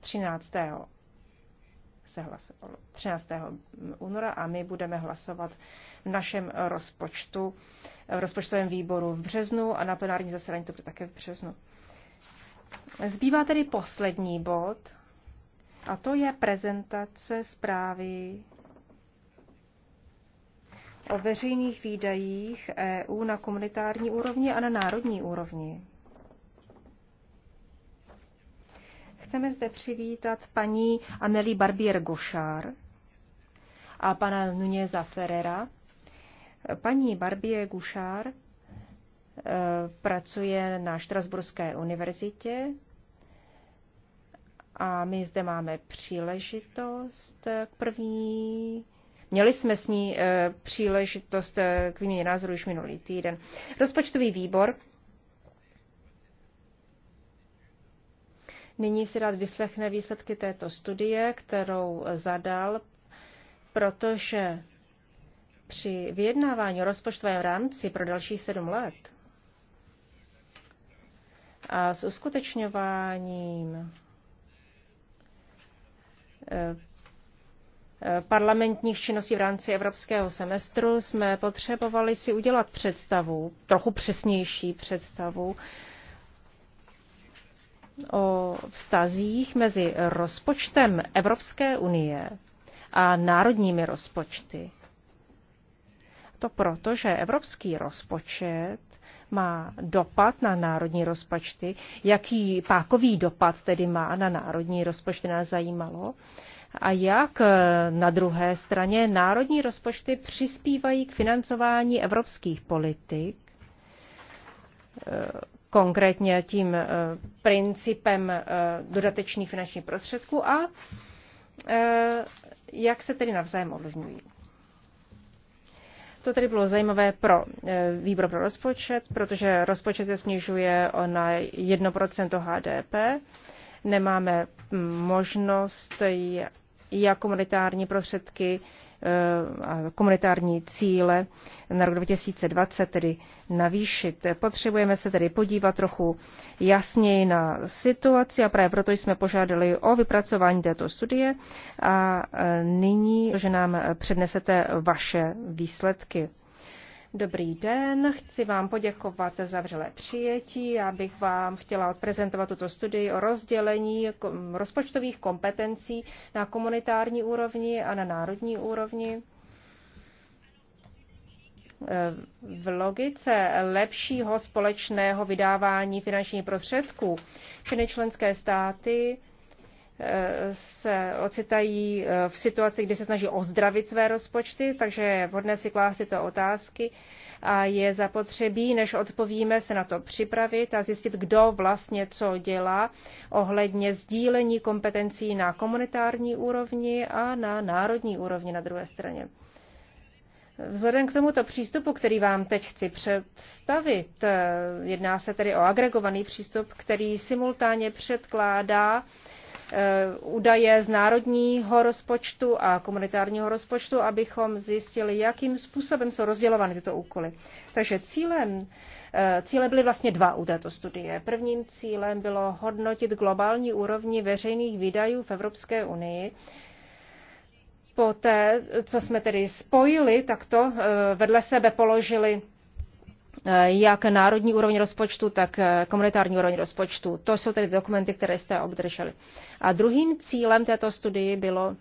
13 se hlasovalo 13. února a my budeme hlasovat v našem rozpočtu, v rozpočtovém výboru v březnu a na plenární zasedání to bude také v březnu. Zbývá tedy poslední bod a to je prezentace zprávy o veřejných výdajích EU na komunitární úrovni a na národní úrovni. Chceme zde přivítat paní Amelie Barbier-Gošár a pana Nuneza Ferrera. Paní Barbier-Gošár eh, pracuje na Štrasburské univerzitě a my zde máme příležitost k první Měli jsme s ní eh, příležitost eh, k výměně názoru už minulý týden. Rozpočtový výbor Nyní si rád vyslechne výsledky této studie, kterou zadal, protože při vyjednávání o rozpočtovém rámci pro další sedm let a s uskutečňováním eh, eh, parlamentních činností v rámci evropského semestru jsme potřebovali si udělat představu, trochu přesnější představu o vztazích mezi rozpočtem Evropské unie a národními rozpočty. To proto, že evropský rozpočet má dopad na národní rozpočty, jaký pákový dopad tedy má na národní rozpočty, nás zajímalo, a jak eh, na druhé straně národní rozpočty přispívají k financování evropských politik, eh, konkrétně tím eh, principem eh, dodatečných finančních prostředků a eh, jak se tedy navzájem ovlivňují. To tedy bylo zajímavé pro výbor pro rozpočet, protože rozpočet se snižuje na 1% HDP. Nemáme mm, možnost, jak komunitární prostředky Eh, a komunitární cíle na rok 2020 tedy navýšit. Potřebujeme se tedy podívat trochu jasněji na situaci a právě proto jsme požádali o vypracování této studie a eh, nyní, že nám přednesete vaše výsledky. Dobrý den, chci vám poděkovat za vřelé přijetí. Já bych vám chtěla odprezentovat tuto studii o rozdělení rozpočtových kompetencí na komunitární úrovni a na národní úrovni. V logice lepšího společného vydávání finančních prostředků všechny členské státy se ocitají eh, v situaci, kdy se snaží ozdravit své rozpočty, takže je vhodné si klást tyto otázky a je zapotřebí, než odpovíme, se na to připravit a zjistit, kdo vlastně co dělá ohledně sdílení kompetencí na komunitární úrovni a na národní úrovni na druhé straně. Vzhledem k tomuto přístupu, který vám teď chci představit, eh, jedná se tedy o agregovaný přístup, který simultánně předkládá Eh, údaje z národního rozpočtu a komunitárního rozpočtu, abychom zjistili, jakým způsobem jsou rozdělovány tyto úkoly. Takže cílem, eh, cíle byly vlastně dva u této studie. Prvním cílem bylo hodnotit globální úrovni veřejných výdajů v Evropské unii, Poté, co jsme tedy spojili, tak to eh, vedle sebe položili jak národní úroveň rozpočtu, tak eh, komunitární úroveň rozpočtu. To jsou tedy dokumenty, které jste obdrželi. A druhým cílem této studii bylo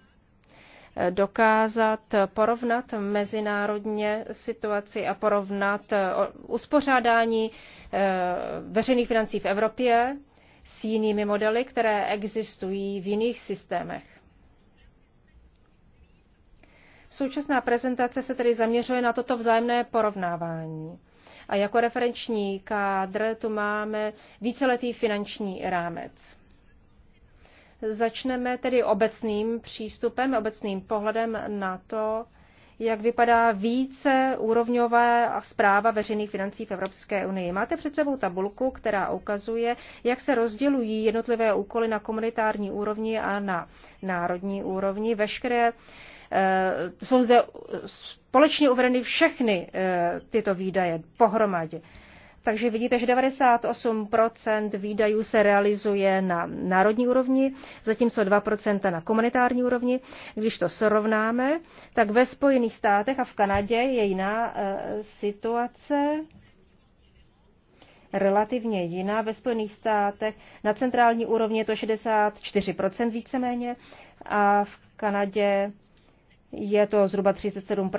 eh, dokázat porovnat mezinárodně situaci a porovnat eh, uspořádání veřejných financí v Evropě s jinými modely, které existují v jiných systémech. Současná prezentace se tedy zaměřuje na toto vzájemné porovnávání. A jako referenční kádr tu máme víceletý finanční rámec. Začneme tedy obecným přístupem, obecným pohledem na to, jak vypadá více úrovňové zpráva veřejných financí v Evropské unii. Máte před sebou tabulku, která ukazuje, jak se rozdělují jednotlivé úkoly na komunitární úrovni a na národní úrovni. Veškeré eh, jsou zde společně uvedeny všechny eh, tyto výdaje pohromadě. Takže vidíte, že 98% výdajů se realizuje na národní úrovni, zatímco 2% na komunitární úrovni. Když to srovnáme, tak ve Spojených státech a v Kanadě je jiná eh, situace relativně jiná. Ve Spojených státech na centrální úrovni je to 64% víceméně a v Kanadě je to zhruba 37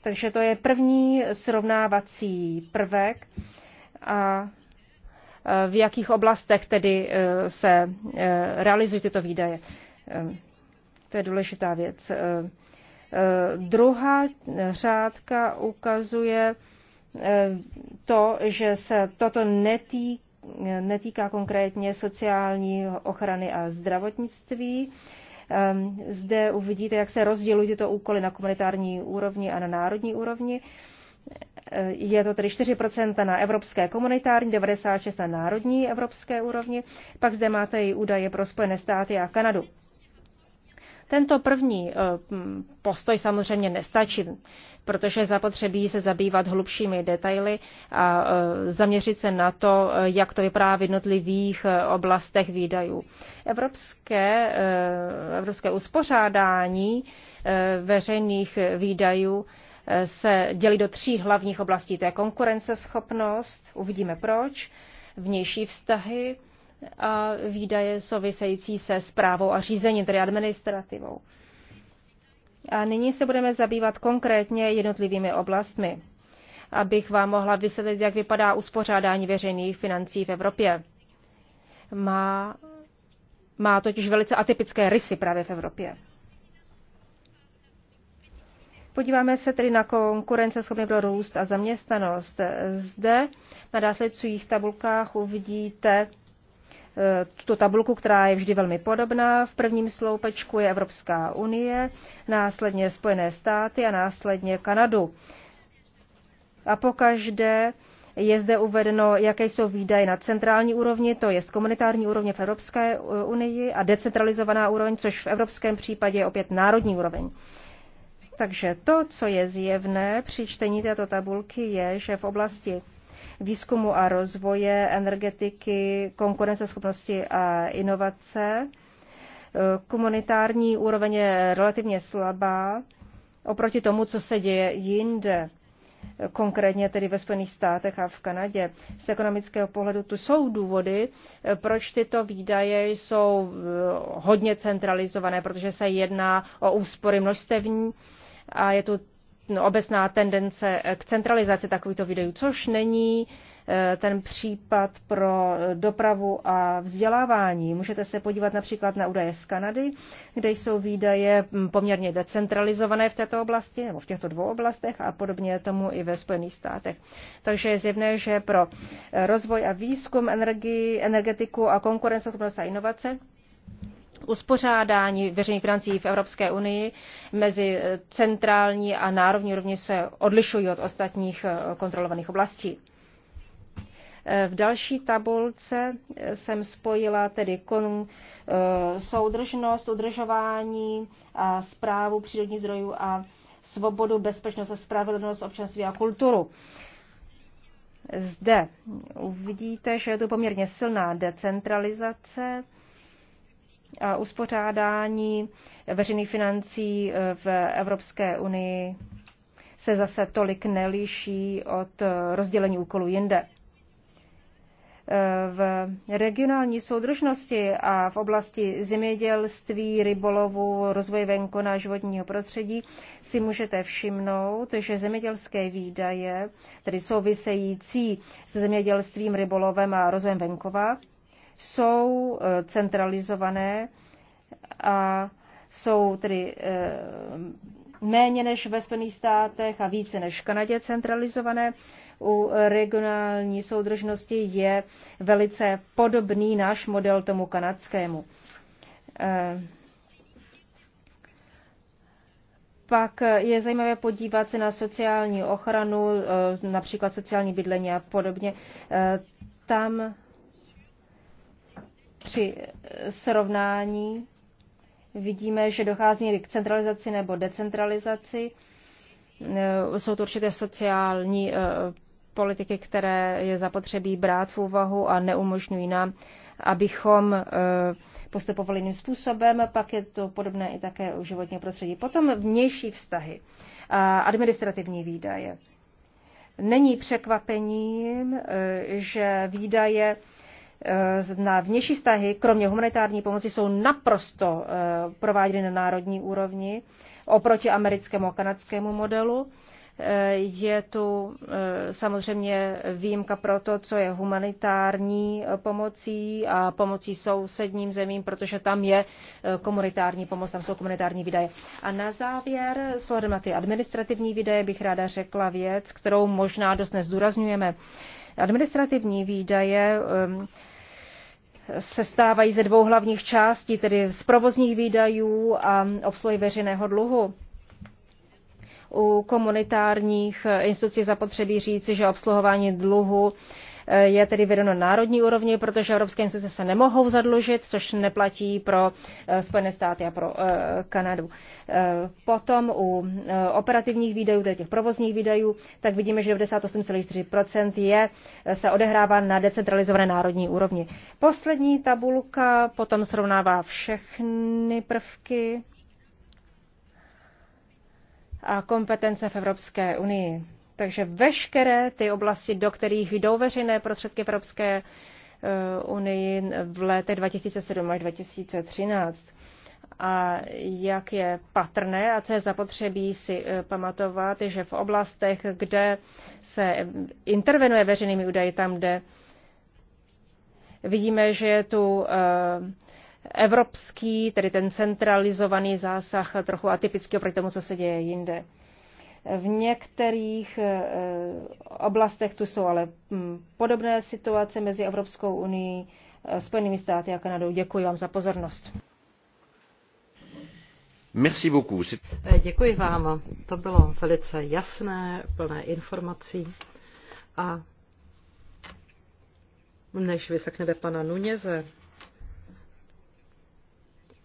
Takže to je první srovnávací prvek a e, v jakých oblastech tedy e, se e, realizují tyto výdaje. To je důležitá věc. Druhá řádka ukazuje to, že se toto netýká, netýká konkrétně sociální ochrany a zdravotnictví. Ehm, zde uvidíte, jak se rozdělují tyto úkoly na komunitární úrovni a na národní úrovni. Eh, je to tedy 4% na evropské komunitární, 96% na národní evropské úrovni. Pak zde máte i údaje pro Spojené státy a Kanadu. Tento první eh, postoj samozřejmě nestačí, protože zapotřebí se zabývat hlubšími detaily a eh, zaměřit se na to, eh, jak to vypadá v jednotlivých oblastech výdajů. Evropské, evropské uspořádání veřejných výdajů se dělí do tří hlavních oblastí. To je konkurenceschopnost, uvidíme proč, vnější vztahy a výdaje související se zprávou a řízením, tedy administrativou. A nyní se budeme zabývat konkrétně jednotlivými oblastmi, abych vám mohla vysvětlit, jak vypadá uspořádání veřejných financí v Evropě. Má, má totiž velice atypické rysy právě v Evropě. Podíváme se tedy na konkurenceschopný pro růst a zaměstnanost. Zde na následujících tabulkách uvidíte Eh, tuto tabulku, která je vždy velmi podobná. V prvním sloupečku je Evropská unie, následně Spojené státy a následně Kanadu. A pokaždé je zde uvedeno, jaké jsou výdaje na centrální úrovni, to je z komunitární úrovně v Evropské eh, unii a decentralizovaná úroveň, což v evropském případě je opět národní úroveň. Takže to, co je zjevné při čtení této tabulky, je, že v oblasti výzkumu a rozvoje, energetiky, konkurenceschopnosti a inovace. Komunitární úroveň je relativně slabá oproti tomu, co se děje jinde konkrétně tedy ve Spojených státech a v Kanadě. Z ekonomického pohledu tu jsou důvody, proč tyto výdaje jsou eh, hodně centralizované, protože se jedná o úspory množstevní a je tu No, obecná tendence k centralizaci takovýchto videů, což není eh, ten případ pro dopravu a vzdělávání. Můžete se podívat například na údaje z Kanady, kde jsou výdaje hm, poměrně decentralizované v této oblasti, nebo v těchto dvou oblastech a podobně tomu i ve Spojených státech. Takže je zjevné, že pro eh, rozvoj a výzkum energii, energetiku a konkurenceschopnost a inovace uspořádání veřejných financí v Evropské unii mezi centrální a národní úrovni se odlišují od ostatních eh, kontrolovaných oblastí. Eh, v další tabulce eh, jsem spojila tedy kon, soudržnost, udržování a zprávu přírodních zdrojů a svobodu, bezpečnost a spravedlnost, občanství a kulturu. Zde uvidíte, že je tu poměrně silná decentralizace a uspořádání veřejných financí eh, v Evropské unii se zase tolik neliší od eh, rozdělení úkolů jinde. Eh, v regionální soudržnosti a v oblasti zemědělství, rybolovu, rozvoje venkona životního prostředí si můžete všimnout, že zemědělské výdaje, tedy související se zemědělstvím, rybolovem a rozvojem venkova, jsou eh, centralizované a jsou tedy eh, méně než ve Spojených státech a více než v Kanadě centralizované. U eh, regionální soudržnosti je velice podobný náš model tomu kanadskému. Pak je zajímavé podívat se na sociální ochranu, například sociální bydlení a podobně. Tam při srovnání vidíme, že dochází k centralizaci nebo decentralizaci. Eh, jsou to určité sociální eh, politiky, které je zapotřebí brát v úvahu a neumožňují nám, abychom eh, postupovali jiným způsobem. Pak je to podobné i také u životního prostředí. Potom vnější vztahy a administrativní výdaje. Není překvapením, že výdaje Eh, na vnější vztahy, kromě humanitární pomoci, jsou naprosto eh, prováděny na národní úrovni oproti americkému a kanadskému modelu. Eh, je tu samozřejmě výjimka pro to, co je humanitární pomocí a pomocí sousedním zemím, protože tam je komunitární pomoc, tam jsou komunitární výdaje. A na závěr, s na ty administrativní výdaje, bych ráda řekla věc, kterou možná dost nezdůrazňujeme. Administrativní výdaje um, se stávají ze dvou hlavních částí, tedy z provozních výdajů a obsluhy veřejného dluhu. U komunitárních institucí zapotřebí říci, že obsluhování dluhu je tedy vedeno na národní úrovni, protože evropské instituce se nemohou zadlužit, což neplatí pro eh, Spojené státy a pro eh, Kanadu. Eh, potom u operativních výdajů, tedy těch provozních výdajů, tak vidíme, že 98,4% je, se odehrává na decentralizované národní úrovni. Poslední tabulka potom srovnává všechny prvky a kompetence v Evropské unii. Takže veškeré ty oblasti, do kterých jdou veřejné prostředky Evropské eh, unii v letech 2007 až 2013. A jak je patrné a co je zapotřebí si eh, pamatovat, že v oblastech, kde se intervenuje veřejnými údaji, tam, kde vidíme, že je tu eh, evropský, tedy ten centralizovaný zásah trochu atypický oproti tomu, co se děje jinde. V některých eh, oblastech tu jsou ale hm, podobné situace mezi Evropskou unii, eh, Spojenými státy a Kanadou. Děkuji vám za pozornost. Merci beaucoup. Eh, děkuji vám. To bylo velice jasné, plné informací. A než vyslechneme pana Nuněze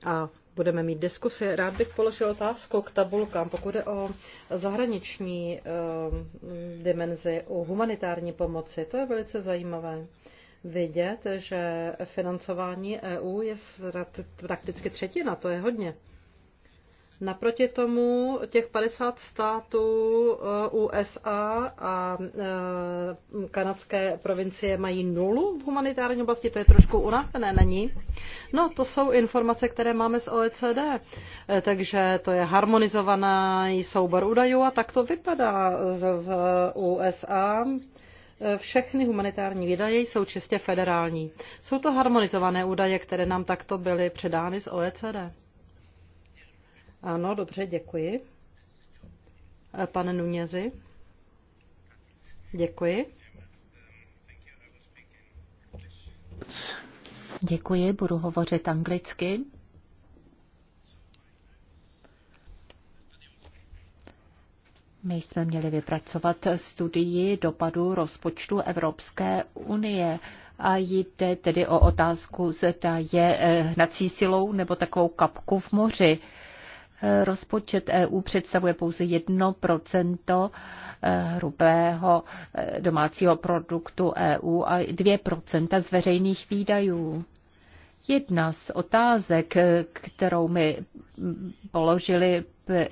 a budeme mít diskusi. Rád bych položil otázku k tabulkám, pokud je o zahraniční e, dimenzi, o humanitární pomoci. To je velice zajímavé vidět, že financování EU je prakticky třetina, to je hodně. Naproti tomu těch 50 států eh, USA a eh, kanadské provincie mají nulu v humanitární oblasti, to je trošku unáhlené, není? No, to jsou informace, které máme z OECD, eh, takže to je harmonizovaný soubor údajů a tak to vypadá v USA. Všechny humanitární výdaje jsou čistě federální. Jsou to harmonizované údaje, které nám takto byly předány z OECD. Ano, dobře, děkuji. Pane Nunězi. Děkuji. Děkuji, budu hovořit anglicky. My jsme měli vypracovat studii dopadu rozpočtu Evropské unie a jde tedy o otázku, zda je hnací silou nebo takovou kapku v moři. Rozpočet EU představuje pouze 1% eh, hrubého eh, domácího produktu EU a 2% z veřejných výdajů. Jedna z otázek, eh, kterou mi mm, položili, byl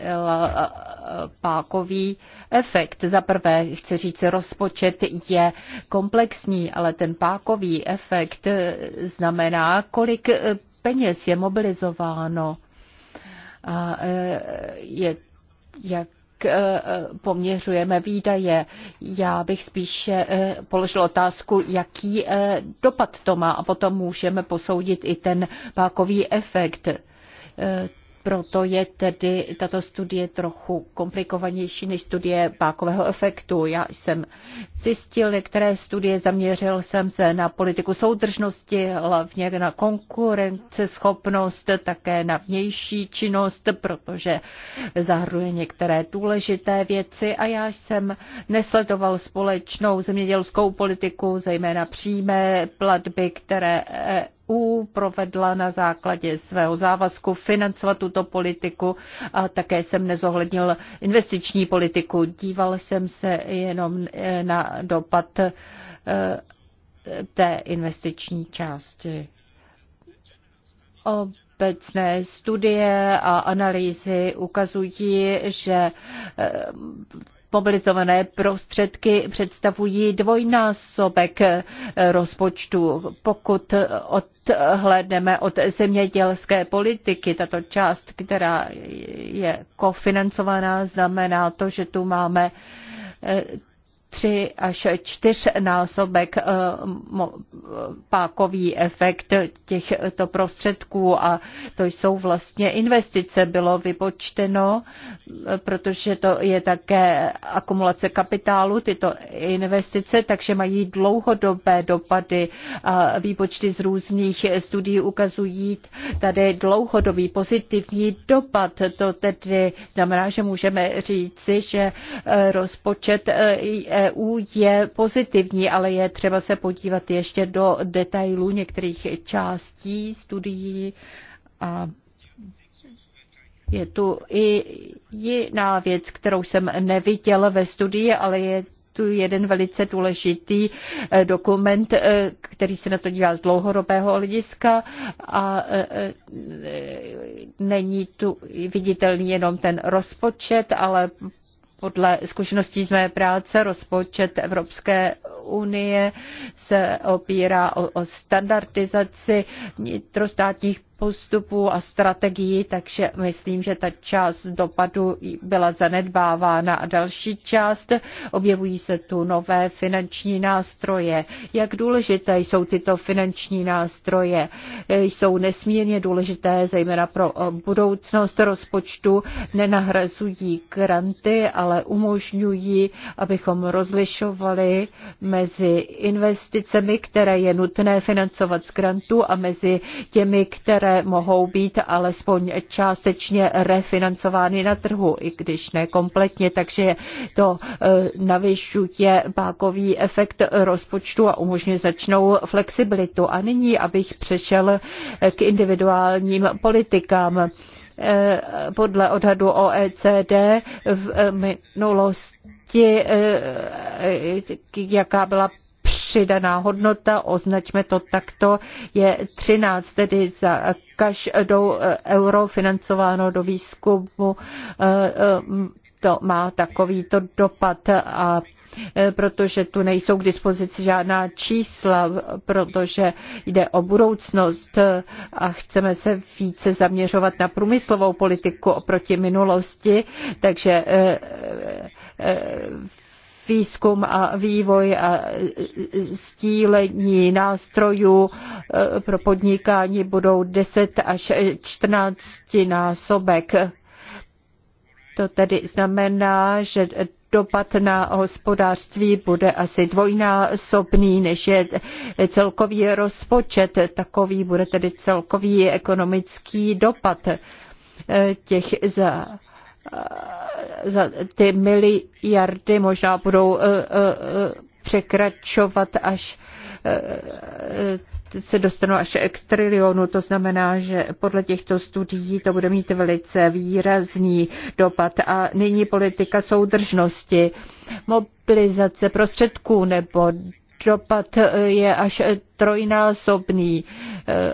pákový efekt. Za prvé, chci říct, rozpočet je komplexní, ale ten pákový efekt znamená, kolik peněz je mobilizováno a e, je, jak e, poměřujeme výdaje. Já bych spíše e, položil otázku, jaký dopad to má a potom můžeme posoudit i ten pákový efekt proto je tedy tato studie trochu komplikovanější než studie pákového efektu. Já jsem zjistil některé studie, zaměřil jsem se na politiku soudržnosti, hlavně na konkurenceschopnost, také na vnější činnost, protože zahrnuje některé důležité věci a já jsem nesledoval společnou zemědělskou politiku, zejména přímé platby, které EU provedla na základě svého závazku financovat tuto politiku a také jsem nezohlednil investiční politiku. Díval jsem se jenom eh, na dopad eh, té investiční části. Obecné studie a analýzy ukazují, že eh, Mobilizované prostředky představují dvojnásobek rozpočtu. Pokud odhlédneme od zemědělské politiky, tato část, která je kofinancovaná, znamená to, že tu máme tři až čtyřnásobek eh, eh, pákový efekt těchto prostředků a to jsou vlastně investice, bylo vypočteno, eh, protože to je také akumulace kapitálu, tyto investice, takže mají dlouhodobé dopady a výpočty z různých studií ukazují tady dlouhodobý pozitivní dopad. To tedy znamená, že můžeme říci, že rozpočet je EU je pozitivní, ale je třeba se podívat ještě do detailů některých částí studií a je tu i jiná věc, kterou jsem neviděla ve studii, ale je tu jeden velice důležitý e, dokument, e, který se na to dívá z dlouhodobého hlediska a e, není tu viditelný jenom ten rozpočet, ale podle zkušeností z mé práce rozpočet Evropské unie se opírá o, o standardizaci vnitrostátních postupů a strategií, takže myslím, že ta část dopadu byla zanedbávána. A další část, objevují se tu nové finanční nástroje. Jak důležité jsou tyto finanční nástroje? Jsou nesmírně důležité, zejména pro eh, budoucnost rozpočtu. Nenahrazují granty, ale umožňují, abychom rozlišovali mezi mezi investicemi, které je nutné financovat z grantů a mezi těmi, které mohou být alespoň částečně refinancovány na trhu, i když ne kompletně, takže to eh, navyšuje pákový efekt rozpočtu a umožňuje začnou flexibilitu. A nyní, abych přešel eh, k individuálním politikám eh, podle odhadu OECD v minulosti ti, eh, eh, jaká byla přidaná hodnota, označme to takto, je 13, tedy za každou eh, euro financováno do výzkumu to má takovýto dopad a Eh, protože tu nejsou k dispozici žádná čísla, protože jde o budoucnost eh, a chceme se více zaměřovat na průmyslovou politiku oproti minulosti, takže eh, výzkum a vývoj a stílení nástrojů pro podnikání budou 10 až 14 násobek. To tedy znamená, že dopad na hospodářství bude asi dvojnásobný, než je celkový rozpočet. Takový bude tedy celkový ekonomický dopad těch za za ty miliardy možná budou eh, eh, překračovat až eh, se dostanou až k trilionu. To znamená, že podle těchto studií to bude mít velice výrazný dopad. A nyní politika soudržnosti, mobilizace prostředků nebo dopad je až trojnásobný eh,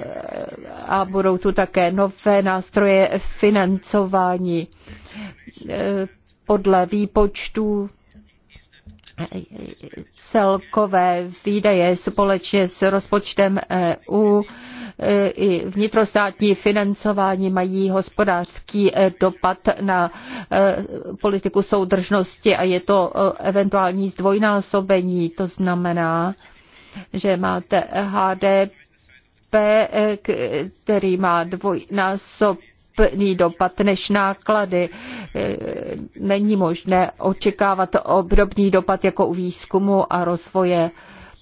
a budou tu také nové nástroje financování eh, podle výpočtů celkové výdaje společně s rozpočtem EU e, i vnitrostátní financování mají hospodářský e, dopad na e, politiku soudržnosti a je to eventuální zdvojnásobení. To znamená, že máte HDP, který má dvojnásob obdobný dopad než náklady. E, není možné očekávat obdobný dopad jako u výzkumu a rozvoje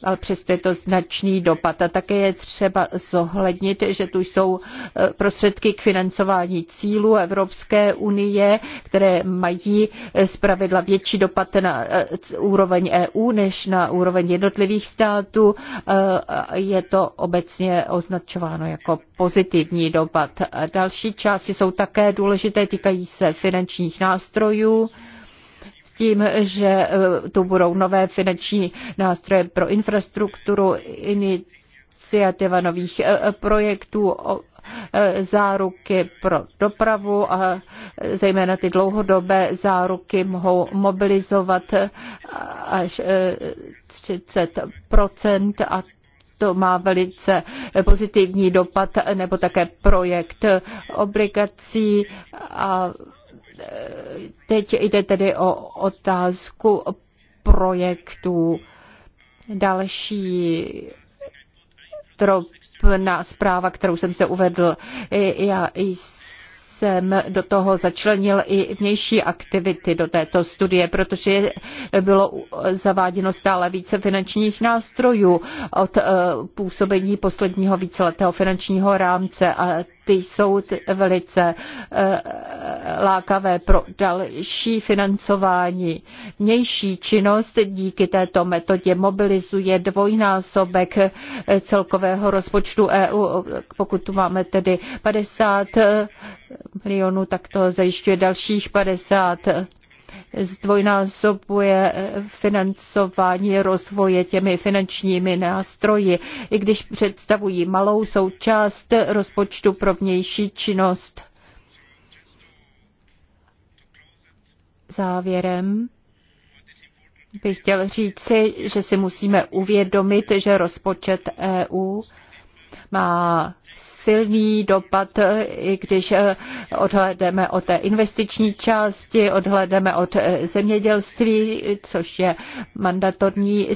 ale přesto je to značný dopad. A také je třeba zohlednit, že tu jsou eh, prostředky k financování cílů Evropské unie, které mají eh, zpravidla větší dopad na eh, úroveň EU než na úroveň jednotlivých států. Je to obecně označováno jako pozitivní dopad. Další části jsou také důležité, týkají se finančních nástrojů tím, že e, tu budou nové finanční nástroje pro infrastrukturu, iniciativa nových e, e, projektů, záruky pro dopravu a zejména ty dlouhodobé záruky mohou mobilizovat až 30 a to má velice pozitivní dopad, nebo také projekt obligací a teď jde tedy o otázku projektů. Další tropná zpráva, kterou jsem se uvedl. Já jsem do toho začlenil i vnější aktivity do této studie, protože bylo zaváděno stále více finančních nástrojů od eh, působení posledního víceletého finančního rámce a ty jsou velice eh, lákavé pro další financování. Vnější činnost díky této metodě mobilizuje dvojnásobek eh, celkového rozpočtu EU. Pokud tu máme tedy 50 eh, milionů, tak to zajišťuje dalších 50 zdvojnásobuje financování rozvoje těmi finančními nástroji, i když představují malou součást rozpočtu pro vnější činnost. Závěrem bych chtěl říci, že si musíme uvědomit, že rozpočet EU má silný dopad, i když eh, odhledeme od té investiční části, odhledeme od eh, zemědělství, což je mandatorní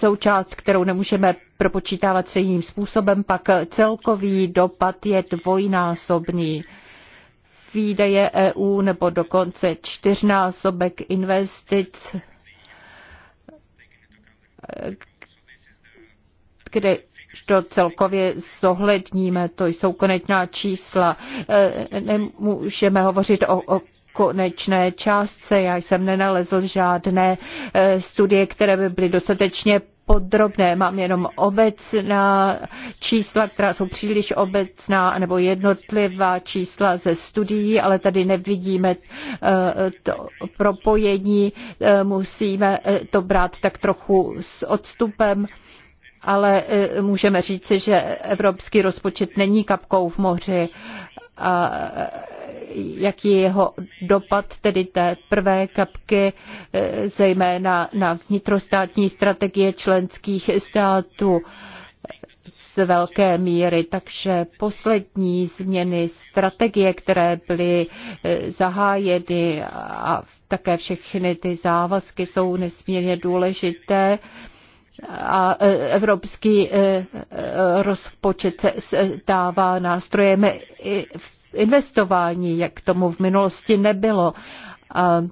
součást, kterou nemůžeme propočítávat stejným způsobem, pak celkový dopad je dvojnásobný výdaje EU nebo dokonce čtyřnásobek investic, eh, kde to celkově zohledníme, to jsou konečná čísla. E, nemůžeme hovořit o, o konečné částce. Já jsem nenalezl žádné e, studie, které by byly dostatečně podrobné. Mám jenom obecná čísla, která jsou příliš obecná, nebo jednotlivá čísla ze studií, ale tady nevidíme e, to propojení. Musíme to brát tak trochu s odstupem ale e, můžeme říci, že evropský rozpočet není kapkou v moři. A e, jaký je jeho dopad tedy té prvé kapky, e, zejména na vnitrostátní strategie členských států z velké míry. Takže poslední změny strategie, které byly zahájeny a také všechny ty závazky jsou nesmírně důležité a e, evropský e, e, rozpočet se stává nástrojem investování, jak tomu v minulosti nebylo. A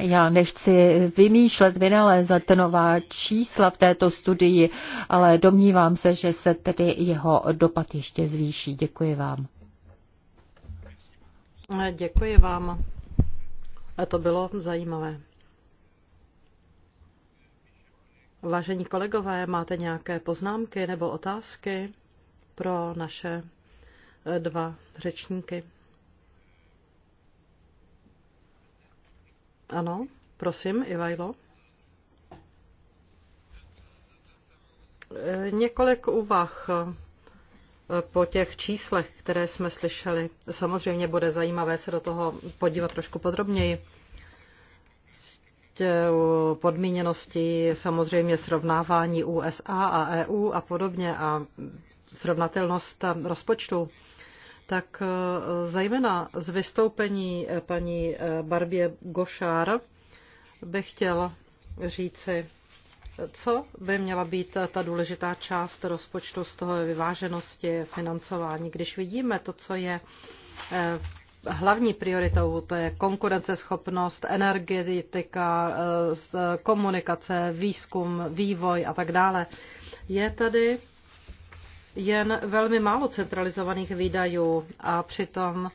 já nechci vymýšlet, vynalézat nová čísla v této studii, ale domnívám se, že se tedy jeho dopad ještě zvýší. Děkuji vám. Děkuji vám. A to bylo zajímavé. Vážení kolegové, máte nějaké poznámky nebo otázky pro naše eh, dva řečníky? Ano, prosím, Ivajlo. Eh, několik úvah eh, po těch číslech, které jsme slyšeli. Samozřejmě bude zajímavé se do toho podívat trošku podrobněji. E, podmíněnosti, samozřejmě srovnávání USA a EU a podobně a srovnatelnost rozpočtu, tak e, zejména z vystoupení e, paní Barbě Gošár bych chtěl říci, co by měla být ta důležitá část rozpočtu z toho vyváženosti financování, když vidíme to, co je hlavní prioritou, to je konkurenceschopnost, energetika, eh, komunikace, výzkum, vývoj a tak dále, je tady jen velmi málo centralizovaných výdajů a přitom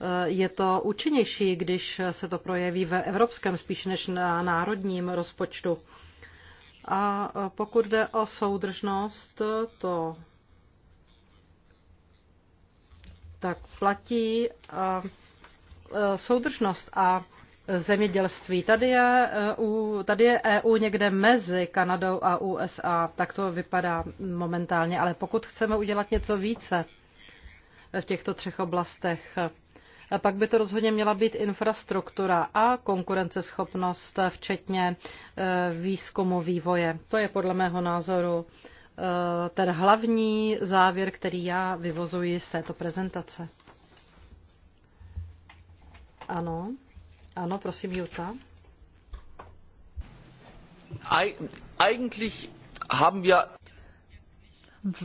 eh, je to účinnější, když se to projeví ve evropském spíš než na národním rozpočtu. A eh, pokud jde o soudržnost, to tak platí eh, eh, soudržnost a zemědělství. Tady je, EU, eh, tady je EU někde mezi Kanadou a USA, tak to vypadá momentálně, ale pokud chceme udělat něco více v těchto třech oblastech, pak by to rozhodně měla být infrastruktura a konkurenceschopnost, včetně výzkumu vývoje. To je podle mého názoru Eh, ten hlavní závěr, který já vyvozuji z této prezentace. Ano, ano, prosím, Juta. Eigentlich haben wir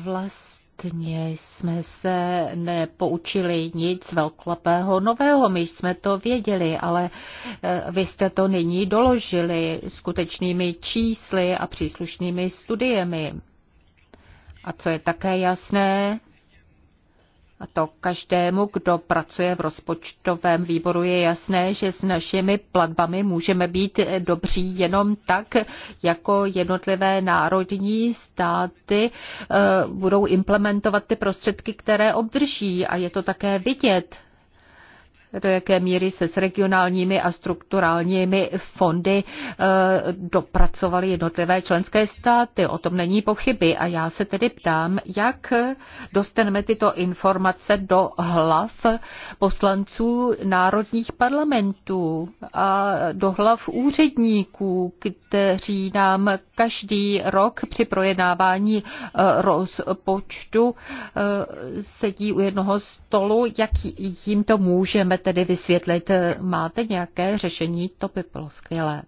Vlastně jsme se nepoučili nic velklapého nového, my jsme to věděli, ale eh, vy jste to nyní doložili skutečnými čísly a příslušnými studiemi. A co je také jasné, a to každému, kdo pracuje v rozpočtovém výboru, je jasné, že s našimi platbami můžeme být dobří jenom tak, jako jednotlivé národní státy eh, budou implementovat ty prostředky, které obdrží. A je to také vidět do jaké míry se s regionálními a strukturálními fondy eh, dopracovaly jednotlivé členské státy. O tom není pochyby a já se tedy ptám, jak dostaneme tyto informace do hlav poslanců národních parlamentů a do hlav úředníků, kteří nám každý rok při projednávání eh, rozpočtu eh, sedí u jednoho stolu, jak jim to můžeme tedy vysvětlit. Eh, máte nějaké řešení? To by bylo skvělé.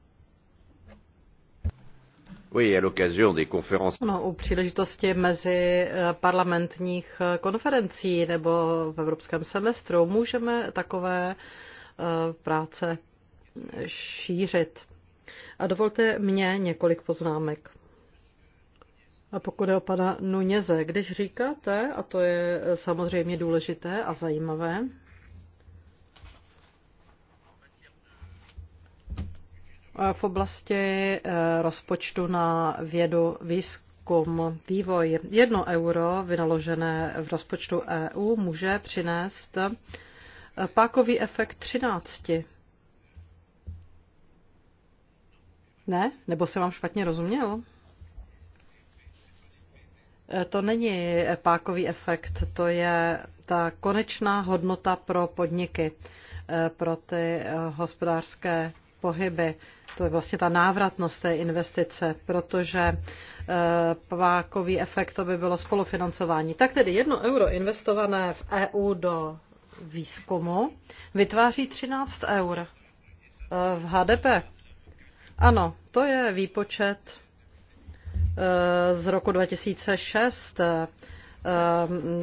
No, u příležitosti mezi eh, parlamentních eh, konferencí nebo v evropském semestru můžeme takové práce šířit. A dovolte mě několik poznámek. A pokud je o pana Nuněze, když říkáte, a to je samozřejmě důležité a zajímavé, Eh, v oblasti eh, rozpočtu na vědu, výzkum, vývoj. Jedno euro vynaložené v rozpočtu EU může přinést eh, pákový efekt 13. Ne? Nebo se vám špatně rozuměl? To není pákový efekt, to je ta konečná hodnota pro podniky, pro ty hospodářské pohyby. To je vlastně ta návratnost té investice, protože eh, pákový efekt to by bylo spolufinancování. Tak tedy jedno euro investované v EU do výzkumu vytváří 13 eur eh, v HDP. Ano, to je výpočet eh, z roku 2006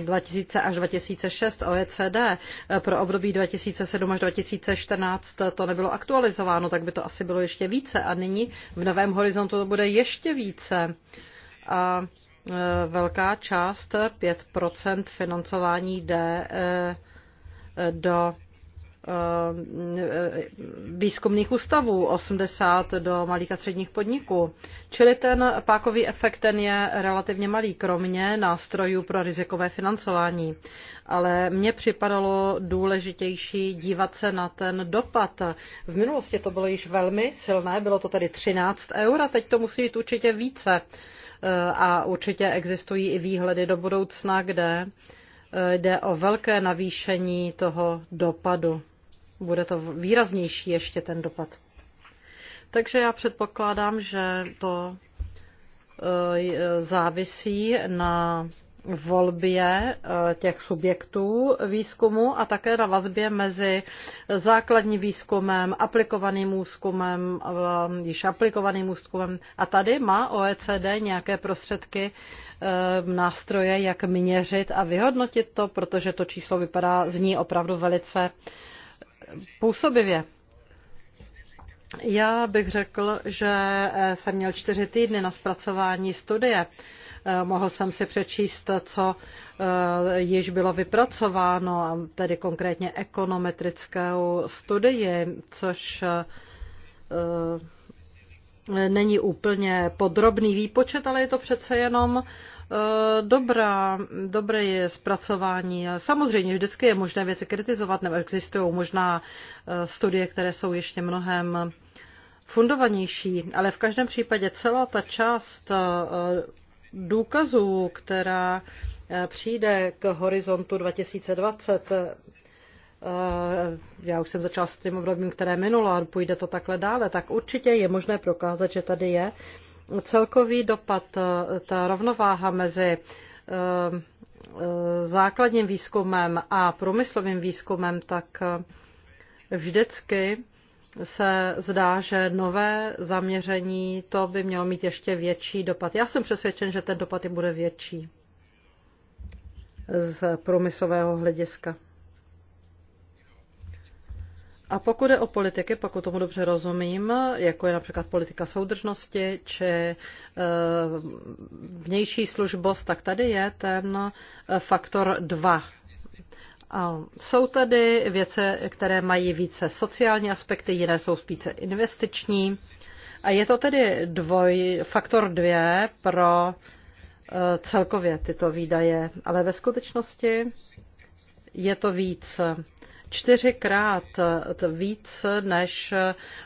2000 ehm, až 2006 OECD eh, pro období 2007 až 2014 to nebylo aktualizováno, tak by to asi bylo ještě více a nyní v novém horizontu to bude ještě více. A eh, velká část, 5% financování jde eh, do Eh, výzkumných ústavů, 80 do malých a středních podniků. Čili ten pákový efekt ten je relativně malý, kromě nástrojů pro rizikové financování. Ale mně připadalo důležitější dívat se na ten dopad. V minulosti to bylo již velmi silné, bylo to tedy 13 eur a teď to musí být určitě více. Eh, a určitě existují i výhledy do budoucna, kde eh, jde o velké navýšení toho dopadu. Bude to výraznější ještě ten dopad. Takže já předpokládám, že to eh, závisí na volbě eh, těch subjektů výzkumu a také na vazbě mezi základním výzkumem, aplikovaným výzkumem, eh, již aplikovaným výzkumem. A tady má OECD nějaké prostředky, nástroje, jak měřit a vyhodnotit to, protože to číslo vypadá, zní opravdu velice působivě. Já bych řekl, že eh, jsem měl čtyři týdny na zpracování studie. Eh, mohl jsem si přečíst, co eh, již bylo vypracováno, tedy konkrétně ekonometrickou studii, což není úplně podrobný výpočet, ale je to přece jenom Eh, dobrá, dobré je zpracování. Samozřejmě vždycky je možné věci kritizovat, nebo existují možná eh, studie, které jsou ještě mnohem fundovanější, ale v každém případě celá ta část eh, důkazů, která přijde k horizontu 2020, já už jsem začala s tím obdobím, které minulo a půjde to takhle dále, tak určitě je možné prokázat, že tady je celkový dopad, eh, ta rovnováha mezi eh, eh, základním výzkumem a průmyslovým výzkumem, tak vždycky se zdá, že nové zaměření to by mělo mít ještě větší dopad. Já jsem přesvědčen, že ten dopad i bude větší z průmyslového hlediska. A pokud jde o politiky, pokud tomu dobře rozumím, jako je například politika soudržnosti či eh, vnější službost, tak tady je ten eh, faktor 2. A jsou tady věci, které mají více sociální aspekty, jiné jsou spíše investiční. A je to tedy dvoj, faktor dvě pro eh, celkově tyto výdaje, ale ve skutečnosti je to víc čtyřikrát víc než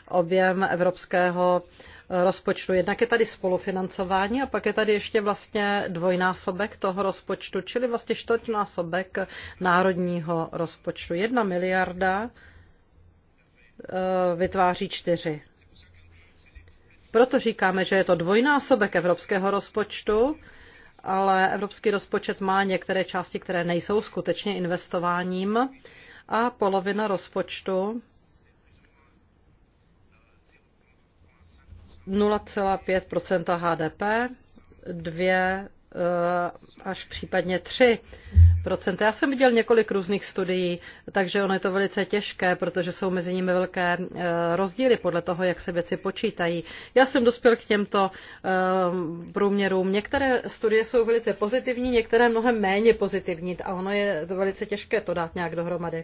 objem evropského eh, rozpočtu. Jednak je tady spolufinancování a pak je tady ještě vlastně dvojnásobek toho rozpočtu, čili vlastně čtvrtnásobek národního rozpočtu. Jedna miliarda eh, vytváří čtyři. Proto říkáme, že je to dvojnásobek evropského rozpočtu, ale evropský rozpočet má některé části, které nejsou skutečně investováním a polovina rozpočtu 0,5 HDP, 2 až případně 3 já jsem viděl několik různých studií, takže ono je to velice těžké, protože jsou mezi nimi velké eh, rozdíly podle toho, jak se věci počítají. Já jsem dospěl k těmto eh, průměrům. Některé studie jsou velice pozitivní, některé mnohem méně pozitivní a ono je to velice těžké to dát nějak dohromady.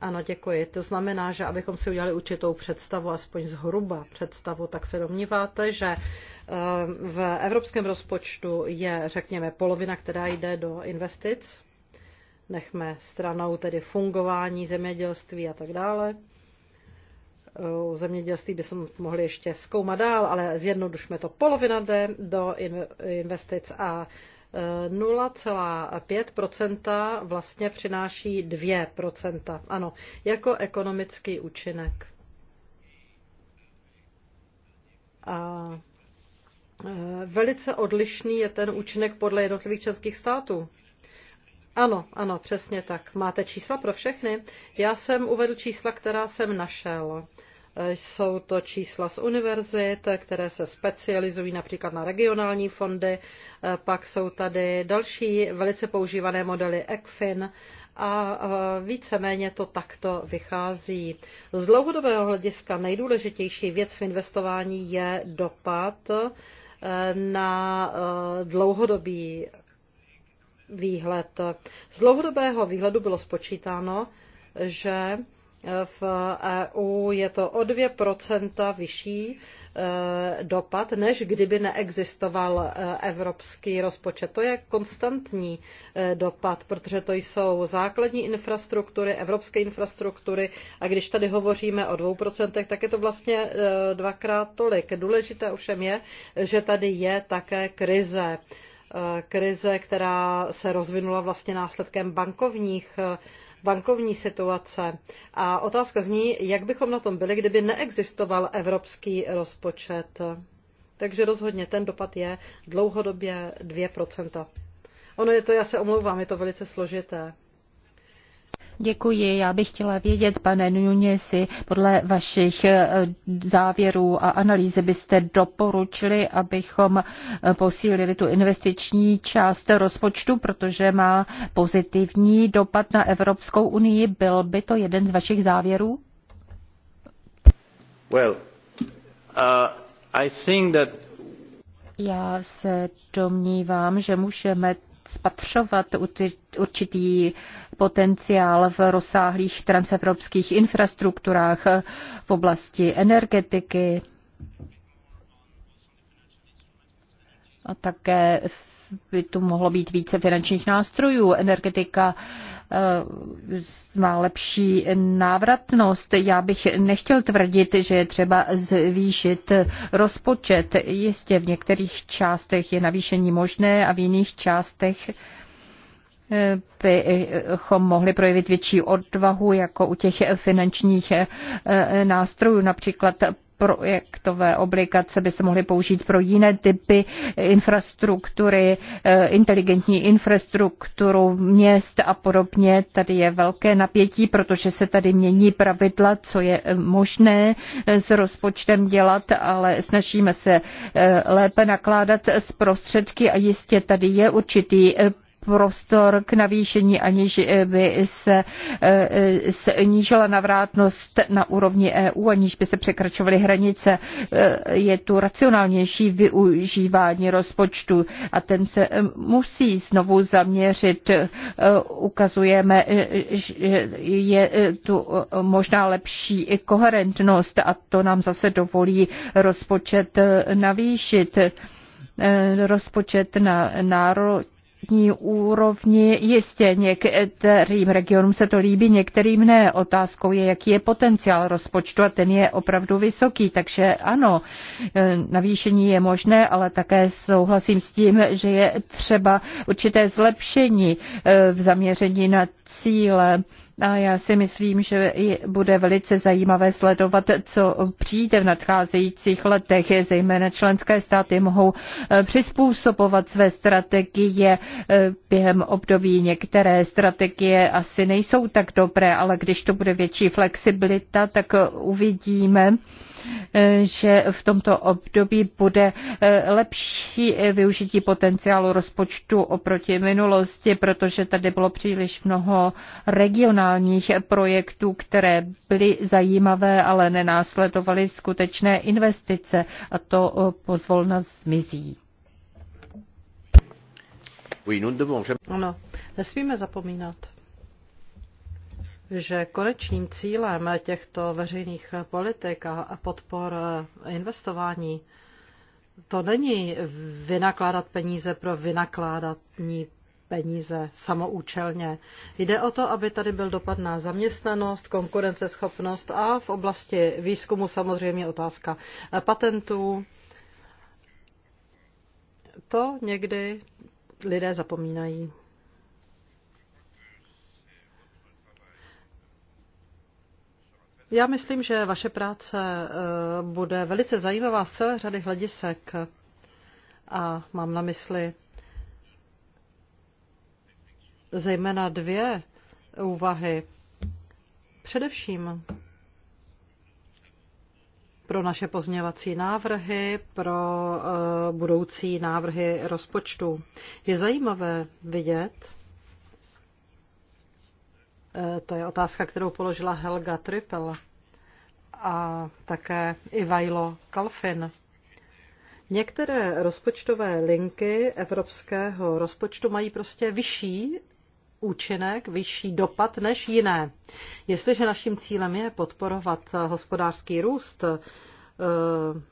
Ano, děkuji. To znamená, že abychom si udělali určitou představu, aspoň zhruba představu, tak se domníváte, že eh, v evropském rozpočtu je, řekněme, polovina, která jde do investic. Nechme stranou tedy fungování zemědělství a tak dále. Eh, u zemědělství bychom mohli ještě zkoumat dál, ale zjednodušme to. Polovina jde do investic a 0,5% vlastně přináší 2%. Ano, jako ekonomický účinek. A e, velice odlišný je ten účinek podle jednotlivých členských států. Ano, ano, přesně tak. Máte čísla pro všechny? Já jsem uvedl čísla, která jsem našel. Jsou to čísla z univerzit, které se specializují například na regionální fondy, pak jsou tady další velice používané modely ECFIN a víceméně to takto vychází. Z dlouhodobého hlediska nejdůležitější věc v investování je dopad e, na e, dlouhodobý výhled. Z dlouhodobého výhledu bylo spočítáno, že v EU je to o 2 vyšší eh, dopad, než kdyby neexistoval eh, evropský rozpočet. To je konstantní eh, dopad, protože to jsou základní infrastruktury, evropské infrastruktury a když tady hovoříme o 2%, tak je to vlastně dvakrát tolik. Důležité ovšem je, že tady je také krize krize, která se rozvinula vlastně následkem bankovních bankovní situace. A otázka zní, jak bychom na tom byli, kdyby neexistoval evropský rozpočet. Takže rozhodně ten dopad je dlouhodobě 2%. Ono je to, já se omlouvám, je to velice složité. Děkuji. Já bych chtěla vědět, pane si podle vašich eh, závěrů a analýzy byste doporučili, abychom eh, posílili tu investiční část rozpočtu, protože má pozitivní dopad na Evropskou unii. Byl by to jeden z vašich závěrů? Well, uh, I think that... Já se domnívám, že můžeme spatřovat určitý potenciál v rozsáhlých transevropských infrastrukturách v oblasti energetiky a také by tu mohlo být více finančních nástrojů. Energetika Eh, má lepší návratnost. Já bych nechtěl tvrdit, že je třeba zvýšit rozpočet. Jistě v některých částech je navýšení možné a v jiných částech eh, bychom mohli projevit větší odvahu, jako u těch finančních eh, nástrojů, například projektové obligace by se mohly použít pro jiné typy infrastruktury, eh, inteligentní infrastrukturu měst a podobně. Tady je velké napětí, protože se tady mění pravidla, co je eh, možné eh, s rozpočtem dělat, ale snažíme se lépe nakládat s prostředky a jistě tady je určitý prostor k navýšení, aniž by se eh, snížila navrátnost na úrovni EU, aniž by se překračovaly hranice. Eh, je tu racionálnější využívání rozpočtu a ten se musí znovu zaměřit. Eh, ukazujeme, že je tu možná lepší i koherentnost a to nám zase dovolí rozpočet navýšit rozpočet na národ národní úrovni. Jistě některým regionům se to líbí, některým ne. Otázkou je, jaký je potenciál rozpočtu a ten je opravdu vysoký. Takže ano, e, navýšení je možné, ale také souhlasím s tím, že je třeba určité zlepšení e, v zaměření na cíle a já si myslím, že bude velice zajímavé sledovat, co přijde v nadcházejících letech. Zejména členské státy mohou eh, přizpůsobovat své strategie eh, během období. Některé strategie asi nejsou tak dobré, ale když to bude větší flexibilita, tak eh, uvidíme, Eh, že v tomto období bude eh, lepší eh, využití potenciálu rozpočtu oproti minulosti, protože tady bylo příliš mnoho regionálních projektů, které byly zajímavé, ale nenásledovaly skutečné investice a to pozvolna zmizí. Ano, nesmíme zapomínat že konečným cílem těchto veřejných politik a podpor e, investování to není vynakládat peníze pro vynakládání peníze samoučelně. Jde o to, aby tady byl dopad na zaměstnanost, konkurenceschopnost a v oblasti výzkumu samozřejmě otázka e, patentů. To někdy lidé zapomínají. Já myslím, že vaše práce eh, bude velice zajímavá z celé řady hledisek a mám na mysli zejména dvě úvahy. Především pro naše pozněvací návrhy, pro eh, budoucí návrhy rozpočtu. Je zajímavé vidět, Eh, to je otázka, kterou položila Helga Trippel a také Ivajlo Kalfin. Některé rozpočtové linky evropského rozpočtu mají prostě vyšší účinek, vyšší dopad než jiné. Jestliže naším cílem je podporovat hospodářský růst eh,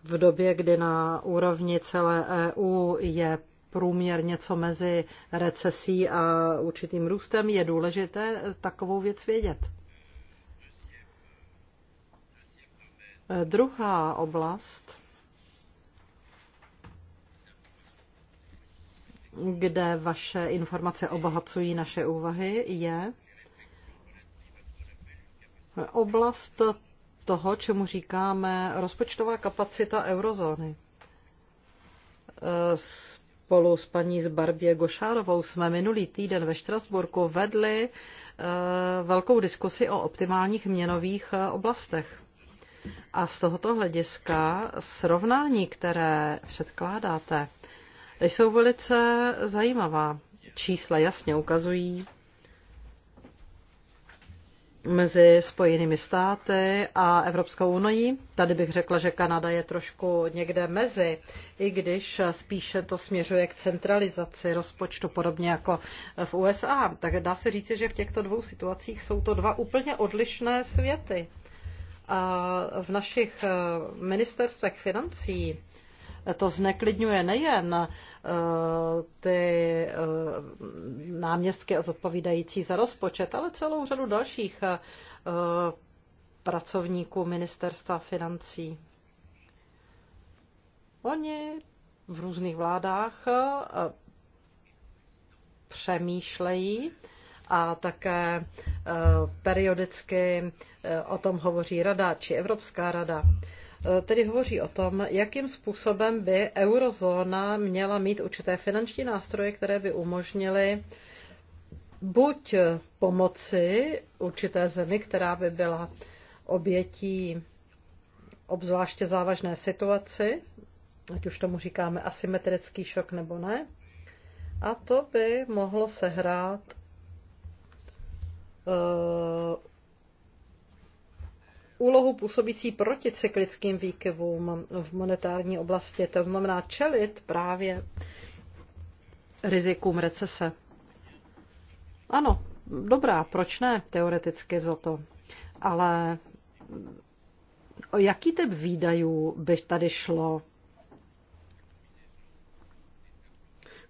v době, kdy na úrovni celé EU je průměr něco mezi recesí a určitým růstem, je důležité takovou věc vědět. Druhá oblast, kde vaše informace obohacují naše úvahy, je oblast toho, čemu říkáme rozpočtová kapacita eurozóny. Spolu s paní z Barbě Gošárovou jsme minulý týden ve Štrasburku vedli eh, velkou diskusi o optimálních měnových eh, oblastech. A z tohoto hlediska srovnání, které předkládáte, jsou velice zajímavá. Čísla jasně ukazují, mezi Spojenými státy a Evropskou unii. Tady bych řekla, že Kanada je trošku někde mezi, i když spíše to směřuje k centralizaci rozpočtu, podobně jako v USA. Tak dá se říci, že v těchto dvou situacích jsou to dva úplně odlišné světy. A v našich eh, ministerstvech financí to zneklidňuje nejen eh, ty eh, náměstky odpovídající za rozpočet, ale celou řadu dalších eh, pracovníků ministerstva financí. Oni v různých vládách přemýšlejí a také periodicky o tom hovoří Rada či Evropská rada. Eh, tedy hovoří o tom, jakým způsobem by eurozóna měla mít určité finanční nástroje, které by umožnily buď pomoci určité zemi, která by byla obětí obzvláště závažné situaci, ať už tomu říkáme asymetrický šok nebo ne. A to by mohlo sehrát eh, úlohu působící proti cyklickým výkyvům v monetární oblasti. To znamená čelit právě rizikům recese. Ano, dobrá, proč ne, teoreticky za to. Ale o jaký typ výdajů by tady šlo?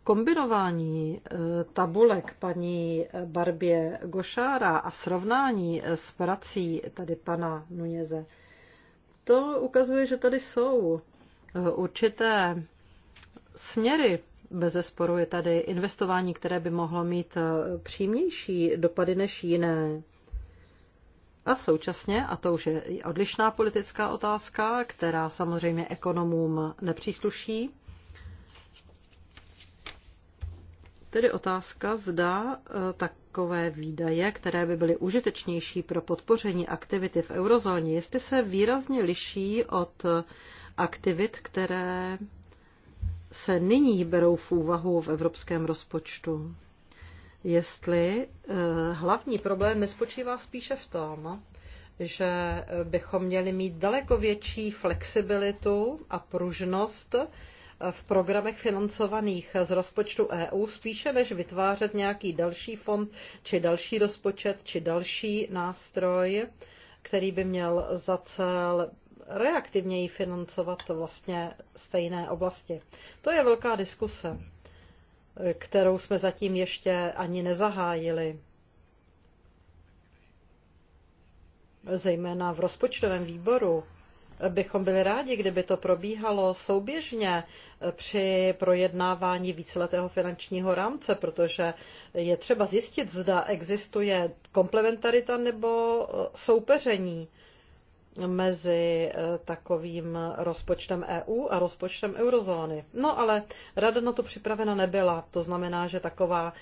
Kombinování eh, tabulek paní Barbě Gošára a srovnání eh, s prací tady pana Nuněze, to ukazuje, že tady jsou eh, určité směry. Bez zesporu je tady investování, které by mohlo mít přímější dopady než jiné. A současně, a to už je odlišná politická otázka, která samozřejmě ekonomům nepřísluší, tedy otázka, zda e, takové výdaje, které by byly užitečnější pro podpoření aktivity v eurozóně, jestli se výrazně liší od aktivit, které se nyní berou v úvahu v evropském rozpočtu. Jestli e, hlavní problém nespočívá spíše v tom, že bychom měli mít daleko větší flexibilitu a pružnost v programech financovaných z rozpočtu EU, spíše než vytvářet nějaký další fond, či další rozpočet, či další nástroj, který by měl za cel reaktivněji financovat vlastně stejné oblasti. To je velká diskuse, kterou jsme zatím ještě ani nezahájili. Zejména v rozpočtovém výboru bychom byli rádi, kdyby to probíhalo souběžně eh, při projednávání víceletého finančního rámce, protože je třeba zjistit, zda existuje komplementarita nebo eh, soupeření mezi eh, takovým rozpočtem EU a rozpočtem eurozóny. No ale rada na to připravena nebyla. To znamená, že taková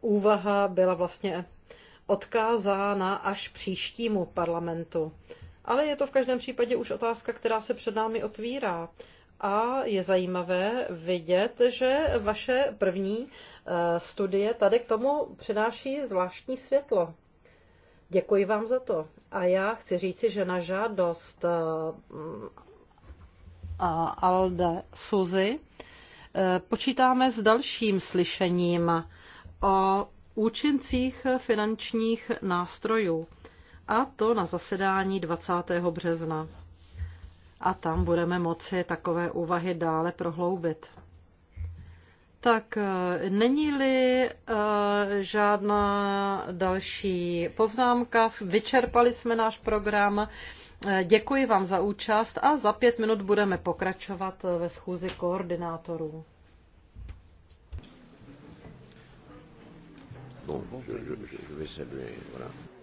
uh, úvaha byla vlastně odkázána až příštímu parlamentu. Uh, ale je to v každém případě už otázka, která se před námi otvírá. A je zajímavé vidět, že vaše první eh, studie tady k tomu přináší zvláštní světlo. Děkuji vám za to. A já chci říci, že na žádost eh, Alde Suzy eh, počítáme s dalším slyšením o účincích finančních nástrojů a to na zasedání 20. března. A tam budeme moci takové úvahy dále prohloubit. Tak není-li eh, žádná další poznámka, vyčerpali jsme náš program. Eh, děkuji vám za účast a za pět minut budeme pokračovat eh, ve schůzi koordinátorů. Bon, je, je, je vais saluer, voilà.